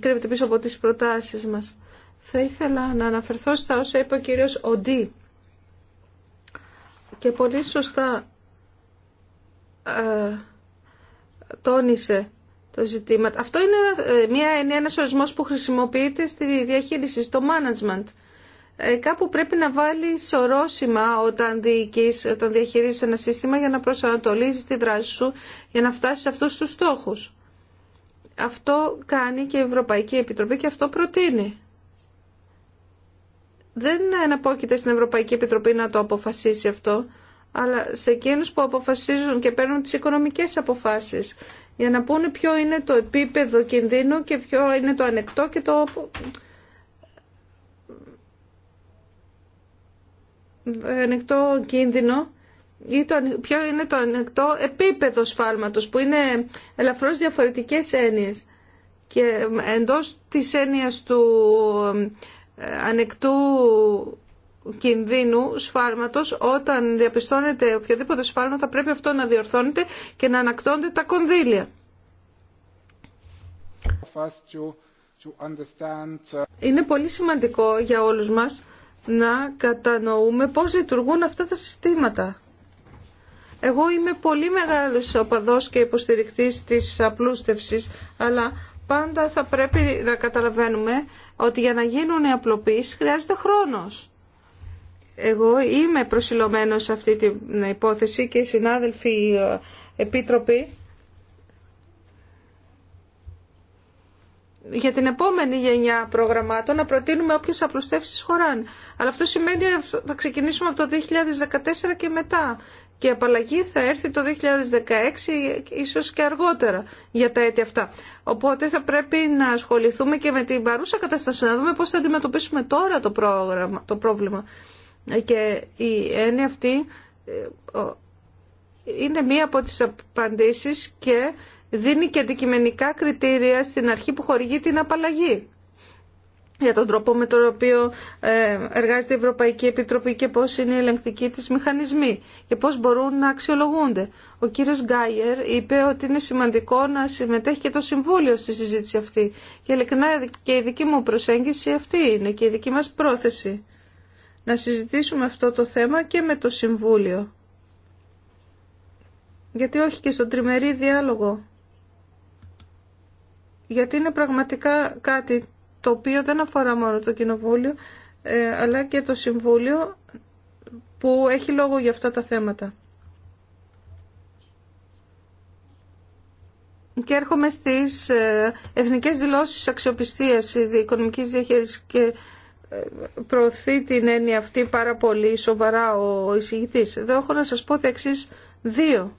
κρύβεται πίσω από τις προτάσεις μας. Θα ήθελα να αναφερθώ στα όσα είπε ο κύριος Οντί. Και πολύ σωστά ε, τόνισε το ζητήμα. Αυτό είναι ε, μια, είναι ένας ορισμός που χρησιμοποιείται στη διαχείριση, στο management. Ε, κάπου πρέπει να βάλει ορόσημα όταν διοικείς, διαχειρίζεις ένα σύστημα για να προσανατολίζεις τη δράση σου για να φτάσεις σε αυτούς τους στόχους. Αυτό κάνει και η Ευρωπαϊκή Επιτροπή και αυτό προτείνει. Δεν αναπόκειται στην Ευρωπαϊκή Επιτροπή να το αποφασίσει αυτό, αλλά σε εκείνους που αποφασίζουν και παίρνουν τις οικονομικές αποφάσεις για να πούνε ποιο είναι το επίπεδο κινδύνου και ποιο είναι το ανεκτό και το ανεκτό κίνδυνο ή το, ποιο είναι το ανεκτό επίπεδο σφάλματος που είναι ελαφρώς διαφορετικές έννοιες και εντός της έννοιας του ε, ανεκτού κινδύνου σφάλματος όταν διαπιστώνεται οποιοδήποτε σφάλμα θα πρέπει αυτό να διορθώνεται και να ανακτώνται τα κονδύλια. Uh, είναι πολύ σημαντικό για όλους μας να κατανοούμε πώς λειτουργούν αυτά τα συστήματα. Εγώ είμαι πολύ μεγάλος οπαδός και υποστηρικτής της απλούστευσης, αλλά πάντα θα πρέπει να καταλαβαίνουμε ότι για να γίνουν οι απλοποίησεις χρειάζεται χρόνος. Εγώ είμαι προσιλωμένος σε αυτή την υπόθεση και οι συνάδελφοι ε, επίτροποι για την επόμενη γενιά προγραμμάτων να προτείνουμε όποιες απλουστεύσεις χωράνε. Αλλά αυτό σημαίνει θα ξεκινήσουμε από το 2014 και μετά. Και η απαλλαγή θα έρθει το 2016, ίσως και αργότερα για τα έτη αυτά. Οπότε θα πρέπει να ασχοληθούμε και με την παρούσα κατάσταση, να δούμε πώς θα αντιμετωπίσουμε τώρα το, πρόγραμμα, το πρόβλημα. Και η έννοια αυτή ε, είναι μία από τις απαντήσεις και δίνει και αντικειμενικά κριτήρια στην αρχή που χορηγεί την απαλλαγή για τον τρόπο με τον οποίο ε, εργάζεται η Ευρωπαϊκή Επιτροπή και πώς είναι οι ελεγκτικοί της μηχανισμοί και πώς μπορούν να αξιολογούνται. Ο κύριος Γκάιερ είπε ότι είναι σημαντικό να συμμετέχει και το Συμβούλιο στη συζήτηση αυτή. Και ειλικρινά και η δική μου προσέγγιση αυτή είναι και η δική μας πρόθεση. Να συζητήσουμε αυτό το θέμα και με το Συμβούλιο. Γιατί όχι και στον τριμερή διάλογο γιατί είναι πραγματικά κάτι το οποίο δεν αφορά μόνο το Κοινοβούλιο, ε, αλλά και το Συμβούλιο που έχει λόγο για αυτά τα θέματα. Και έρχομαι στις ε, εθνικές δηλώσεις αξιοπιστίας οικονομικής διαχείρισης και ε, προωθεί την έννοια αυτή πάρα πολύ σοβαρά ο εισηγητής. Εδώ έχω να σας πω τα εξής δύο.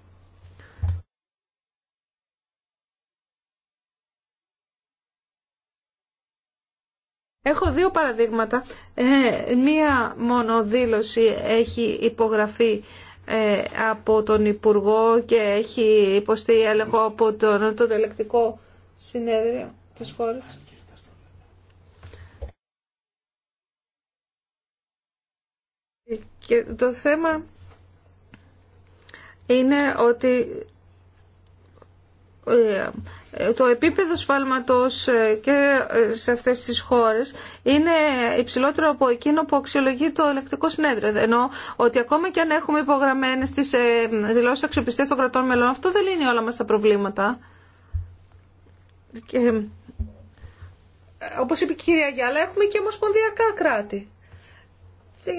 Έχω δύο παραδείγματα. Ε, μία μόνο δήλωση έχει υπογραφεί ε, από τον Υπουργό και έχει υποστεί έλεγχο από τον, τον συνέδριο της χώρας. Και το θέμα είναι ότι ε, ε, το επίπεδο σφάλματος ε, και σε αυτές τις χώρες είναι υψηλότερο από εκείνο που αξιολογεί το ελεκτικό συνέδριο. Ενώ ότι ακόμα και αν έχουμε υπογραμμένες τις δηλώσεις αξιοπιστές των κρατών μελών, αυτό δεν λύνει όλα μας τα προβλήματα. Και, όπως είπε η κυρία Γιάλα, έχουμε και ομοσπονδιακά κράτη.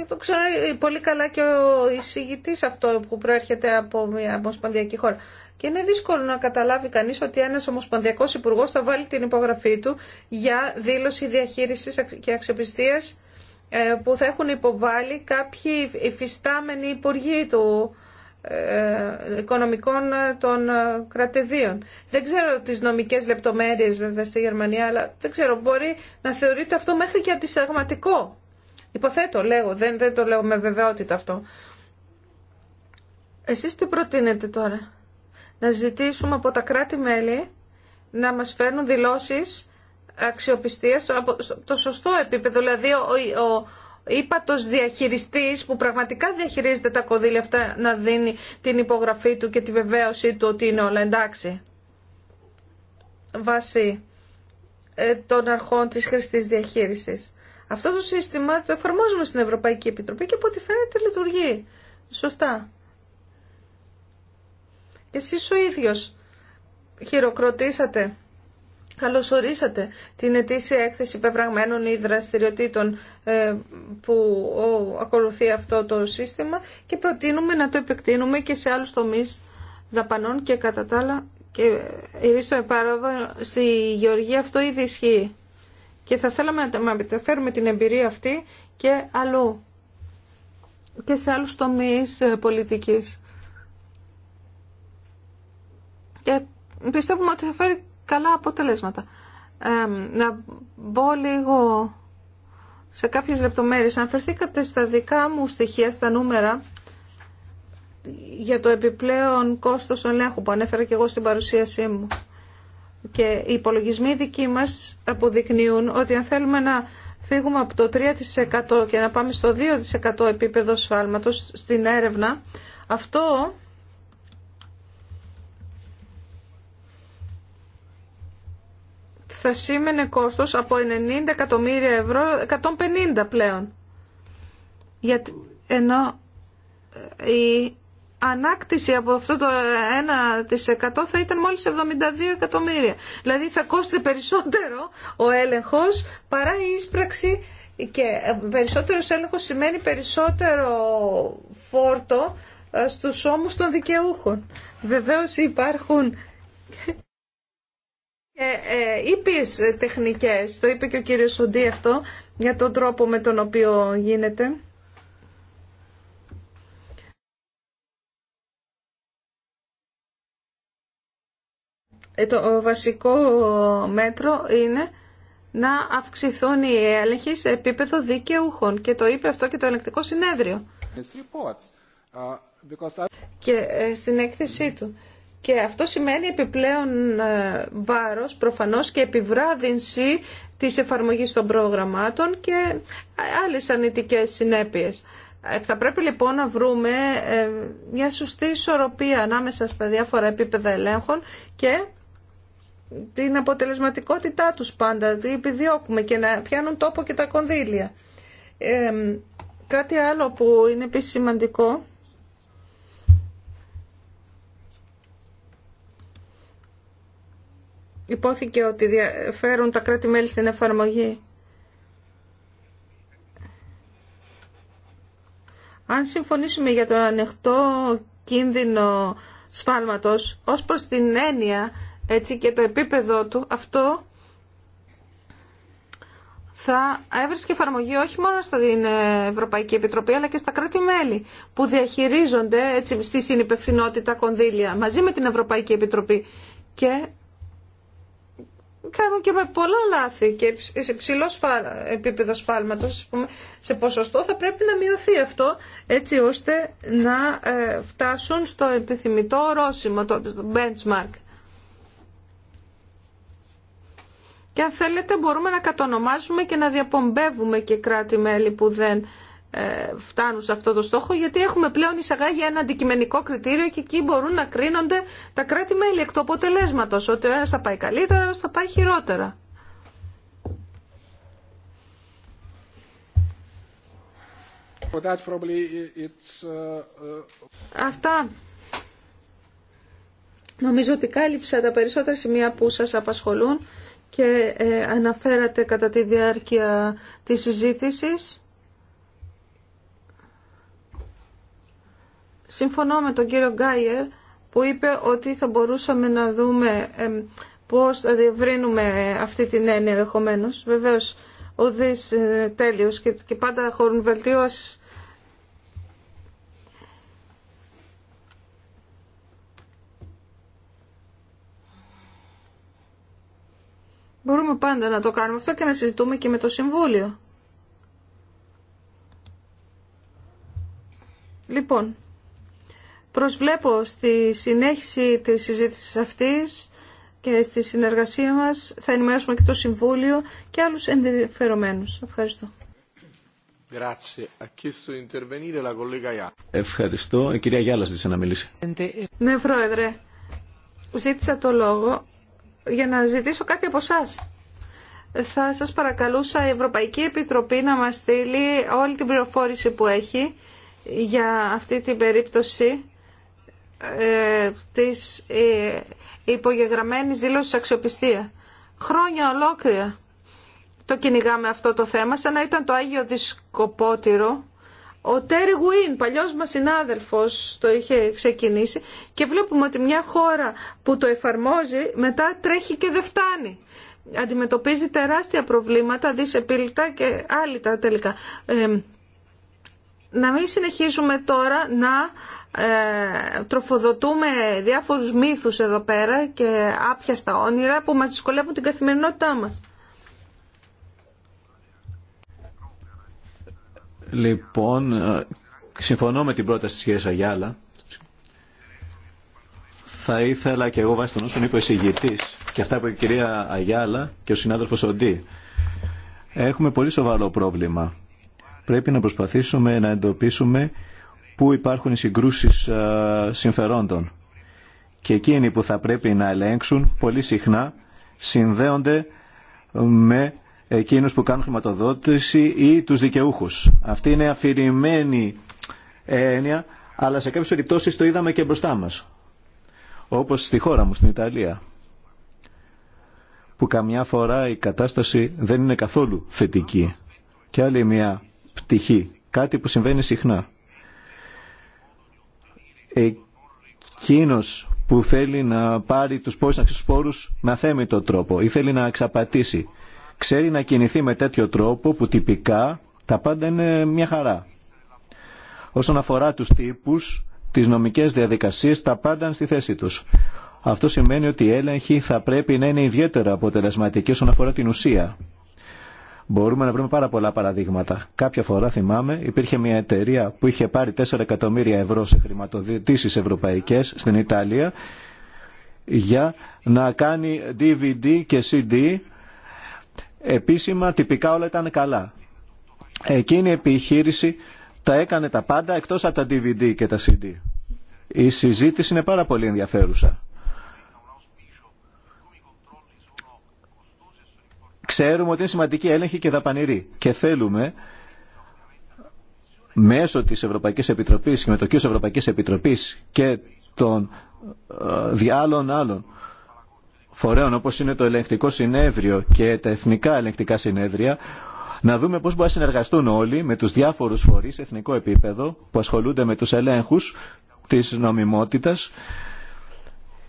το ξέρω πολύ καλά και ο εισηγητής αυτό που προέρχεται από μια ομοσπονδιακή χώρα. Και είναι δύσκολο να καταλάβει κανείς ότι ένας ομοσπονδιακός υπουργός θα βάλει την υπογραφή του για δήλωση διαχείρισης και αξιοπιστίας ε, που θα έχουν υποβάλει κάποιοι υφιστάμενοι υπουργοί του ε, οικονομικών ε, των κρατηδίων. Δεν ξέρω τις νομικές λεπτομέρειες βέβαια στη Γερμανία, αλλά δεν ξέρω, μπορεί να θεωρείται αυτό μέχρι και αντισαγματικό. Υποθέτω, λέω, δεν, δεν το λέω με βεβαιότητα αυτό. Εσείς τι προτείνετε τώρα να ζητήσουμε από τα κράτη-μέλη να μας φέρνουν δηλώσεις αξιοπιστίας από το σωστό επίπεδο. Δηλαδή ο, ο ύπατος διαχειριστής που πραγματικά διαχειρίζεται τα κονδύλια αυτά να δίνει την υπογραφή του και τη βεβαίωσή του ότι είναι όλα εντάξει. Βάσει ε, των αρχών της χρηστής διαχείρισης. Αυτό το σύστημα το εφαρμόζουμε στην Ευρωπαϊκή Επιτροπή και από ό,τι φαίνεται λειτουργεί. Σωστά. Και εσείς ο ίδιος χειροκροτήσατε, καλωσορίσατε την ετήσια έκθεση πεπραγμένων ή δραστηριοτήτων ε, που ακολουθεί αυτό το σύστημα και προτείνουμε να το επεκτείνουμε και σε άλλους τομείς δαπανών και κατά τα άλλα και ειρήστον στη Γεωργία αυτό ήδη ισχύει. Και θα θέλαμε να μεταφέρουμε την εμπειρία αυτή και αλλού και σε άλλους τομείς ε, πολιτικής και πιστεύουμε ότι θα φέρει καλά αποτελέσματα. να μπω λίγο σε κάποιες λεπτομέρειες. Αναφερθήκατε στα δικά μου στοιχεία, στα νούμερα, για το επιπλέον κόστος ελέγχου που ανέφερα και εγώ στην παρουσίασή μου. Και οι υπολογισμοί δικοί μας αποδεικνύουν ότι αν θέλουμε να φύγουμε από το 3% και να πάμε στο 2% επίπεδο σφάλματος στην έρευνα, αυτό θα σήμαινε κόστος από 90 εκατομμύρια ευρώ 150 πλέον. Γιατί, ενώ ε, η ανάκτηση από αυτό το 1% θα ήταν μόλις 72 εκατομμύρια. Δηλαδή θα κόστησε περισσότερο ο έλεγχος παρά η ίσπραξη και ε, περισσότερος έλεγχος σημαίνει περισσότερο φόρτο ε, στους ώμους των δικαιούχων. Βεβαίως υπάρχουν και ε, ε τεχνικές, το είπε και ο κύριος Σοντή αυτό, για τον τρόπο με τον οποίο γίνεται. Ε, το βασικό μέτρο είναι να αυξηθούν οι έλεγχοι σε επίπεδο δικαιούχων και το είπε αυτό και το ελεκτικό συνέδριο. Uh, και ε, στην έκθεσή του. Και αυτό σημαίνει επιπλέον ε, βάρος προφανώς και επιβράδυνση της εφαρμογής των προγραμμάτων και άλλες ανητικές συνέπειες. Ε, θα πρέπει λοιπόν να βρούμε ε, μια σωστή ισορροπία ανάμεσα στα διάφορα επίπεδα ελέγχων και την αποτελεσματικότητά τους πάντα, τι δηλαδή, επιδιώκουμε και να πιάνουν τόπο και τα κονδύλια. κάτι άλλο που είναι επίσης σημαντικό υπόθηκε ότι φέρουν τα κράτη-μέλη στην εφαρμογή. Αν συμφωνήσουμε για το ανοιχτό κίνδυνο σφάλματος ως προς την έννοια έτσι και το επίπεδο του, αυτό θα έβρισκε εφαρμογή όχι μόνο στην Ευρωπαϊκή Επιτροπή αλλά και στα κράτη-μέλη που διαχειρίζονται έτσι, στη συνυπευθυνότητα κονδύλια μαζί με την Ευρωπαϊκή Επιτροπή και κάνουν και με πολλά λάθη και σε ψηλό επίπεδο πούμε, σε ποσοστό θα πρέπει να μειωθεί αυτό έτσι ώστε να ε, φτάσουν στο επιθυμητό ορόσημο, το benchmark. Και αν θέλετε μπορούμε να κατονομάζουμε και να διαπομπεύουμε και κράτη-μέλη που δεν ε, φτάνουν σε αυτό το στόχο γιατί έχουμε πλέον εισαγάγει ένα αντικειμενικό κριτήριο και εκεί μπορούν να κρίνονται τα κράτη-μέλη εκ του αποτελέσματο. ότι ο ένα θα πάει καλύτερα, ο θα πάει χειρότερα. Uh, uh, Αυτά. Νομίζω ότι κάλυψα τα περισσότερα σημεία που σας απασχολούν και ε, αναφέρατε κατά τη διάρκεια της συζήτησης. Συμφωνώ με τον κύριο Γκάιερ που είπε ότι θα μπορούσαμε να δούμε πώς θα διευρύνουμε αυτή την έννοια ενδεχομένω. Βεβαίως, ο είναι τέλειος και πάντα χωρούν βελτιώσεις. Μπορούμε πάντα να το κάνουμε αυτό και να συζητούμε και με το Συμβούλιο. Λοιπόν, Προσβλέπω στη συνέχιση της συζήτησης αυτής και στη συνεργασία μας θα ενημερώσουμε και το Συμβούλιο και άλλους ενδιαφερομένους. Ευχαριστώ. Ευχαριστώ. Η κυρία Γιάλα ζήτησε να μιλήσει. Ναι, Πρόεδρε. Ζήτησα το λόγο για να ζητήσω κάτι από εσά. Θα σας παρακαλούσα η Ευρωπαϊκή Επιτροπή να μας στείλει όλη την πληροφόρηση που έχει για αυτή την περίπτωση ε, της ε, υπογεγραμμένης δήλωσης αξιοπιστία. Χρόνια ολόκληρα το κυνηγάμε αυτό το θέμα, σαν να ήταν το Άγιο Δισκοπότηρο. Ο Τέρι Γουίν, παλιός μας συνάδελφος, το είχε ξεκινήσει και βλέπουμε ότι μια χώρα που το εφαρμόζει μετά τρέχει και δεν φτάνει. Αντιμετωπίζει τεράστια προβλήματα, δυσεπίλητα και άλλη τα τελικά. Ε, να μην συνεχίζουμε τώρα να ε, τροφοδοτούμε διάφορους μύθους εδώ πέρα και άπιαστα όνειρα που μας δυσκολεύουν την καθημερινότητά μας. Λοιπόν, ε, συμφωνώ με την πρόταση της κυρίας Αγιάλα. Θα ήθελα και εγώ βάσει τον όσον είπε ο εισηγητής και αυτά που είπε η κυρία Αγιάλα και ο συνάδελφος Οντί. Έχουμε πολύ σοβαρό πρόβλημα πρέπει να προσπαθήσουμε να εντοπίσουμε πού υπάρχουν οι συγκρούσεις συμφερόντων. Και εκείνοι που θα πρέπει να ελέγξουν πολύ συχνά συνδέονται ε, με εκείνους που κάνουν χρηματοδότηση ή τους δικαιούχους. Αυτή είναι αφηρημένη έννοια, αλλά σε κάποιες περιπτώσεις το είδαμε και μπροστά μας. Όπως στη χώρα μου, στην Ιταλία, που καμιά φορά η κατάσταση δεν είναι καθόλου θετική. Και άλλη μια πτυχή, κάτι που συμβαίνει συχνά. Εκείνος που θέλει να πάρει τους πόρους, να πόρους με αθέμητο τρόπο ή θέλει να εξαπατήσει, ξέρει να κινηθεί με τέτοιο τρόπο που τυπικά τα πάντα είναι μια χαρά. Όσον αφορά τους τύπους, τις νομικές διαδικασίες, τα πάντα είναι στη θέση τους. Αυτό σημαίνει ότι η έλεγχοι θα πρέπει να είναι ιδιαίτερα αποτελεσματικη όσον αφορά την ουσία. Μπορούμε να βρούμε πάρα πολλά παραδείγματα. Κάποια φορά, θυμάμαι, υπήρχε μια εταιρεία που είχε πάρει 4 εκατομμύρια ευρώ σε χρηματοδοτήσει ευρωπαϊκέ στην Ιταλία για να κάνει DVD και CD. Επίσημα, τυπικά όλα ήταν καλά. Εκείνη η επιχείρηση τα έκανε τα πάντα εκτός από τα DVD και τα CD. Η συζήτηση είναι πάρα πολύ ενδιαφέρουσα. Ξέρουμε ότι είναι σημαντική έλεγχη και δαπανηρή και θέλουμε μέσω της Ευρωπαϊκής Επιτροπής και με το κύριο Ευρωπαϊκής Επιτροπής και των ε, διάλων άλλων φορέων όπως είναι το Ελεγχτικό συνέδριο και τα εθνικά Ελεγχτικά συνέδρια να δούμε πώς μπορεί να συνεργαστούν όλοι με τους διάφορους φορείς σε εθνικό επίπεδο που ασχολούνται με τους ελέγχους της νομιμότητας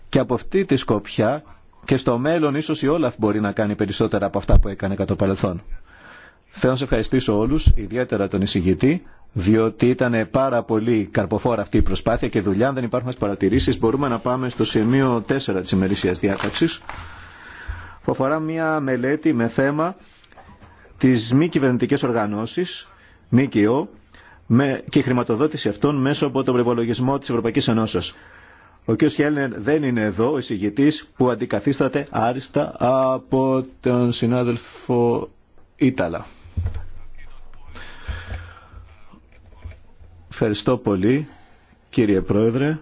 και από αυτή τη σκοπιά και στο μέλλον ίσως η Όλαφ μπορεί να κάνει περισσότερα από αυτά που έκανε κατά το παρελθόν. Θέλω να σε ευχαριστήσω όλους, ιδιαίτερα τον εισηγητή, διότι ήταν πάρα πολύ καρποφόρα αυτή η προσπάθεια και δουλειά. Αν δεν υπάρχουν παρατηρήσεις, μπορούμε να πάμε στο σημείο 4 της ημερησίας διάταξης, που αφορά μια μελέτη με θέμα τις μη κυβερνητικές οργανώσεις, ΜΚΟ, και χρηματοδότηση αυτών μέσω από τον προπολογισμό της Ευρωπαϊκής Ενώσεως. Ο κ. Χέλνερ δεν είναι εδώ, ο εισηγητής που αντικαθίσταται άριστα από τον συνάδελφο Ήταλα. Ευχαριστώ πολύ κύριε Πρόεδρε.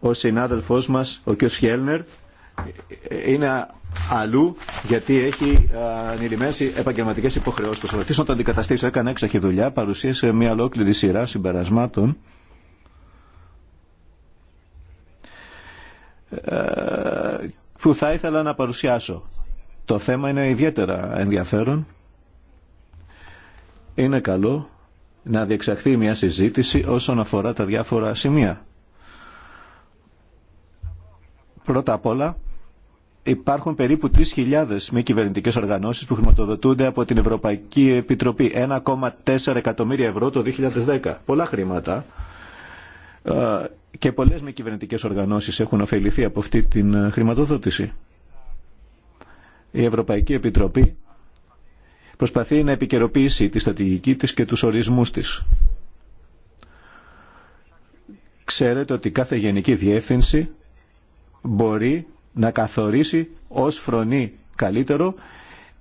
Ο συνάδελφός μας, ο κ. Χέλνερ, είναι αλλού γιατί έχει επαγγελματικέ επαγγελματικές υποχρεώσεις. Προσπαθήσω να το αντικαταστήσω. έκανε έξαχη δουλειά, παρουσίασε μια ολόκληρη σειρά συμπερασμάτων που θα ήθελα να παρουσιάσω. Το θέμα είναι ιδιαίτερα ενδιαφέρον. Είναι καλό να διεξαχθεί μια συζήτηση όσον αφορά τα διάφορα σημεία. Πρώτα απ' όλα, υπάρχουν περίπου 3.000 μη κυβερνητικέ οργανώσεις που χρηματοδοτούνται από την Ευρωπαϊκή Επιτροπή. 1,4 εκατομμύρια ευρώ το 2010. Πολλά χρήματα ε, και πολλές με κυβερνητικές οργανώσεις έχουν ωφεληθεί από αυτή την ε, χρηματοδότηση. Η Ευρωπαϊκή Επιτροπή προσπαθεί να επικαιροποιήσει τη στρατηγική της και τους ορισμούς της. Ξέρετε ότι κάθε γενική διεύθυνση μπορεί να καθορίσει ως φρονή καλύτερο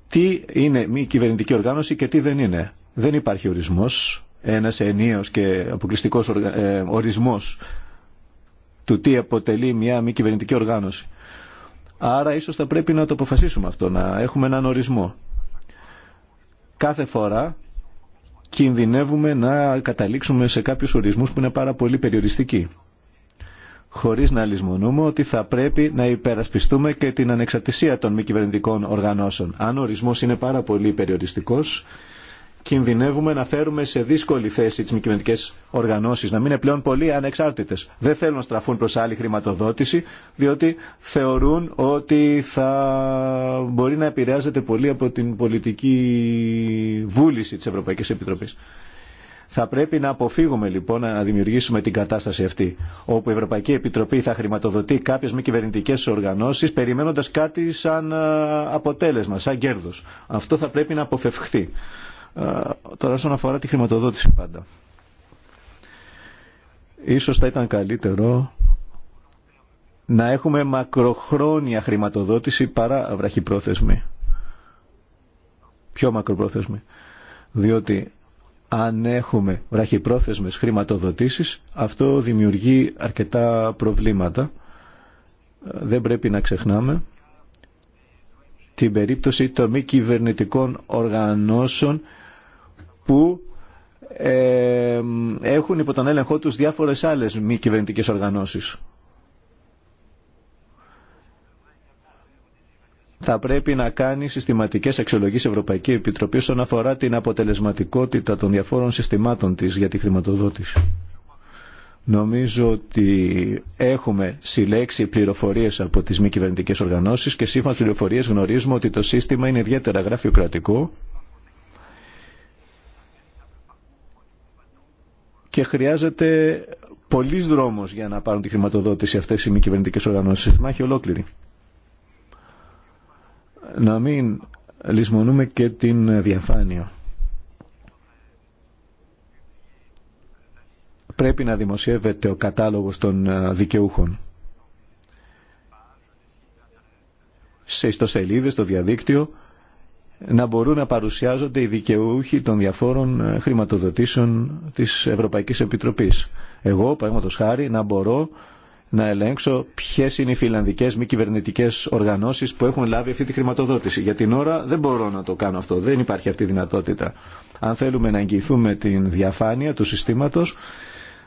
τι είναι μη κυβερνητική οργάνωση και τι δεν είναι. Δεν υπάρχει ορισμός, ένας ενίος και αποκλειστικός ε, ορισμός του τι αποτελεί μια μη κυβερνητική οργάνωση. Άρα ίσως θα πρέπει να το αποφασίσουμε αυτό, να έχουμε έναν ορισμό. Κάθε φορά κινδυνεύουμε να καταλήξουμε σε κάποιους ορισμούς που είναι πάρα πολύ περιοριστικοί. Χωρίς να λησμονούμε ότι θα πρέπει να υπερασπιστούμε και την ανεξαρτησία των μη κυβερνητικών οργανώσεων. Αν ο ορισμός είναι πάρα πολύ περιοριστικός, κινδυνεύουμε να φέρουμε σε δύσκολη θέση τι μη κυβερνητικέ οργανώσει, να μην είναι πλέον πολύ ανεξάρτητε. Δεν θέλουν να στραφούν προ άλλη χρηματοδότηση, διότι θεωρούν ότι θα μπορεί να επηρεάζεται πολύ από την πολιτική βούληση τη Ευρωπαϊκή Επιτροπή. Θα πρέπει να αποφύγουμε λοιπόν να δημιουργήσουμε την κατάσταση αυτή, όπου η Ευρωπαϊκή Επιτροπή θα χρηματοδοτεί κάποιε μη κυβερνητικέ οργανώσει, περιμένοντα κάτι σαν ε, αποτέλεσμα, σαν κέρδο. Αυτό θα πρέπει να αποφευχθεί. Τώρα όσον αφορά τη χρηματοδότηση πάντα. Ίσως θα ήταν καλύτερο να έχουμε μακροχρόνια χρηματοδότηση παρά βραχυπρόθεσμη. Πιο μακροπρόθεσμη. Διότι αν έχουμε βραχυπρόθεσμες χρηματοδοτήσεις, αυτό δημιουργεί αρκετά προβλήματα. Δεν πρέπει να ξεχνάμε την περίπτωση των μη κυβερνητικών οργανώσεων που ε, έχουν υπό τον έλεγχό τους διάφορες άλλες μη κυβερνητικές οργανώσεις. Θα πρέπει να κάνει συστηματικές αξιολογίες Ευρωπαϊκή Επιτροπή όσον αφορά την αποτελεσματικότητα των διαφόρων συστημάτων της για τη χρηματοδότηση. Νομίζω ότι έχουμε συλλέξει πληροφορίες από τις μη κυβερνητικές οργανώσεις και σύμφωνα πληροφορίες γνωρίζουμε ότι το σύστημα είναι ιδιαίτερα γραφειοκρατικό και χρειάζεται πολλή δρόμος για να πάρουν τη χρηματοδότηση αυτές οι μη κυβερνητικέ οργανώσεις. Μάχη ολόκληρη. Να μην λησμονούμε και την διαφάνεια. Πρέπει να δημοσιεύεται ο κατάλογος των ε, δικαιούχων. Σε ιστοσελίδες, στο διαδίκτυο, να μπορούν να παρουσιάζονται οι δικαιούχοι των διαφόρων ε, χρηματοδοτήσεων της Ευρωπαϊκής Επιτροπής. Εγώ, παραδείγματο χάρη, να μπορώ να ελέγξω ποιε είναι οι φιλανδικέ μη κυβερνητικέ οργανώσει που έχουν λάβει αυτή τη χρηματοδότηση. Για την ώρα δεν μπορώ να το κάνω αυτό. Δεν υπάρχει αυτή η δυνατότητα. Αν θέλουμε να εγγυηθούμε την διαφάνεια του συστήματο,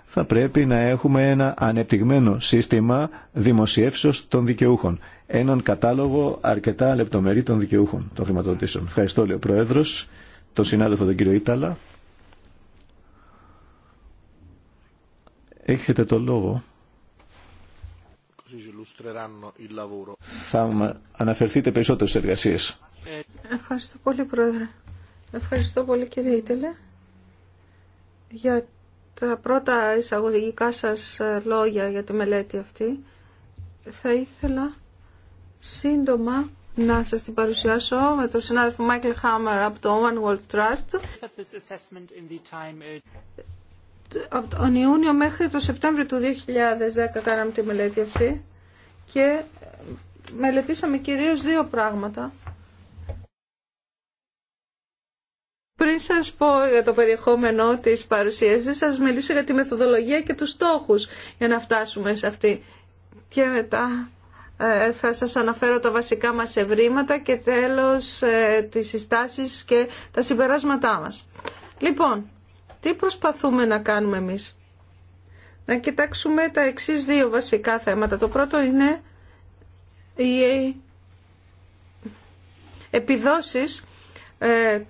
θα πρέπει να έχουμε ένα ανεπτυγμένο σύστημα δημοσιεύσεως των δικαιούχων έναν κατάλογο αρκετά λεπτομερή των δικαιούχων των χρηματοδοτήσεων. Ευχαριστώ, λέει ο Προέδρο, τον συνάδελφο τον κύριο Ήταλα. Έχετε το λόγο. Θα αναφερθείτε περισσότερο εργασίε. Ευχαριστώ πολύ, Πρόεδρε. Ευχαριστώ πολύ, κύριε Ήτελε, για τα πρώτα εισαγωγικά σας λόγια για τη μελέτη αυτή. Θα ήθελα σύντομα να σας την παρουσιάσω με τον συνάδελφο Μάικλ Χάμερ από το One World Trust. Από τον Ιούνιο μέχρι το Σεπτέμβριο του 2010 κάναμε τη μελέτη αυτή και μελετήσαμε κυρίως δύο πράγματα. Πριν σας πω για το περιεχόμενο της παρουσίασης, σας μιλήσω για τη μεθοδολογία και τους στόχους για να φτάσουμε σε αυτή. Και μετά ε, ε, θα σας αναφέρω τα βασικά μας ευρήματα και τέλος ε, τις συστάσεις και τα συμπεράσματά μας. Λοιπόν, τι προσπαθούμε να κάνουμε εμείς. Να κοιτάξουμε τα εξής δύο βασικά θέματα. Το πρώτο είναι οι επιδόσεις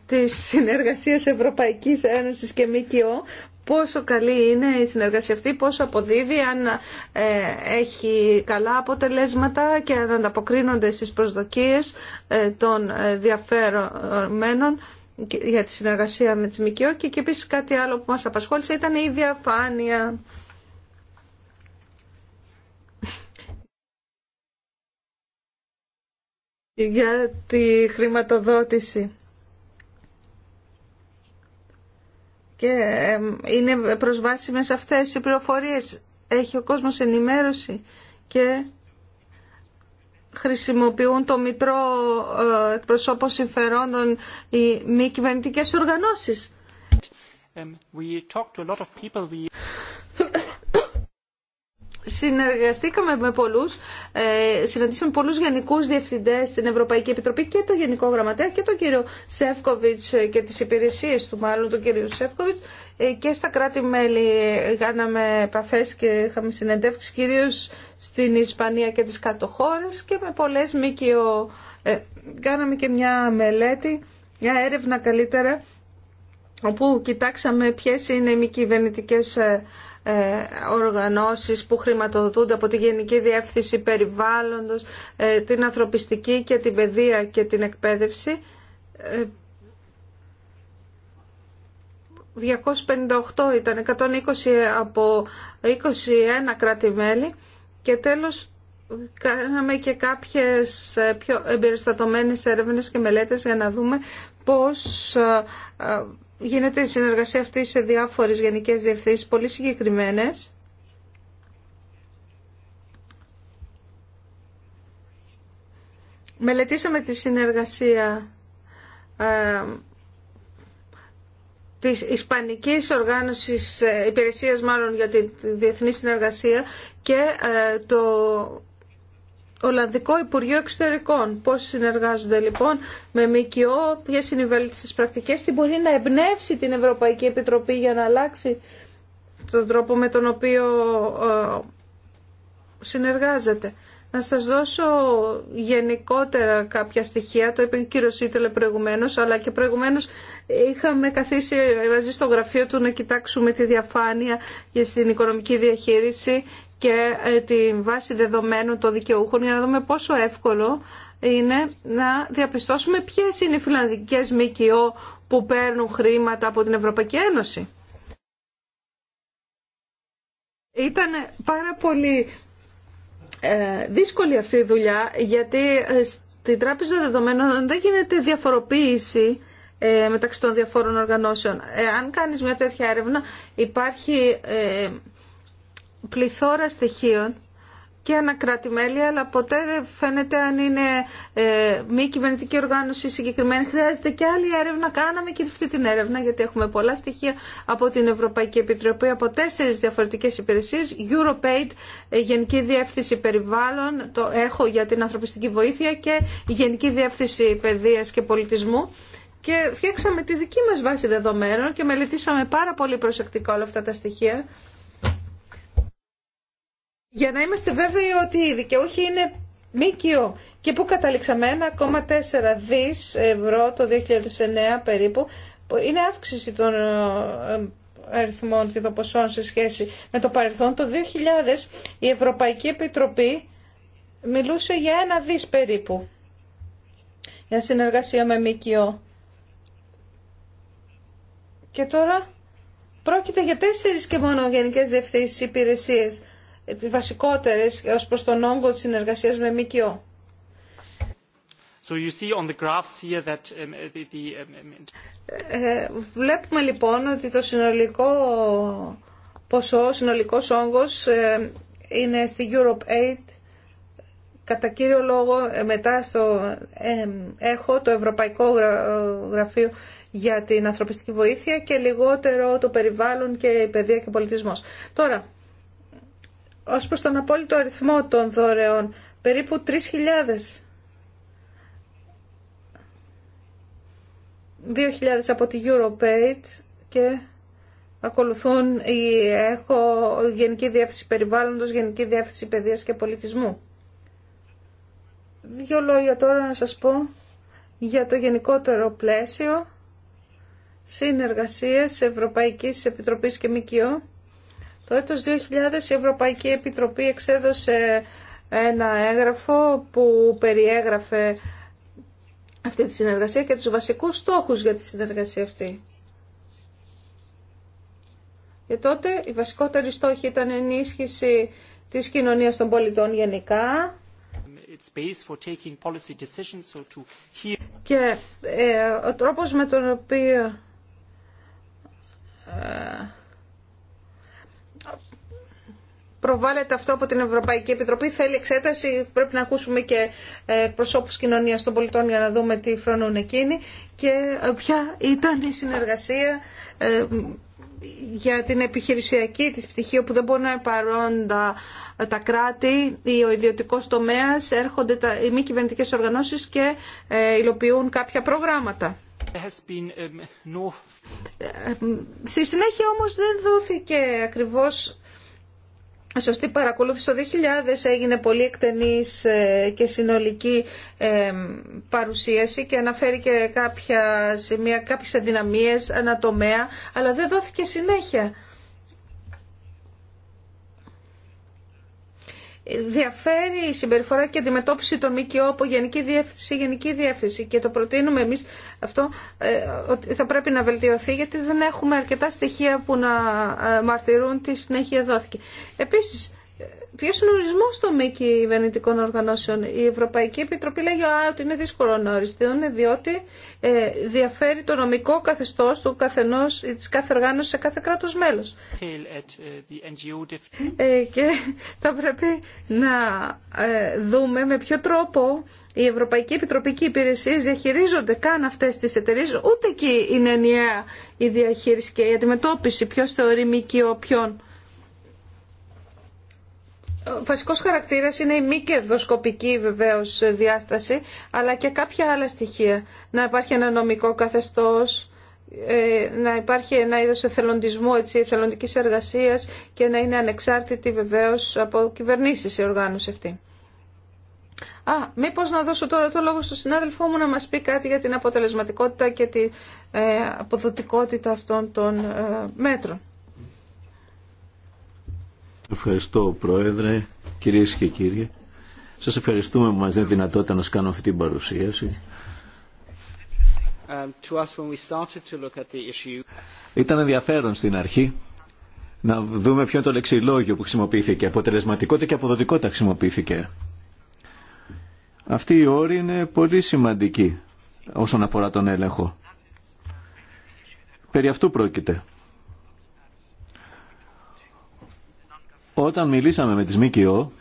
της συνεργασίας Ευρωπαϊκής Ένωσης και ΜΚΟ πόσο καλή είναι η συνεργασία αυτή, πόσο αποδίδει, αν ε, έχει καλά αποτελέσματα και αν ανταποκρίνονται στις προσδοκίες ε, των διαφερομένων για τη συνεργασία με τις ΜΚΟ και, και επίσης κάτι άλλο που μας απασχόλησε ήταν η διαφάνεια. για τη χρηματοδότηση. και είναι προσβάσιμες αυτές οι πληροφορίες. Έχει ο κόσμος ενημέρωση και χρησιμοποιούν το Μητρό ε, Εκπροσώπων Συμφερόντων οι μη κυβερνητικέ οργανώσεις. we Συνεργαστήκαμε με πολλούς, ε, συναντήσαμε πολλούς γενικούς διευθυντές στην Ευρωπαϊκή Επιτροπή και το Γενικό Γραμματέα και τον κύριο Σεύκοβιτς ε, και τις υπηρεσίες του μάλλον τον κύριο Σεύκοβιτς ε, και στα κράτη-μέλη κάναμε επαφέ και είχαμε συνεντεύξει κυρίω στην Ισπανία και τις κάτω και με πολλές μήκυο κάναμε και μια μελέτη, μια έρευνα καλύτερα όπου κοιτάξαμε ποιες είναι οι μη κυβερνητικές ε, οργανώσεις που χρηματοδοτούνται από τη Γενική Διεύθυνση Περιβάλλοντος, ε, την ανθρωπιστική και την παιδεία και την εκπαίδευση. 258 ε, ήταν, 120 από 21 κράτη-μέλη και τέλος κάναμε και κάποιες πιο εμπεριστατωμένες έρευνες και μελέτες για να δούμε πώς Γίνεται η συνεργασία αυτή σε διάφορες γενικές διευθύνσεις πολύ συγκεκριμένες. Μελετήσαμε τη συνεργασία ε, της Ισπανικής Οργάνωσης ε, Υπηρεσίας μάλλον για τη Διεθνή Συνεργασία και ε, το Ολλανδικό Υπουργείο Εξωτερικών. Πώς συνεργάζονται λοιπόν με ΜΚΟ, ποιε είναι οι βέλτιστε πρακτικές, τι μπορεί να εμπνεύσει την Ευρωπαϊκή Επιτροπή για να αλλάξει τον τρόπο με τον οποίο ε, συνεργάζεται. Να σας δώσω γενικότερα κάποια στοιχεία, το είπε ο κύριο Σίτελε προηγουμένω, αλλά και προηγουμένω είχαμε καθίσει μαζί στο γραφείο του να κοιτάξουμε τη διαφάνεια για στην οικονομική διαχείριση και ε, τη βάση δεδομένων των δικαιούχων για να δούμε πόσο εύκολο είναι να διαπιστώσουμε ποιες είναι οι φιλανδικές ΜΚΟ που παίρνουν χρήματα από την Ευρωπαϊκή Ένωση. Ήταν πάρα πολύ ε, δύσκολη αυτή η δουλειά γιατί ε, στην Τράπεζα Δεδομένων δεν γίνεται διαφοροποίηση μεταξύ των διαφόρων οργανώσεων. Αν κάνεις μια τέτοια έρευνα υπάρχει πληθώρα στοιχείων και ανακράτη μέλη, αλλά ποτέ δεν φαίνεται αν είναι ε, μη κυβερνητική οργάνωση συγκεκριμένη. Χρειάζεται και άλλη έρευνα. Κάναμε και αυτή την έρευνα, γιατί έχουμε πολλά στοιχεία από την Ευρωπαϊκή Επιτροπή, από τέσσερι διαφορετικέ υπηρεσίε. Europaid, ε, Γενική Διεύθυνση Περιβάλλον, το έχω για την ανθρωπιστική βοήθεια και Γενική Διεύθυνση Παιδεία και Πολιτισμού. Και φτιάξαμε τη δική μας βάση δεδομένων και μελετήσαμε πάρα πολύ προσεκτικά όλα αυτά τα στοιχεία για να είμαστε βέβαιοι ότι οι δικαιούχοι είναι μήκυο Και πού καταλήξαμε 1,4 δις ευρώ το 2009 περίπου. Είναι αύξηση των ε, αριθμών και των ποσών σε σχέση με το παρελθόν. Το 2000 η Ευρωπαϊκή Επιτροπή μιλούσε για ένα δις περίπου για συνεργασία με ΜΚΟ. Και τώρα πρόκειται για τέσσερις και μόνο γενικές διευθύνσεις υπηρεσίες τις βασικότερες ως προς τον όγκο της συνεργασίας με ΜΚΟ. So you the βλέπουμε λοιπόν ότι το συνολικό ποσό, συνολικός όγκος ε, είναι στη Europe 8 κατά κύριο λόγο ε, μετά στο ε, έχω το Ευρωπαϊκό Γραφείο για την Ανθρωπιστική Βοήθεια και λιγότερο το περιβάλλον και η παιδεία και ο πολιτισμός. Τώρα, ως προς τον απόλυτο αριθμό των δωρεών, περίπου 3.000. 2.000 από τη Europaid και ακολουθούν η Έχω Γενική Διεύθυνση Περιβάλλοντος, Γενική Διεύθυνση Παιδείας και Πολιτισμού. Δύο λόγια τώρα να σας πω για το γενικότερο πλαίσιο συνεργασίας Ευρωπαϊκής Επιτροπής και ΜΚΟ το έτος 2000 η Ευρωπαϊκή Επιτροπή εξέδωσε ένα έγγραφο που περιέγραφε αυτή τη συνεργασία και τους βασικούς στόχους για τη συνεργασία αυτή. Και τότε η βασικότερη στόχη ήταν ενίσχυση της κοινωνίας των πολιτών γενικά και ε, ο τρόπος με τον οποίο ε, προβάλλεται αυτό από την Ευρωπαϊκή Επιτροπή. Θέλει εξέταση, πρέπει να ακούσουμε και ε, προσώπους κοινωνίας των πολιτών για να δούμε τι φρονούν εκείνοι και ε, ποια ήταν η συνεργασία ε, για την επιχειρησιακή της πτυχή όπου δεν μπορούν να είναι παρόντα τα κράτη ή ο ιδιωτικός τομέας έρχονται τα, οι μη κυβερνητικές οργανώσεις και ε, υλοποιούν κάποια προγράμματα. Um, στη συνέχεια όμως δεν δόθηκε ακριβώς σωστή παρακολούθηση. Το 2000 έγινε πολύ εκτενής ε, και συνολική ε, παρουσίαση και αναφέρει και κάποια σημεία, κάποιες αδυναμίες ανατομέα, αλλά δεν δόθηκε συνέχεια. διαφέρει η συμπεριφορά και αντιμετώπιση των ΜΚΟ από γενική διεύθυνση σε γενική διεύθυνση και το προτείνουμε εμείς αυτό ε, ότι θα πρέπει να βελτιωθεί γιατί δεν έχουμε αρκετά στοιχεία που να ε, μαρτυρούν τι συνέχεια δόθηκε. Επίσης Ποιο είναι ο ορισμό των μη κυβερνητικών οργανώσεων. Η Ευρωπαϊκή Επιτροπή λέγει ότι είναι δύσκολο να οριστούν διότι ε, διαφέρει το νομικό καθεστώ του καθενό ή τη κάθε οργάνωση σε κάθε κράτο μέλο. Ε, και θα πρέπει να ε, δούμε με ποιο τρόπο οι Ευρωπαϊκή Επιτροπή και οι υπηρεσίε διαχειρίζονται καν αυτέ τι εταιρείε. Ούτε εκεί είναι ενιαία η διαχείριση και η αντιμετώπιση ποιο θεωρεί μη ποιον. Ο βασικός χαρακτήρας είναι η μη κερδοσκοπική βεβαίως διάσταση, αλλά και κάποια άλλα στοιχεία. Να υπάρχει ένα νομικό καθεστώς, ε, να υπάρχει ένα είδος εθελοντισμού, έτσι, εθελοντικής εργασίας και να είναι ανεξάρτητη βεβαίως από κυβερνήσεις η οργάνωση αυτή. Α, μήπως να δώσω τώρα το λόγο στον συνάδελφό μου να μας πει κάτι για την αποτελεσματικότητα και την ε, αποδοτικότητα αυτών των ε, μέτρων. Ευχαριστώ Πρόεδρε, κυρίες και κύριοι. Σας ευχαριστούμε που μας δίνει δυνατότητα να σας κάνω αυτή την παρουσίαση. Ήταν ενδιαφέρον στην αρχή να δούμε ποιο είναι το λεξιλόγιο που χρησιμοποιήθηκε, αποτελεσματικότητα και αποδοτικότητα χρησιμοποιήθηκε. Αυτή η όρη είναι πολύ σημαντική όσον αφορά τον έλεγχο. Περί αυτού πρόκειται. Όταν μιλήσαμε με τις ΜΚΟ,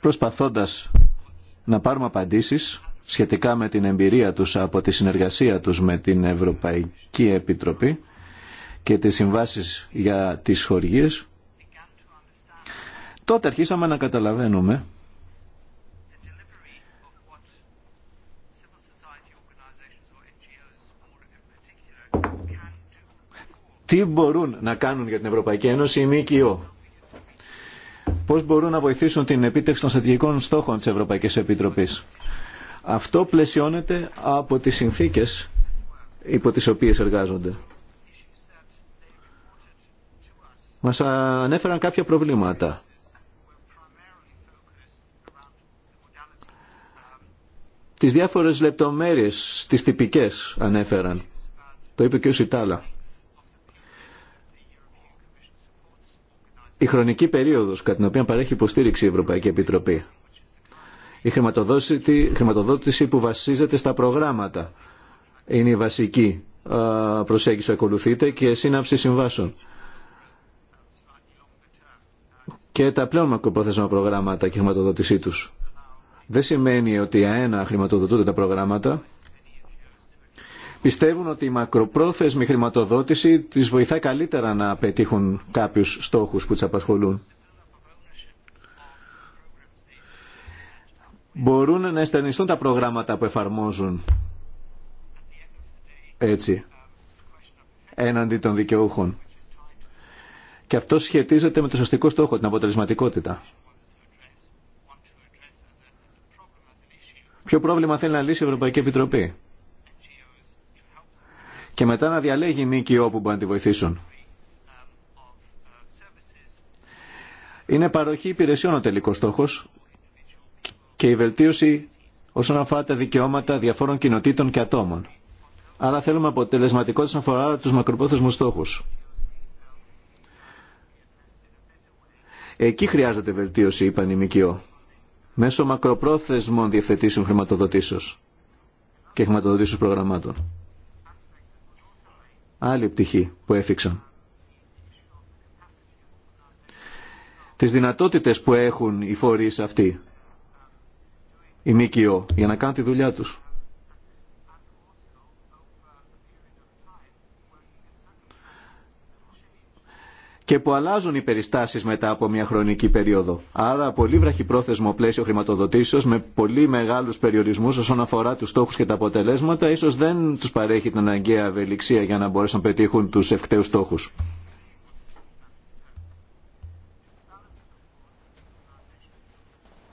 προσπαθώντας να πάρουμε απαντήσεις σχετικά με την εμπειρία τους από τη συνεργασία τους με την Ευρωπαϊκή Επιτροπή και τις συμβάσεις για τις χωριές, τότε αρχίσαμε να καταλαβαίνουμε τι μπορούν να κάνουν για την Ευρωπαϊκή Ένωση οι ΜΚΟ. Πώς μπορούν να βοηθήσουν την επίτευξη των στρατηγικών στόχων της Ευρωπαϊκής Επιτροπής. Αυτό πλαισιώνεται από τις συνθήκες υπό τις οποίες εργάζονται. Μας ανέφεραν κάποια προβλήματα. Τις διάφορες λεπτομέρειες, τις τυπικές ανέφεραν. Το είπε και ο Σιτάλα. η χρονική περίοδος κατά την οποία παρέχει υποστήριξη η Ευρωπαϊκή Επιτροπή. Η χρηματοδότηση που βασίζεται στα προγράμματα είναι η βασική προσέγγιση που ακολουθείται και σύναψη συμβάσεων. Και τα πλέον μακροπρόθεσμα προγράμματα και χρηματοδότησή τους. Δεν σημαίνει ότι αένα χρηματοδοτούνται τα προγράμματα, πιστεύουν ότι η μακροπρόθεσμη χρηματοδότηση τις βοηθάει καλύτερα να πετύχουν κάποιους στόχους που τις απασχολούν. Μπορούν να εστερνιστούν τα προγράμματα που εφαρμόζουν έτσι έναντι των δικαιούχων. Και αυτό σχετίζεται με το σωστικό στόχο, την αποτελεσματικότητα. Ποιο πρόβλημα θέλει να λύσει η Ευρωπαϊκή Επιτροπή και μετά να διαλέγει ΜΚΟ που μπορεί να τη βοηθήσουν. Είναι παροχή υπηρεσιών ο τελικός στόχος και η βελτίωση όσον αφορά τα δικαιώματα διαφόρων κοινοτήτων και ατόμων. Άρα θέλουμε αποτελεσματικό όσον αφορά τους μακροπρόθεσμους στόχους. Εκεί χρειάζεται βελτίωση, είπαν οι ΜΚΟ, μέσω μακροπρόθεσμων διευθετήσεων χρηματοδοτήσεως και χρηματοδοτήσεως προγραμμάτων άλλη πτυχή που έφυξαν. Τις δυνατότητες που έχουν οι φορείς αυτοί, οι ΜΚΟ, για να κάνουν τη δουλειά τους. και που αλλάζουν οι περιστάσεις μετά από μια χρονική περίοδο. Άρα πολύ βραχυπρόθεσμο πλαίσιο χρηματοδοτήσεως με πολύ μεγάλους περιορισμούς όσον αφορά τους στόχους και τα αποτελέσματα ίσως δεν τους παρέχει την αναγκαία ευελιξία για να μπορέσουν να πετύχουν τους ευκταίους στόχους.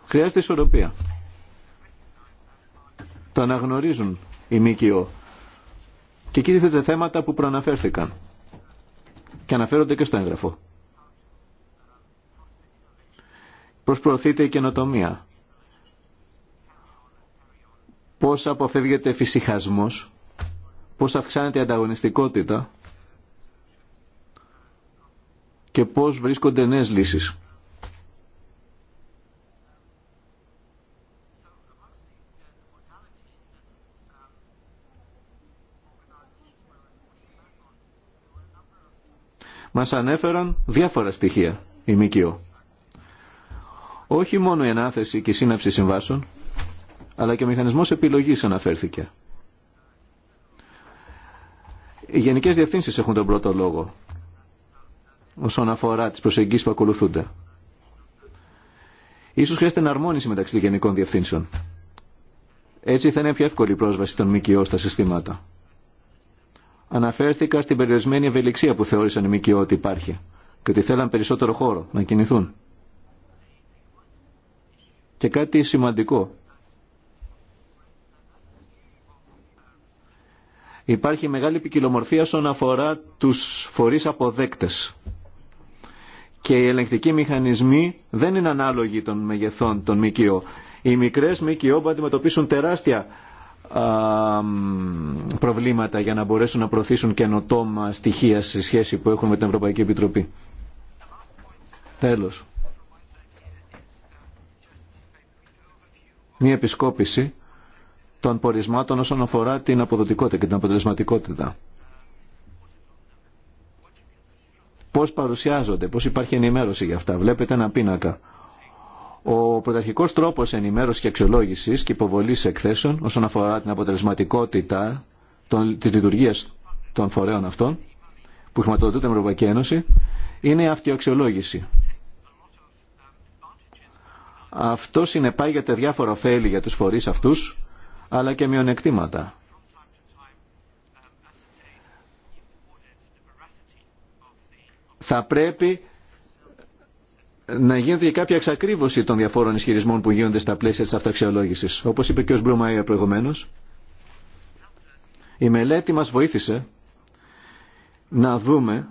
Χρειάζεται ισορροπία. Το αναγνωρίζουν οι ΜΚΟ. Και εκεί θέματα που προαναφέρθηκαν και αναφέρονται και στο έγγραφο. Πώς προωθείται η καινοτομία. Πώς αποφεύγεται φυσικασμός. Πώς αυξάνεται η ανταγωνιστικότητα. Και πώς βρίσκονται νέες λύσεις. μας ανέφεραν διάφορα στοιχεία η ΜΚΟ. Όχι μόνο η ανάθεση και η σύναψη συμβάσεων, αλλά και ο μηχανισμός επιλογής αναφέρθηκε. Οι γενικές διευθύνσεις έχουν τον πρώτο λόγο όσον αφορά τις προσεγγίσεις που ακολουθούνται. Ίσως χρειάζεται εναρμόνιση μεταξύ των γενικών διευθύνσεων. Έτσι θα είναι πιο εύκολη η πρόσβαση των ΜΚΟ στα συστήματα. Αναφέρθηκα στην περιορισμένη ευελιξία που θεώρησαν οι ΜΚΟ ότι υπάρχει και ότι θέλαν περισσότερο χώρο να κινηθούν. Και κάτι σημαντικό. Υπάρχει μεγάλη ποικιλομορφία όσον αφορά τους φορείς αποδέκτες. Και οι ελεγκτικοί μηχανισμοί δεν είναι ανάλογοι των μεγεθών των ΜΚΟ. Οι μικρές ΜΚΟ που αντιμετωπίσουν τεράστια προβλήματα για να μπορέσουν να προωθήσουν καινοτόμα στοιχεία στη σχέση που έχουν με την Ευρωπαϊκή Επιτροπή. Τέλος. Μία επισκόπηση των πορισμάτων όσον αφορά την αποδοτικότητα και την αποτελεσματικότητα. Πώς παρουσιάζονται, πώς υπάρχει ενημέρωση για αυτά. Βλέπετε ένα πίνακα. Ο πρωταρχικό τρόπο ενημέρωση και αξιολόγηση και υποβολή εκθέσεων όσον αφορά την αποτελεσματικότητα τη λειτουργία των φορέων αυτών που χρηματοδοτούν την Ευρωπαϊκή Ένωση είναι η αυτοαξιολόγηση. Αυτό συνεπάγεται διάφορα ωφέλη για τους φορείς αυτούς, αλλά και μειονεκτήματα. Θα πρέπει να γίνεται κάποια εξακρίβωση των διαφόρων ισχυρισμών που γίνονται στα πλαίσια της αυταξιολόγησης. Όπως είπε και ο Σμπρουμάια προηγουμένως, η μελέτη μας βοήθησε να δούμε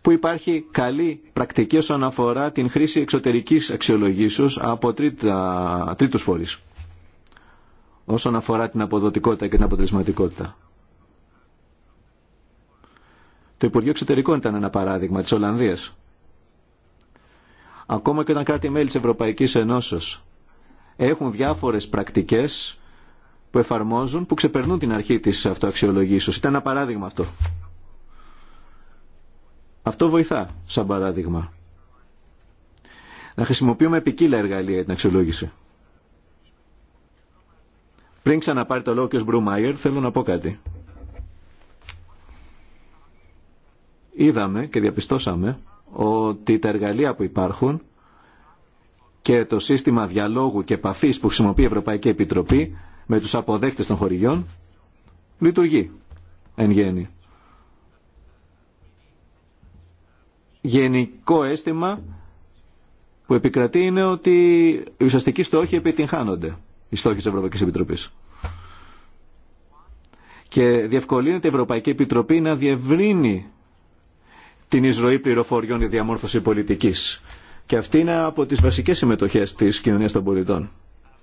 που υπάρχει καλή πρακτική όσον αφορά την χρήση εξωτερικής αξιολογήσεως από τρίτα, τρίτους φορείς όσον αφορά την αποδοτικότητα και την αποτελεσματικότητα. Το Υπουργείο Εξωτερικών ήταν ένα παράδειγμα της Ολλανδίας ακόμα και όταν κράτη-μέλη της Ευρωπαϊκής Ενώσεως έχουν διάφορες πρακτικές που εφαρμόζουν, που ξεπερνούν την αρχή της αυτοαξιολογήσεως. Ήταν ένα παράδειγμα αυτό. Αυτό βοηθά, σαν παράδειγμα. Να χρησιμοποιούμε επικύλα εργαλεία για την αξιολόγηση. Πριν ξαναπάρει το λόγο και ο Μπρουμάιερ, θέλω να πω κάτι. Είδαμε και διαπιστώσαμε ότι τα εργαλεία που υπάρχουν και το σύστημα διαλόγου και επαφής που χρησιμοποιεί η Ευρωπαϊκή Επιτροπή με τους αποδέχτες των χωριών λειτουργεί εν γέννη. Γενικό αίσθημα που επικρατεί είναι ότι οι ουσιαστικοί στόχοι επιτυγχάνονται, οι στόχοι της Ευρωπαϊκής Επιτροπής. Και διευκολύνεται η Ευρωπαϊκή Επιτροπή να διευρύνει την εισρωή πληροφοριών η διαμόρφωση πολιτικής. Και αυτή είναι από τις βασικές συμμετοχέ της κοινωνία των πολιτών.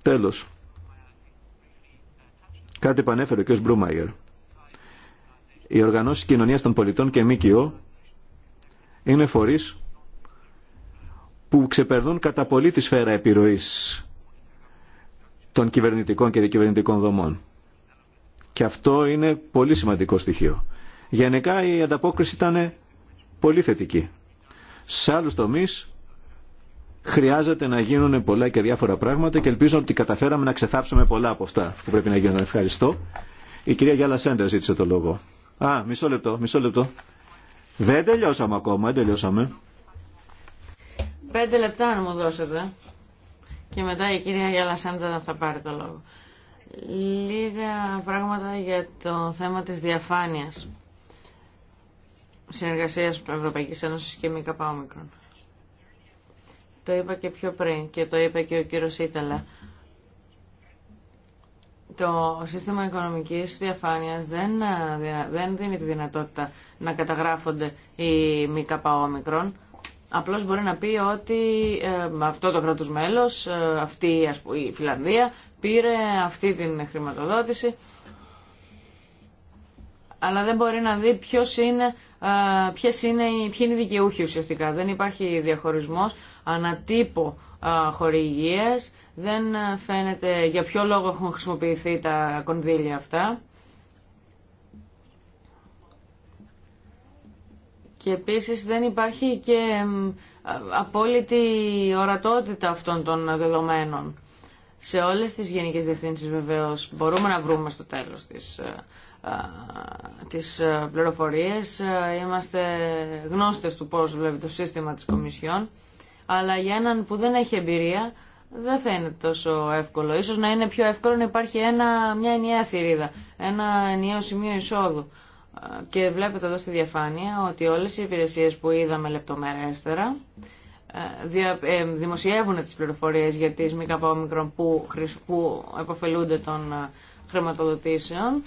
Τέλος. Κάτι επανέφερε ο κ. Μπρούμαγερ. Οι οργανώσει κοινωνία των πολιτών και ΜΚΟ είναι φορεί που ξεπερνούν κατά πολύ τη σφαίρα επιρροή των κυβερνητικών και δικυβερνητικών δομών. Και αυτό είναι πολύ σημαντικό στοιχείο. Γενικά η ανταπόκριση ήταν πολύ θετική. Σε άλλους τομείς χρειάζεται να γίνουν πολλά και διάφορα πράγματα και ελπίζω ότι καταφέραμε να ξεθάψουμε πολλά από αυτά που πρέπει να γίνουν. Ευχαριστώ. Η κυρία Γιάλα Σέντερ ζήτησε το λόγο. Α, μισό λεπτό, μισό λεπτό. Δεν τελειώσαμε ακόμα, δεν τελειώσαμε. Πέντε λεπτά να μου δώσετε. Και μετά η κυρία Γιάλα Σέντερ θα πάρει το λόγο. Λίγα πράγματα για το θέμα της διαφάνειας συνεργασίας Ευρωπαϊκής Ένωση και ΜΚΟ. Το είπα και πιο πριν και το είπε και ο κύριος Ήταλα. Το σύστημα οικονομικής διαφάνειας δεν, δεν δίνει τη δυνατότητα να καταγράφονται οι ΜΚΟ. Απλώς μπορεί να πει ότι ε, αυτό το κράτος μέλος, ε, αυτή η Φιλανδία, πήρε αυτή την χρηματοδότηση αλλά δεν μπορεί να δει ποιος είναι ποιες είναι, ποιοι είναι οι δικαιούχοι ουσιαστικά. Δεν υπάρχει διαχωρισμός, ανατύπω χορηγίες, δεν φαίνεται για ποιο λόγο έχουν χρησιμοποιηθεί τα κονδύλια αυτά. Και επίσης δεν υπάρχει και απόλυτη ορατότητα αυτών των δεδομένων. Σε όλες τις γενικές διευθύνσεις βεβαίως μπορούμε να βρούμε στο τέλος της τις ε, πληροφορίες, ε, είμαστε γνώστες του πώς βλέπει το σύστημα της Κομισιόν, αλλά για έναν που δεν έχει εμπειρία δεν θα είναι τόσο εύκολο. Ίσως να είναι πιο εύκολο να υπάρχει ένα, μια ενιαία θηρίδα, ένα ενιαίο σημείο εισόδου. Και βλέπετε εδώ στη διαφάνεια ότι όλες οι υπηρεσίες που είδαμε λεπτομερέστερα ε, δημοσιεύουν τις πληροφορίες για τις μη που, που επωφελούνται των χρηματοδοτήσεων.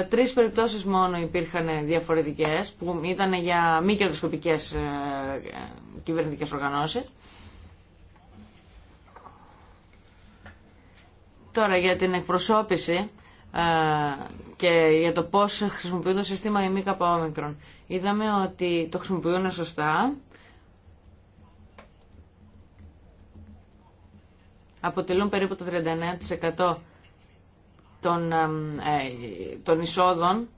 Ε, τρεις περιπτώσεις μόνο υπήρχαν διαφορετικές, που ήταν για μη κερδοσκοπικές ε, κυβερνητικές οργανώσεις. Τώρα για την εκπροσώπηση ε, και για το πώς χρησιμοποιούν το σύστημα η καπαόμικρον. Είδαμε ότι το χρησιμοποιούν σωστά. Αποτελούν περίπου το 39% των, ε, των εισόδων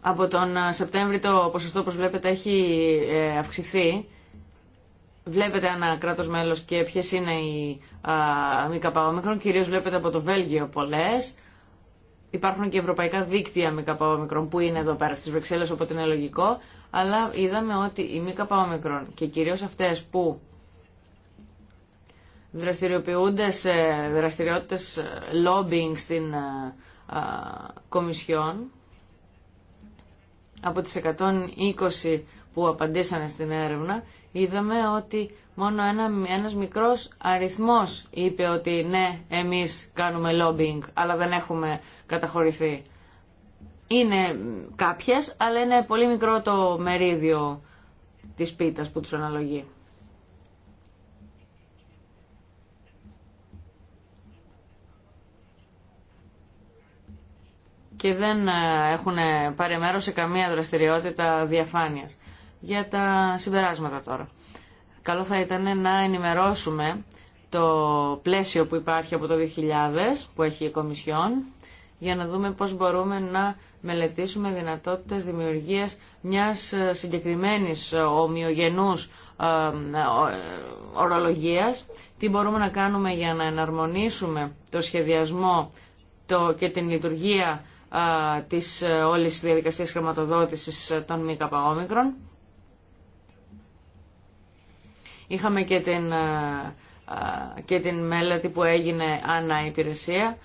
από τον ε, Σεπτέμβρη το ποσοστό, όπως βλέπετε, έχει ε, αυξηθεί. Βλέπετε ένα κράτος μέλος και ποιες είναι οι ΜΚΟ. Κυρίως βλέπετε από το Βέλγιο πολλές. Υπάρχουν και ευρωπαϊκά δίκτυα ΜΚΟ που είναι εδώ πέρα στις Βρυξέλλες, οπότε είναι λογικό. Αλλά είδαμε ότι οι ΜΚΟ και κυρίως αυτές που δραστηριοποιούνται σε δραστηριότητες ε, lobbying στην ε, ε, Κομισιόν. Από τις 120 που απαντήσανε στην έρευνα, είδαμε ότι μόνο ένα, ένας μικρός αριθμός είπε ότι ναι, εμείς κάνουμε lobbying, αλλά δεν έχουμε καταχωρηθεί. Είναι κάποιες, αλλά είναι πολύ μικρό το μερίδιο της πίτας που τους αναλογεί. και δεν ε, έχουν πάρει μέρο σε καμία δραστηριότητα διαφάνειας. Για τα συμπεράσματα τώρα. Καλό θα ήταν να ενημερώσουμε το πλαίσιο που υπάρχει από το 2000 που έχει η Κομισιόν για να δούμε πώς μπορούμε να μελετήσουμε δυνατότητες δημιουργίας μιας ε, συγκεκριμένης ε, ομοιογενούς ορολογίας, τι μπορούμε να κάνουμε για να εναρμονίσουμε το σχεδιασμό το, και την λειτουργία της ε, όλης διαδικασίας χρηματοδότησης ε, των ΜΚΟ. Είχαμε και την, ε, και την μελέτη που έγινε ανά υπηρεσία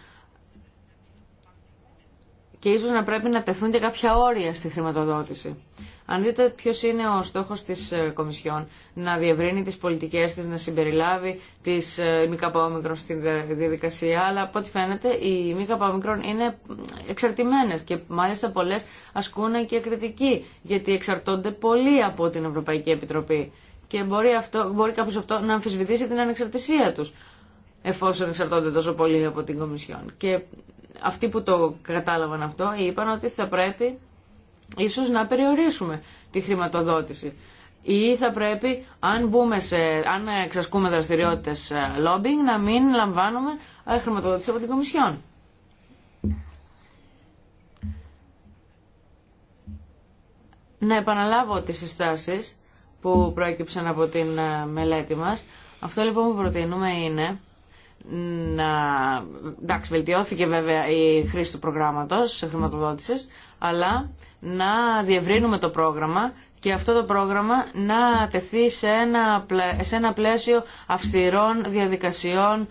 και ίσως να πρέπει να τεθούν και κάποια όρια στη χρηματοδότηση. Αν δείτε ποιο είναι ο στόχο τη ε, Κομισιόν, να διευρύνει τι πολιτικέ τη, να συμπεριλάβει τι ε, ΜΚΟ στην ε, διαδικασία, αλλά από ό,τι φαίνεται οι ΜΚΟ είναι εξαρτημένε και μάλιστα πολλέ ασκούν και κριτική, γιατί εξαρτώνται πολύ από την Ευρωπαϊκή Επιτροπή. Και μπορεί, αυτό, μπορεί κάποιο αυτό να αμφισβητήσει την ανεξαρτησία του, εφόσον εξαρτώνται τόσο πολύ από την Κομισιόν. Και αυτοί που το κατάλαβαν αυτό είπαν ότι θα πρέπει ίσως να περιορίσουμε τη χρηματοδότηση. Ή θα πρέπει, αν, μπούμε σε, αν εξασκούμε δραστηριότητες ε, lobbying, να μην λαμβάνουμε ε, χρηματοδότηση από την Κομισιόν. Να επαναλάβω τις συστάσεις που προέκυψαν από την ε, μελέτη μας. Αυτό λοιπόν που προτείνουμε είναι να... Εντάξει, βελτιώθηκε βέβαια η χρήση του προγράμματος χρηματοδότησης, αλλά να διευρύνουμε το πρόγραμμα και αυτό το πρόγραμμα να τεθεί σε ένα, σε ένα πλαίσιο αυστηρών διαδικασιών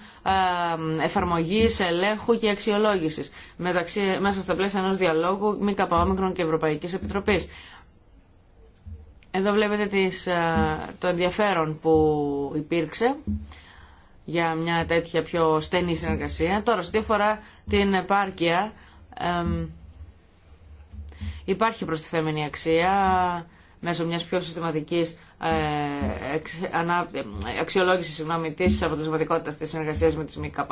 εφαρμογής, ελέγχου και αξιολόγησης μεταξύ, μέσα στα πλαίσια ενός διαλόγου μη καπαόμικρων και Ευρωπαϊκής Επιτροπής. Εδώ βλέπετε ε, το ενδιαφέρον που υπήρξε για μια τέτοια πιο στενή συνεργασία. Τώρα, στη φορά την επάρκεια, εμ, υπάρχει προστιθέμενη αξία μέσω μιας πιο συστηματικής ε, ε, αξιολόγηση συγγνώμη, της αποτελεσματικότητας της συνεργασίας με τις ΜΚΟ,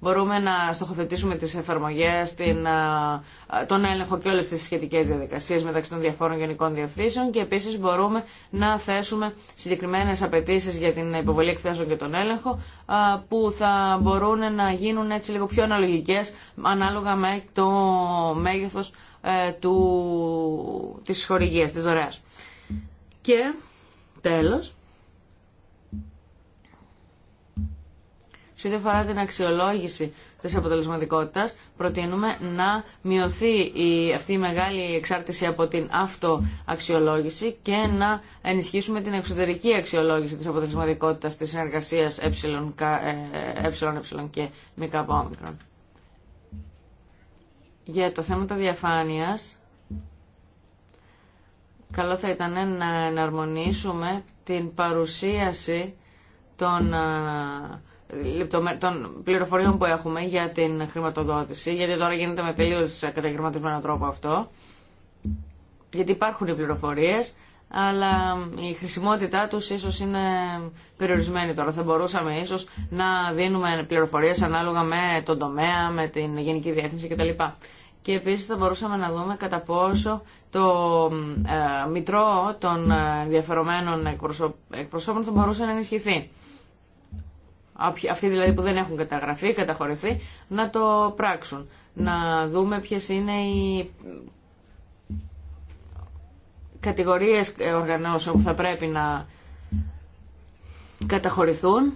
μπορούμε να στοχοθετήσουμε τις εφαρμογές, την, ε, τον έλεγχο και όλες τις σχετικές διαδικασίες μεταξύ των διαφόρων γενικών διευθύνσεων και επίσης μπορούμε να θέσουμε συγκεκριμένες απαιτήσει για την υποβολή εκθέσεων και τον έλεγχο που θα μπορούν να γίνουν έτσι λίγο πιο αναλογικές ανάλογα με το μέγεθος του, της χορηγίας, της δωρεάς. Και Τέλος. Σε ό,τι αφορά την αξιολόγηση της αποτελεσματικότητας, προτείνουμε να μειωθεί η, αυτή η μεγάλη εξάρτηση από την αυτοαξιολόγηση και να ενισχύσουμε την εξωτερική αξιολόγηση της αποτελεσματικότητας της συνεργασίας ε, ε, ε, ε, ε και ΜΚΟ. Για τα θέματα διαφάνειας, καλό θα ήταν να εναρμονίσουμε την παρουσίαση των, ε, των πληροφοριών που έχουμε για την χρηματοδότηση, γιατί τώρα γίνεται με τελείως καταγερματισμένο τρόπο αυτό, γιατί υπάρχουν οι πληροφορίες, αλλά η χρησιμότητά τους ίσως είναι περιορισμένη τώρα. Θα μπορούσαμε ίσως να δίνουμε πληροφορίες ανάλογα με τον τομέα, με την γενική διεύθυνση κτλ. Και επίσης θα μπορούσαμε να δούμε κατά πόσο το ε, μητρό των ε, ενδιαφερομένων εκπροσώπων θα μπορούσε να ενισχυθεί. Αυτοί δηλαδή που δεν έχουν καταγραφεί, καταχωρηθεί, να το πράξουν. Να δούμε ποιες είναι οι κατηγορίες ε, οργανώσεων που θα πρέπει να καταχωρηθούν.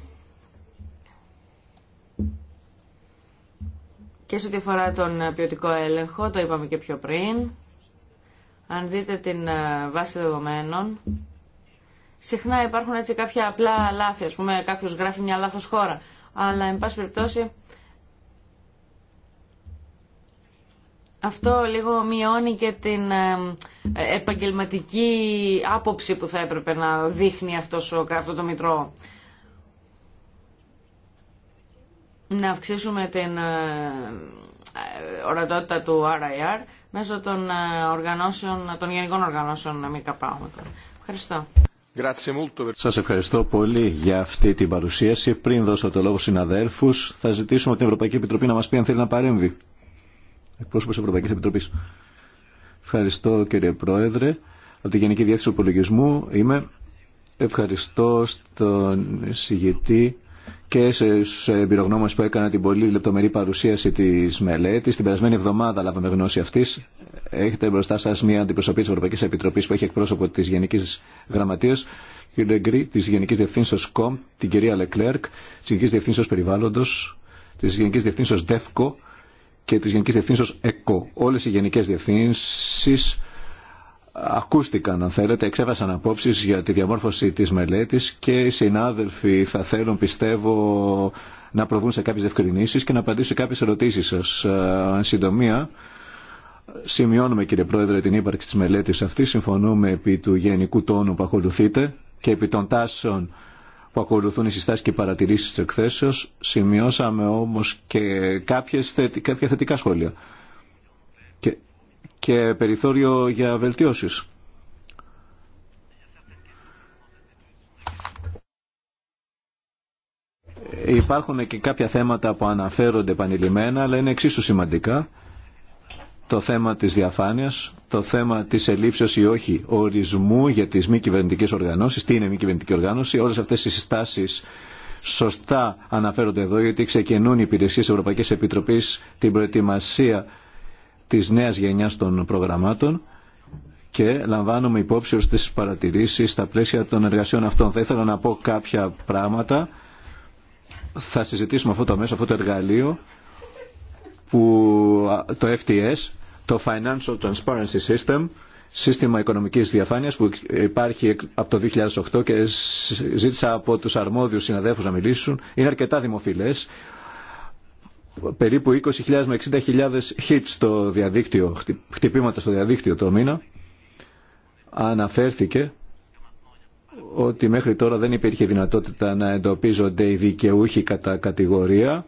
Και σε ό,τι αφορά τον ποιοτικό έλεγχο, το είπαμε και πιο πριν αν δείτε την ε, βάση δεδομένων, συχνά υπάρχουν έτσι κάποια απλά λάθη. Ας πούμε κάποιος γράφει μια λάθος χώρα. Αλλά, εν πάση περιπτώσει, αυτό λίγο μειώνει και την ε, επαγγελματική άποψη που θα έπρεπε να δείχνει αυτός, αυτό το μητρό. Να αυξήσουμε την ε, ορατότητα του RIR μέσω των, ε, οργανώσεων, των γενικών οργανώσεων ΜΚΑ. Ευχαριστώ. Σας ευχαριστώ πολύ για αυτή την παρουσίαση. Πριν δώσω το λόγο συναδέλφους, θα ζητήσουμε την Ευρωπαϊκή Επιτροπή να μας πει αν θέλει να παρέμβει. Εκπρόσωπος Ευρωπαϊκής Επιτροπής. Ευχαριστώ κύριε Πρόεδρε. Από τη Γενική Διεύθυνση Υπολογισμού είμαι. Ευχαριστώ στον συγγετή και στου εμπειρογνώμονε που έκανα την πολύ λεπτομερή παρουσίαση τη μελέτη. Την περασμένη εβδομάδα λάβαμε γνώση αυτή. Έχετε μπροστά σα μια αντιπροσωπή τη Ευρωπαϊκή Επιτροπή που έχει εκπρόσωπο τη Γενική Γραμματεία, κ. Γκρι, τη Γενική Διευθύνσεω ΚΟΜ, την κυρία Λεκλέρκ, τη Γενική Διευθύνσεω Περιβάλλοντο, τη Γενική Διευθύνσεω ΔΕΦΚΟ και τη Γενική Διευθύνσεω ΕΚΟ. Όλε οι γενικέ διευθύνσει ακούστηκαν, αν θέλετε, εξέφρασαν απόψεις για τη διαμόρφωση της μελέτης και οι συνάδελφοι θα θέλουν, πιστεύω, να προβούν σε κάποιες ευκρινήσεις και να απαντήσουν σε κάποιες ερωτήσεις σας. Ε, εν συντομία, σημειώνουμε, κύριε Πρόεδρε, την ύπαρξη της μελέτης αυτή. Συμφωνούμε επί του γενικού τόνου που ακολουθείτε και επί των τάσεων που ακολουθούν οι συστάσεις και οι παρατηρήσεις της εκθέσεως. Σημειώσαμε όμως και κάποια θετικά σχόλια και περιθώριο για βελτιώσεις. Υπάρχουν και κάποια θέματα που αναφέρονται επανειλημμένα, αλλά είναι εξίσου σημαντικά. Το θέμα της διαφάνειας, το θέμα της ελήψεως ή όχι ορισμού για τις μη κυβερνητικές οργανώσεις, τι είναι μη κυβερνητική οργάνωση, όλες αυτές οι συστάσεις σωστά αναφέρονται εδώ, γιατί ξεκινούν οι υπηρεσίες Ευρωπαϊκής Επιτροπής την προετοιμασία της νέας γενιάς των προγραμμάτων και λαμβάνουμε υπόψη ως τις παρατηρήσεις στα πλαίσια των εργασιών αυτών. Θα ήθελα να πω κάποια πράγματα. Θα συζητήσουμε αυτό το μέσο, αυτό το εργαλείο που το FTS, το Financial Transparency System, σύστημα οικονομικής διαφάνειας που υπάρχει από το 2008 και ζήτησα από τους αρμόδιους συναδέλφους να μιλήσουν. Είναι αρκετά δημοφιλές περίπου 20.000 με 60.000 hits στο διαδίκτυο, χτυπήματα στο διαδίκτυο το μήνα. Αναφέρθηκε ότι μέχρι τώρα δεν υπήρχε δυνατότητα να εντοπίζονται οι δικαιούχοι κατά κατηγορία.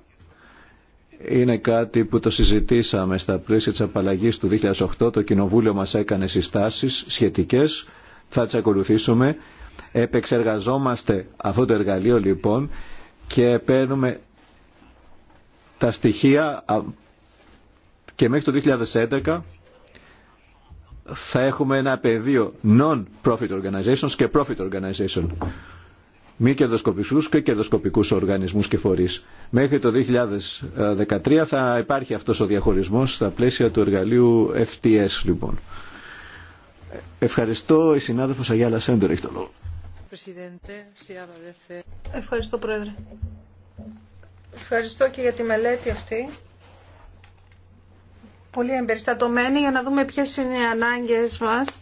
Είναι κάτι που το συζητήσαμε στα πλαίσια της απαλλαγής του 2008. Το Κοινοβούλιο μας έκανε συστάσεις σχετικές. Θα τις ακολουθήσουμε. Επεξεργαζόμαστε αυτό το εργαλείο λοιπόν και παίρνουμε τα στοιχεία και μέχρι το 2011 θα έχουμε ένα πεδίο non-profit organizations και profit organizations, Μη κερδοσκοπικού και κερδοσκοπικού οργανισμού και φορεί. Μέχρι το 2013 θα υπάρχει αυτό ο διαχωρισμό στα πλαίσια του εργαλείου FTS, λοιπόν. Ευχαριστώ. Η συνάδελφο Αγιάλα Σέντερ έχει το λόγο. Ευχαριστώ, Πρόεδρε. Ευχαριστώ και για τη μελέτη αυτή. Πολύ εμπεριστατωμένη για να δούμε ποιες είναι οι ανάγκες μας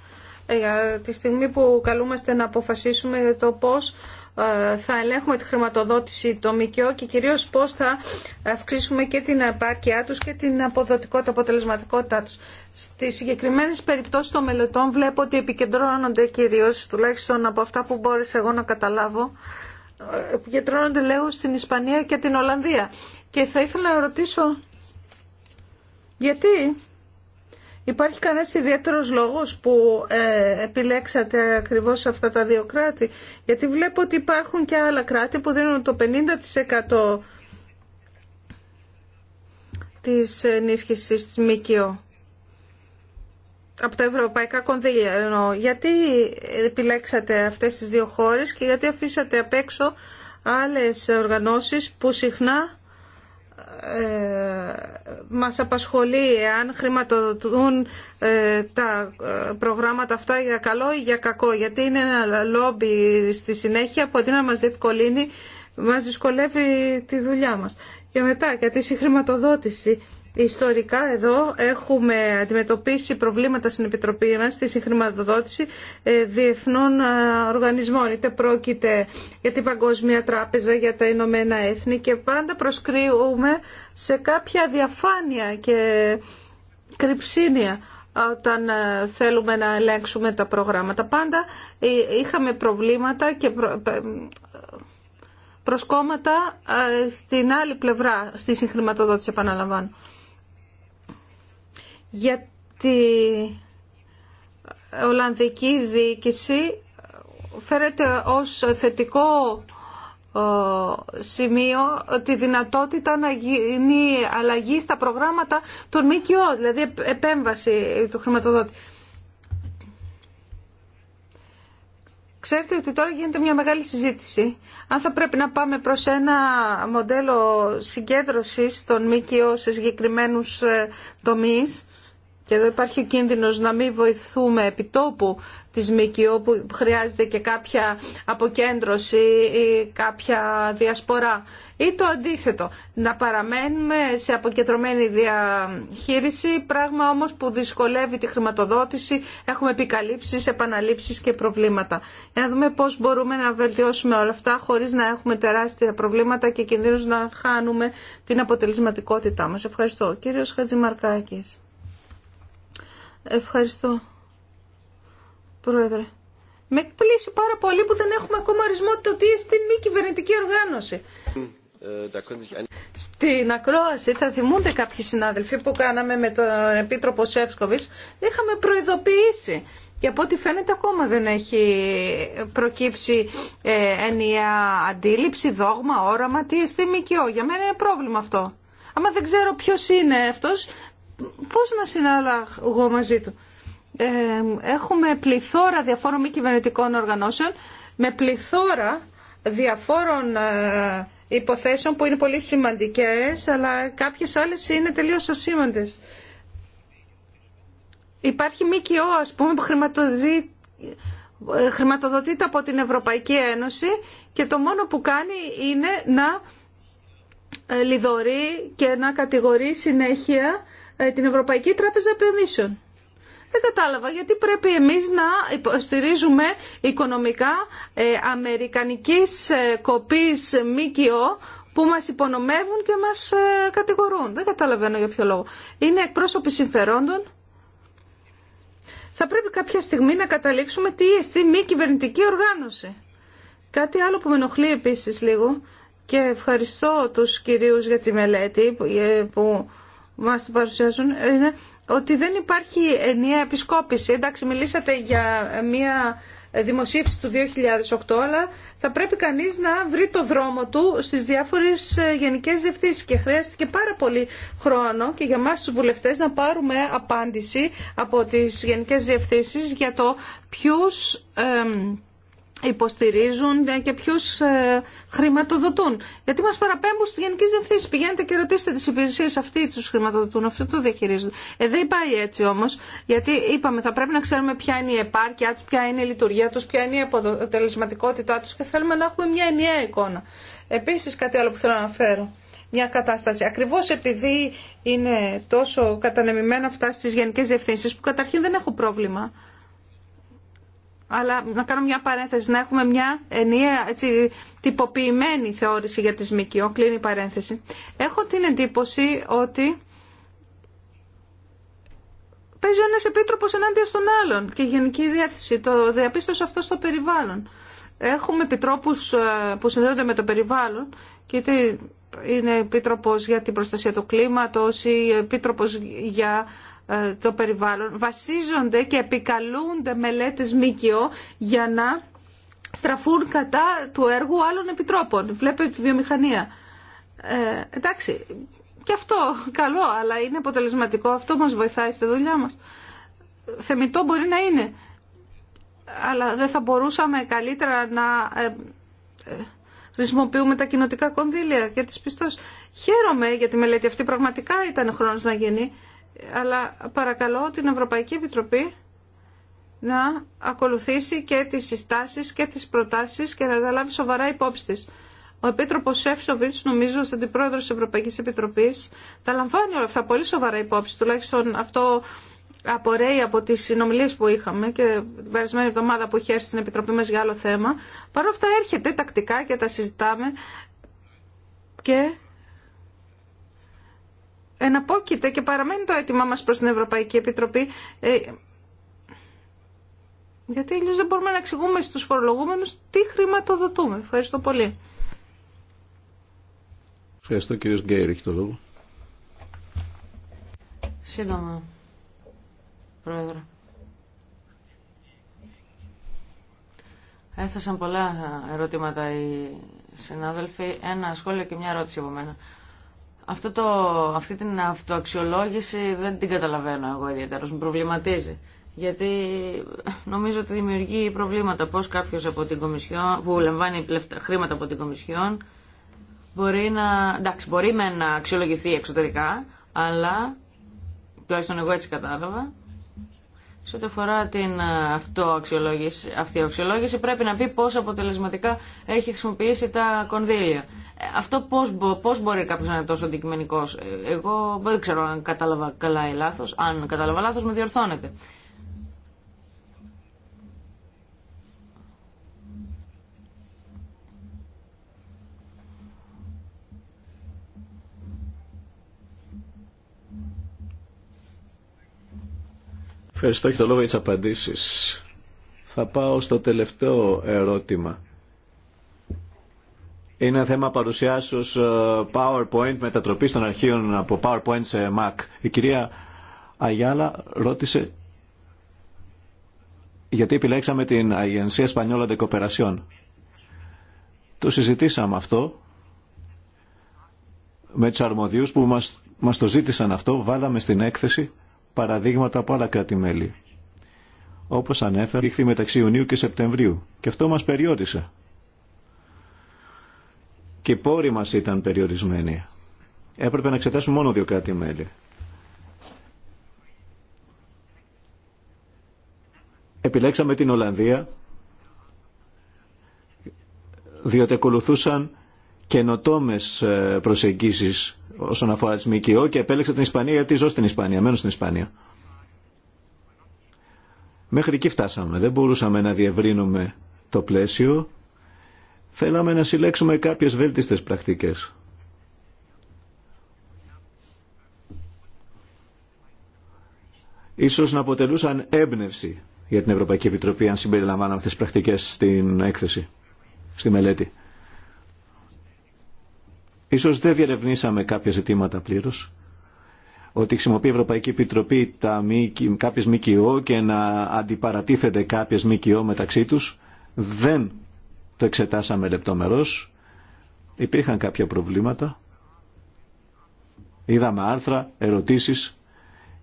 ε, για τη στιγμή που καλούμαστε να αποφασίσουμε το πώς ε, θα ελέγχουμε τη χρηματοδότηση το ΜΚΟ και κυρίως πώς θα αυξήσουμε και την επάρκειά τους και την αποδοτικότητα, αποτελεσματικότητά τους. Στις συγκεκριμένες περιπτώσεις των μελετών βλέπω ότι επικεντρώνονται κυρίως, τουλάχιστον από αυτά που μπόρεσα εγώ να καταλάβω, γιατρώνονται, λέω στην Ισπανία και την Ολλανδία. Και θα ήθελα να ρωτήσω γιατί υπάρχει κανένας ιδιαίτερος λόγος που ε, επιλέξατε ακριβώς αυτά τα δύο κράτη. Γιατί βλέπω ότι υπάρχουν και άλλα κράτη που δίνουν το 50% της ενίσχυσης της ΜΚΟ από τα ευρωπαϊκά κονδύλια Γιατί επιλέξατε αυτές τις δύο χώρες και γιατί αφήσατε απ' έξω άλλες οργανώσεις που συχνά ε, μας απασχολεί εάν χρηματοδοτούν ε, τα ε, προγράμματα αυτά για καλό ή για κακό γιατί είναι ένα λόμπι στη συνέχεια που αντί να μας διευκολύνει μας δυσκολεύει τη δουλειά μας και μετά γιατί τη χρηματοδότηση. Ιστορικά εδώ έχουμε αντιμετωπίσει προβλήματα στην Επιτροπή μας στη συγχρηματοδότηση ε, διεθνών ε, οργανισμών. Είτε πρόκειται για την Παγκόσμια Τράπεζα, για τα Ηνωμένα Έθνη και πάντα προσκρίουμε σε κάποια διαφάνεια και κρυψίνια όταν ε, θέλουμε να ελέγξουμε τα προγράμματα. Πάντα είχαμε προβλήματα και προσκόμματα στην άλλη πλευρά στη συγχρηματοδότηση επαναλαμβάνω για τη Ολλανδική διοίκηση φέρεται ως θετικό ε, σημείο τη δυνατότητα να γίνει αλλαγή στα προγράμματα των ΜΚΟ, δηλαδή επέμβαση του χρηματοδότη. Ξέρετε ότι τώρα γίνεται μια μεγάλη συζήτηση. Αν θα πρέπει να πάμε προς ένα μοντέλο συγκέντρωσης των ΜΚΟ σε συγκεκριμένους ε, τομείς, και εδώ υπάρχει κίνδυνος να μην βοηθούμε επιτόπου της ΜΚΟ που χρειάζεται και κάποια αποκέντρωση ή κάποια διασπορά. Ή το αντίθετο, να παραμένουμε σε αποκεντρωμένη διαχείριση, πράγμα όμως που δυσκολεύει τη χρηματοδότηση, έχουμε επικαλύψεις, επαναλήψεις και προβλήματα. Για να δούμε πώς μπορούμε να βελτιώσουμε όλα αυτά χωρίς να έχουμε τεράστια προβλήματα και κινδύνους να χάνουμε την αποτελεσματικότητά μας. Ευχαριστώ. Κύριος Χατζημαρκάκης. Ευχαριστώ, Πρόεδρε. Με εκπλήσει πάρα πολύ που δεν έχουμε ακόμα ορισμό το τι είναι μη κυβερνητική οργάνωση. Στην ακρόαση θα θυμούνται κάποιοι συνάδελφοι που κάναμε με τον Επίτροπο Σεύσκοβιτς, είχαμε προειδοποιήσει και από ό,τι φαίνεται ακόμα δεν έχει προκύψει ε, ενιαία αντίληψη, δόγμα, όραμα, τι στη ΜΚΟ. Για μένα είναι πρόβλημα αυτό. Άμα δεν ξέρω ποιος είναι αυτός, πώς να συναλλαγώ μαζί του. Ε, έχουμε πληθώρα διαφόρων μη κυβερνητικών οργανώσεων με πληθώρα διαφόρων ε, υποθέσεων που είναι πολύ σημαντικές αλλά κάποιες άλλες είναι τελείως ασήμαντες. Υπάρχει ΜΚΟ ας πούμε που ε, χρηματοδοτείται από την Ευρωπαϊκή Ένωση και το μόνο που κάνει είναι να λιδωρεί και να κατηγορεί συνέχεια ε, την Ευρωπαϊκή Τράπεζα Επενδύσεων. Δεν κατάλαβα γιατί πρέπει εμείς να υποστηρίζουμε οικονομικά ε, αμερικανικής ε, κοπής ΜΚΟ που μας υπονομεύουν και μας κατηγορούν. Δεν καταλαβαίνω για ποιο λόγο. Είναι εκπρόσωποι συμφερόντων. Θα πρέπει κάποια στιγμή να καταλήξουμε τι εστί μη κυβερνητική οργάνωση. Κάτι άλλο που με ενοχλεί επίσης λίγο και ευχαριστώ τους κυρίους για τη μελέτη που μας παρουσιάζουν είναι ότι δεν υπάρχει ενιαία επισκόπηση. Εντάξει, μιλήσατε για μια δημοσίευση του 2008, αλλά θα πρέπει κανείς να βρει το δρόμο του στις διάφορες ε, γενικές διευθύνσεις και χρειάστηκε πάρα πολύ χρόνο και για μας τους βουλευτές να πάρουμε απάντηση από τις γενικές διευθύνσεις για το ποιους... Εμ, υποστηρίζουν και ποιου ε, χρηματοδοτούν. Γιατί μα παραπέμπουν στι γενικέ διευθύνσει. Πηγαίνετε και ρωτήστε τι υπηρεσίε αυτοί του χρηματοδοτούν, αυτό το διαχειρίζονται. Ε, δεν πάει έτσι όμω, γιατί είπαμε θα πρέπει να ξέρουμε ποια είναι η επάρκεια του, ποια είναι η λειτουργία του, ποια είναι η αποτελεσματικότητά του και θέλουμε να έχουμε μια ενιαία εικόνα. Επίση, κάτι άλλο που θέλω να αναφέρω. Μια κατάσταση. Ακριβώ επειδή είναι τόσο κατανεμημένα αυτά στι γενικέ διευθύνσει, που καταρχήν δεν έχω πρόβλημα αλλά να κάνω μια παρένθεση, να έχουμε μια ενιαία έτσι, τυποποιημένη θεώρηση για τις ΜΚΟ, κλείνει παρένθεση. Έχω την εντύπωση ότι παίζει ο ένας επίτροπος ενάντια στον άλλον και η Γενική Διεύθυνση το διαπίστωσε αυτό στο περιβάλλον. Έχουμε επιτρόπους ε, που συνδέονται με το περιβάλλον και είναι επίτροπος για την προστασία του κλίματος ή επίτροπος για ε, το περιβάλλον βασίζονται και επικαλούνται μελέτες ΜΚΟ για να στραφούν κατά του έργου άλλων επιτρόπων. Βλέπετε τη βιομηχανία. Ε, εντάξει, και αυτό καλό, αλλά είναι αποτελεσματικό. Αυτό μας βοηθάει στη δουλειά μας. Θεμητό μπορεί να είναι, αλλά δεν θα μπορούσαμε καλύτερα να ε, ε χρησιμοποιούμε τα κοινοτικά κονδύλια και τις πιστώσεις. Χαίρομαι για τη μελέτη αυτή, πραγματικά ήταν χρόνος να γίνει αλλά παρακαλώ την Ευρωπαϊκή Επιτροπή να ακολουθήσει και τις συστάσεις και τις προτάσεις και να τα λάβει σοβαρά υπόψη της. Ο Επίτροπο Σεύσοβιτ, νομίζω, ω αντιπρόεδρο τη Ευρωπαϊκή Επιτροπή, τα λαμβάνει όλα αυτά πολύ σοβαρά υπόψη. Τουλάχιστον αυτό απορρέει από τι συνομιλίε που είχαμε και την περασμένη εβδομάδα που είχε έρθει στην Επιτροπή μα για άλλο θέμα. Παρ' όλα αυτά έρχεται τακτικά και τα συζητάμε. Και εναπόκειται και παραμένει το αίτημά μας προς την Ευρωπαϊκή Επιτροπή. Ε, γιατί αλλιώ δεν μπορούμε να εξηγούμε στους φορολογούμενους τι χρηματοδοτούμε. Ευχαριστώ πολύ. Ευχαριστώ κύριος Γκέιρ, έχει το λόγο. Σύντομα, Πρόεδρε. Έθεσαν πολλά ερωτήματα οι συνάδελφοι. Ένα σχόλιο και μια ερώτηση από μένα. Αυτό αυτή την αυτοαξιολόγηση δεν την καταλαβαίνω εγώ ιδιαίτερως, με προβληματίζει. Γιατί νομίζω ότι δημιουργεί προβλήματα πώς κάποιος από την που λαμβάνει χρήματα από την Κομισιόν μπορεί να, εντάξει, μπορεί με να αξιολογηθεί εξωτερικά, αλλά τουλάχιστον εγώ έτσι κατάλαβα, σε ό,τι αφορά την ε, αυτοαξιολόγηση, αυτή η αξιολόγηση πρέπει να πει πόσο αποτελεσματικά έχει χρησιμοποιήσει τα κονδύλια. Αυτό πώς, πώς μπορεί κάποιος να είναι τόσο αντικειμενικός. Εγώ δεν ξέρω αν κατάλαβα καλά ή λάθος. Αν κατάλαβα λάθος με διορθώνετε. Ευχαριστώ, έχει το λόγο για τι απαντήσει. Θα πάω στο τελευταίο ερώτημα. Είναι θέμα παρουσιάσεω ε, PowerPoint, μετατροπής των αρχείων από PowerPoint σε Mac. Η κυρία Αγιάλα ρώτησε γιατί επιλέξαμε την Αγενσία Σπανιόλα Κοπερασιών. Το συζητήσαμε αυτό με τους αρμοδιούς που μας, μας το ζήτησαν αυτό, βάλαμε στην έκθεση παραδείγματα από άλλα κράτη-μέλη. Όπως ανέφερα, ήρθε μεταξύ Ιουνίου και Σεπτεμβρίου και αυτό μας περιόρισε και οι πόροι μας ήταν περιορισμένοι. Έπρεπε να εξετάσουμε μόνο δύο κράτη-μέλη. Επιλέξαμε την Ολλανδία, διότι ακολουθούσαν καινοτόμε ε, προσεγγίσεις όσον αφορά τι ΜΚΟ και επέλεξα την Ισπανία γιατί ζω στην Ισπανία, μένω στην Ισπανία. Μέχρι εκεί φτάσαμε. Δεν μπορούσαμε να διευρύνουμε το πλαίσιο Θέλαμε να συλλέξουμε κάποιες βέλτιστες πρακτικές. Ίσως να αποτελούσαν έμπνευση για την Ευρωπαϊκή Επιτροπή αν συμπεριλαμβάναμε αυτές τις πρακτικές στην έκθεση, στη μελέτη. Ίσως δεν διαρευνήσαμε κάποια ζητήματα πλήρως ότι χρησιμοποιεί η Ευρωπαϊκή Επιτροπή τα, κάποιες ΜΚΟ και να αντιπαρατίθεται κάποιες ΜΚΟ μεταξύ τους. Δεν το εξετάσαμε λεπτομερώς. Υπήρχαν κάποια προβλήματα. Είδαμε άρθρα, ερωτήσεις.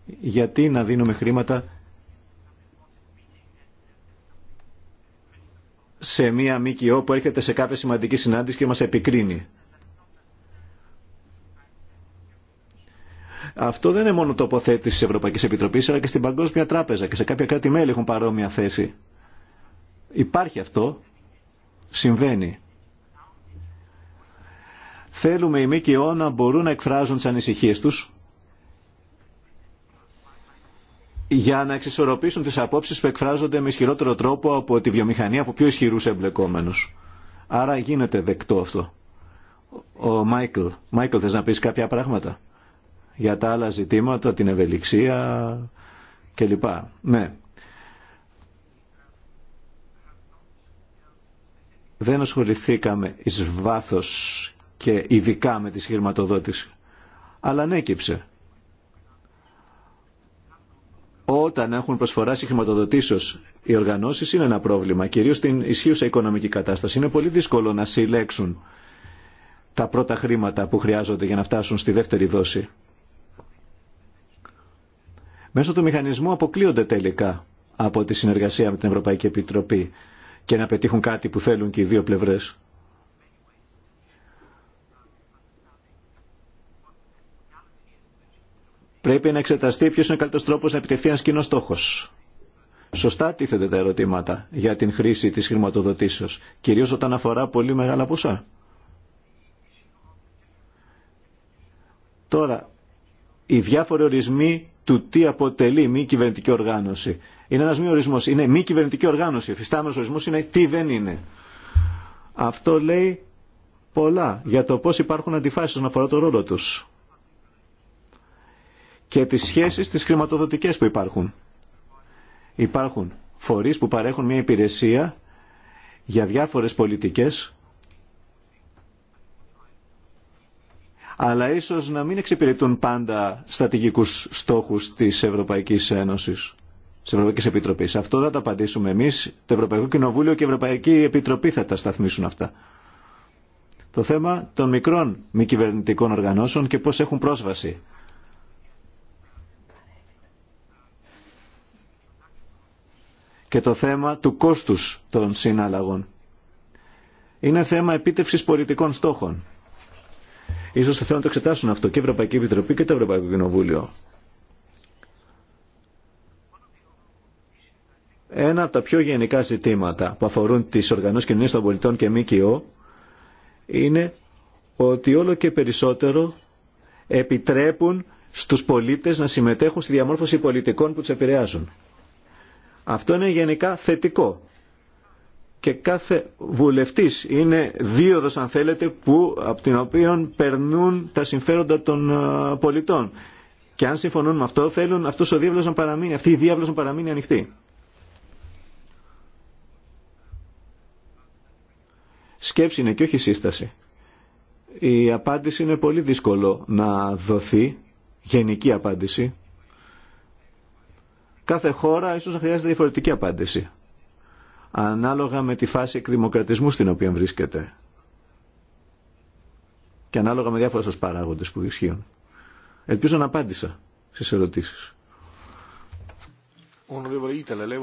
Γιατί να δίνουμε χρήματα σε μία ΜΚΟ που έρχεται σε κάποια σημαντική συνάντηση και μας επικρίνει. Αυτό δεν είναι μόνο τοποθέτηση τη Ευρωπαϊκής Επιτροπής αλλά και στην Παγκόσμια Τράπεζα και σε κάποια κράτη-μέλη έχουν παρόμοια θέση. Υπάρχει αυτό συμβαίνει. Θέλουμε οι ΜΚΟ να μπορούν να εκφράζουν τις ανησυχίες τους για να εξισορροπήσουν τις απόψεις που εκφράζονται με ισχυρότερο τρόπο από τη βιομηχανία, από πιο ισχυρούς εμπλεκόμενους. Άρα γίνεται δεκτό αυτό. Ο Μάικλ, Μάικλ θες να πεις κάποια πράγματα για τα άλλα ζητήματα, την ευελιξία κλπ. Ναι. δεν ασχοληθήκαμε εις βάθος και ειδικά με τη σχηματοδότηση. Αλλά ανέκυψε. Ναι, Όταν έχουν προσφορά χρηματοδοτήσεως οι οργανώσεις είναι ένα πρόβλημα, κυρίως στην ισχύουσα οικονομική κατάσταση. Είναι πολύ δύσκολο να συλλέξουν τα πρώτα χρήματα που χρειάζονται για να φτάσουν στη δεύτερη δόση. Μέσω του μηχανισμού αποκλείονται τελικά από τη συνεργασία με την Ευρωπαϊκή Επιτροπή και να πετύχουν κάτι που θέλουν και οι δύο πλευρές. Πρέπει να εξεταστεί ποιος είναι ο καλύτερος τρόπος να επιτευχθεί ένας κοινός στόχος. Σωστά τίθεται τα ερωτήματα για την χρήση της χρηματοδοτήσεως, κυρίως όταν αφορά πολύ μεγάλα ποσά. Τώρα, οι διάφοροι ορισμοί του τι αποτελεί μη κυβερνητική οργάνωση. Είναι ένα μη ορισμό. Είναι μη κυβερνητική οργάνωση. Ο φυστάμενο ορισμό είναι τι δεν είναι. Αυτό λέει πολλά για το πώς υπάρχουν αντιφάσεις όσον αφορά το ρόλο τους και τις σχέσεις τις χρηματοδοτικές που υπάρχουν. Υπάρχουν φορείς που παρέχουν μια υπηρεσία για διάφορες πολιτικές αλλά ίσως να μην εξυπηρετούν πάντα στατηγικούς στόχους της Ευρωπαϊκής Ένωσης. Σε Ευρωπαϊκή Επιτροπή. Αυτό θα το απαντήσουμε εμεί. Το Ευρωπαϊκό Κοινοβούλιο και η Ευρωπαϊκή Επιτροπή θα τα σταθμίσουν αυτά. Το θέμα των μικρών μη κυβερνητικών οργανώσεων και πώ έχουν πρόσβαση. Και το θέμα του κόστους των συναλλαγών. Είναι θέμα επίτευξης πολιτικών στόχων. Ίσως θα θέλουν να το εξετάσουν αυτό και η Ευρωπαϊκή Επιτροπή και το Ευρωπαϊκό Κοινοβούλιο. ένα από τα πιο γενικά ζητήματα που αφορούν τις οργανώσεις κοινωνίας των πολιτών και ΜΚΟ είναι ότι όλο και περισσότερο επιτρέπουν στους πολίτες να συμμετέχουν στη διαμόρφωση πολιτικών που τους επηρεάζουν. Αυτό είναι γενικά θετικό. Και κάθε βουλευτής είναι δίωδος αν θέλετε που, από την οποία περνούν τα συμφέροντα των πολιτών. Και αν συμφωνούν με αυτό θέλουν αυτός ο διάβλος παραμείνει, αυτή η διάβλος να παραμείνει ανοιχτή. Σκέψη είναι και όχι σύσταση. Η απάντηση είναι πολύ δύσκολο να δοθεί, γενική απάντηση. Κάθε χώρα ίσως χρειάζεται διαφορετική απάντηση, ανάλογα με τη φάση εκδημοκρατισμού στην οποία βρίσκεται και ανάλογα με σας παράγοντες που ισχύουν. Ελπίζω να απάντησα στις ερωτήσεις.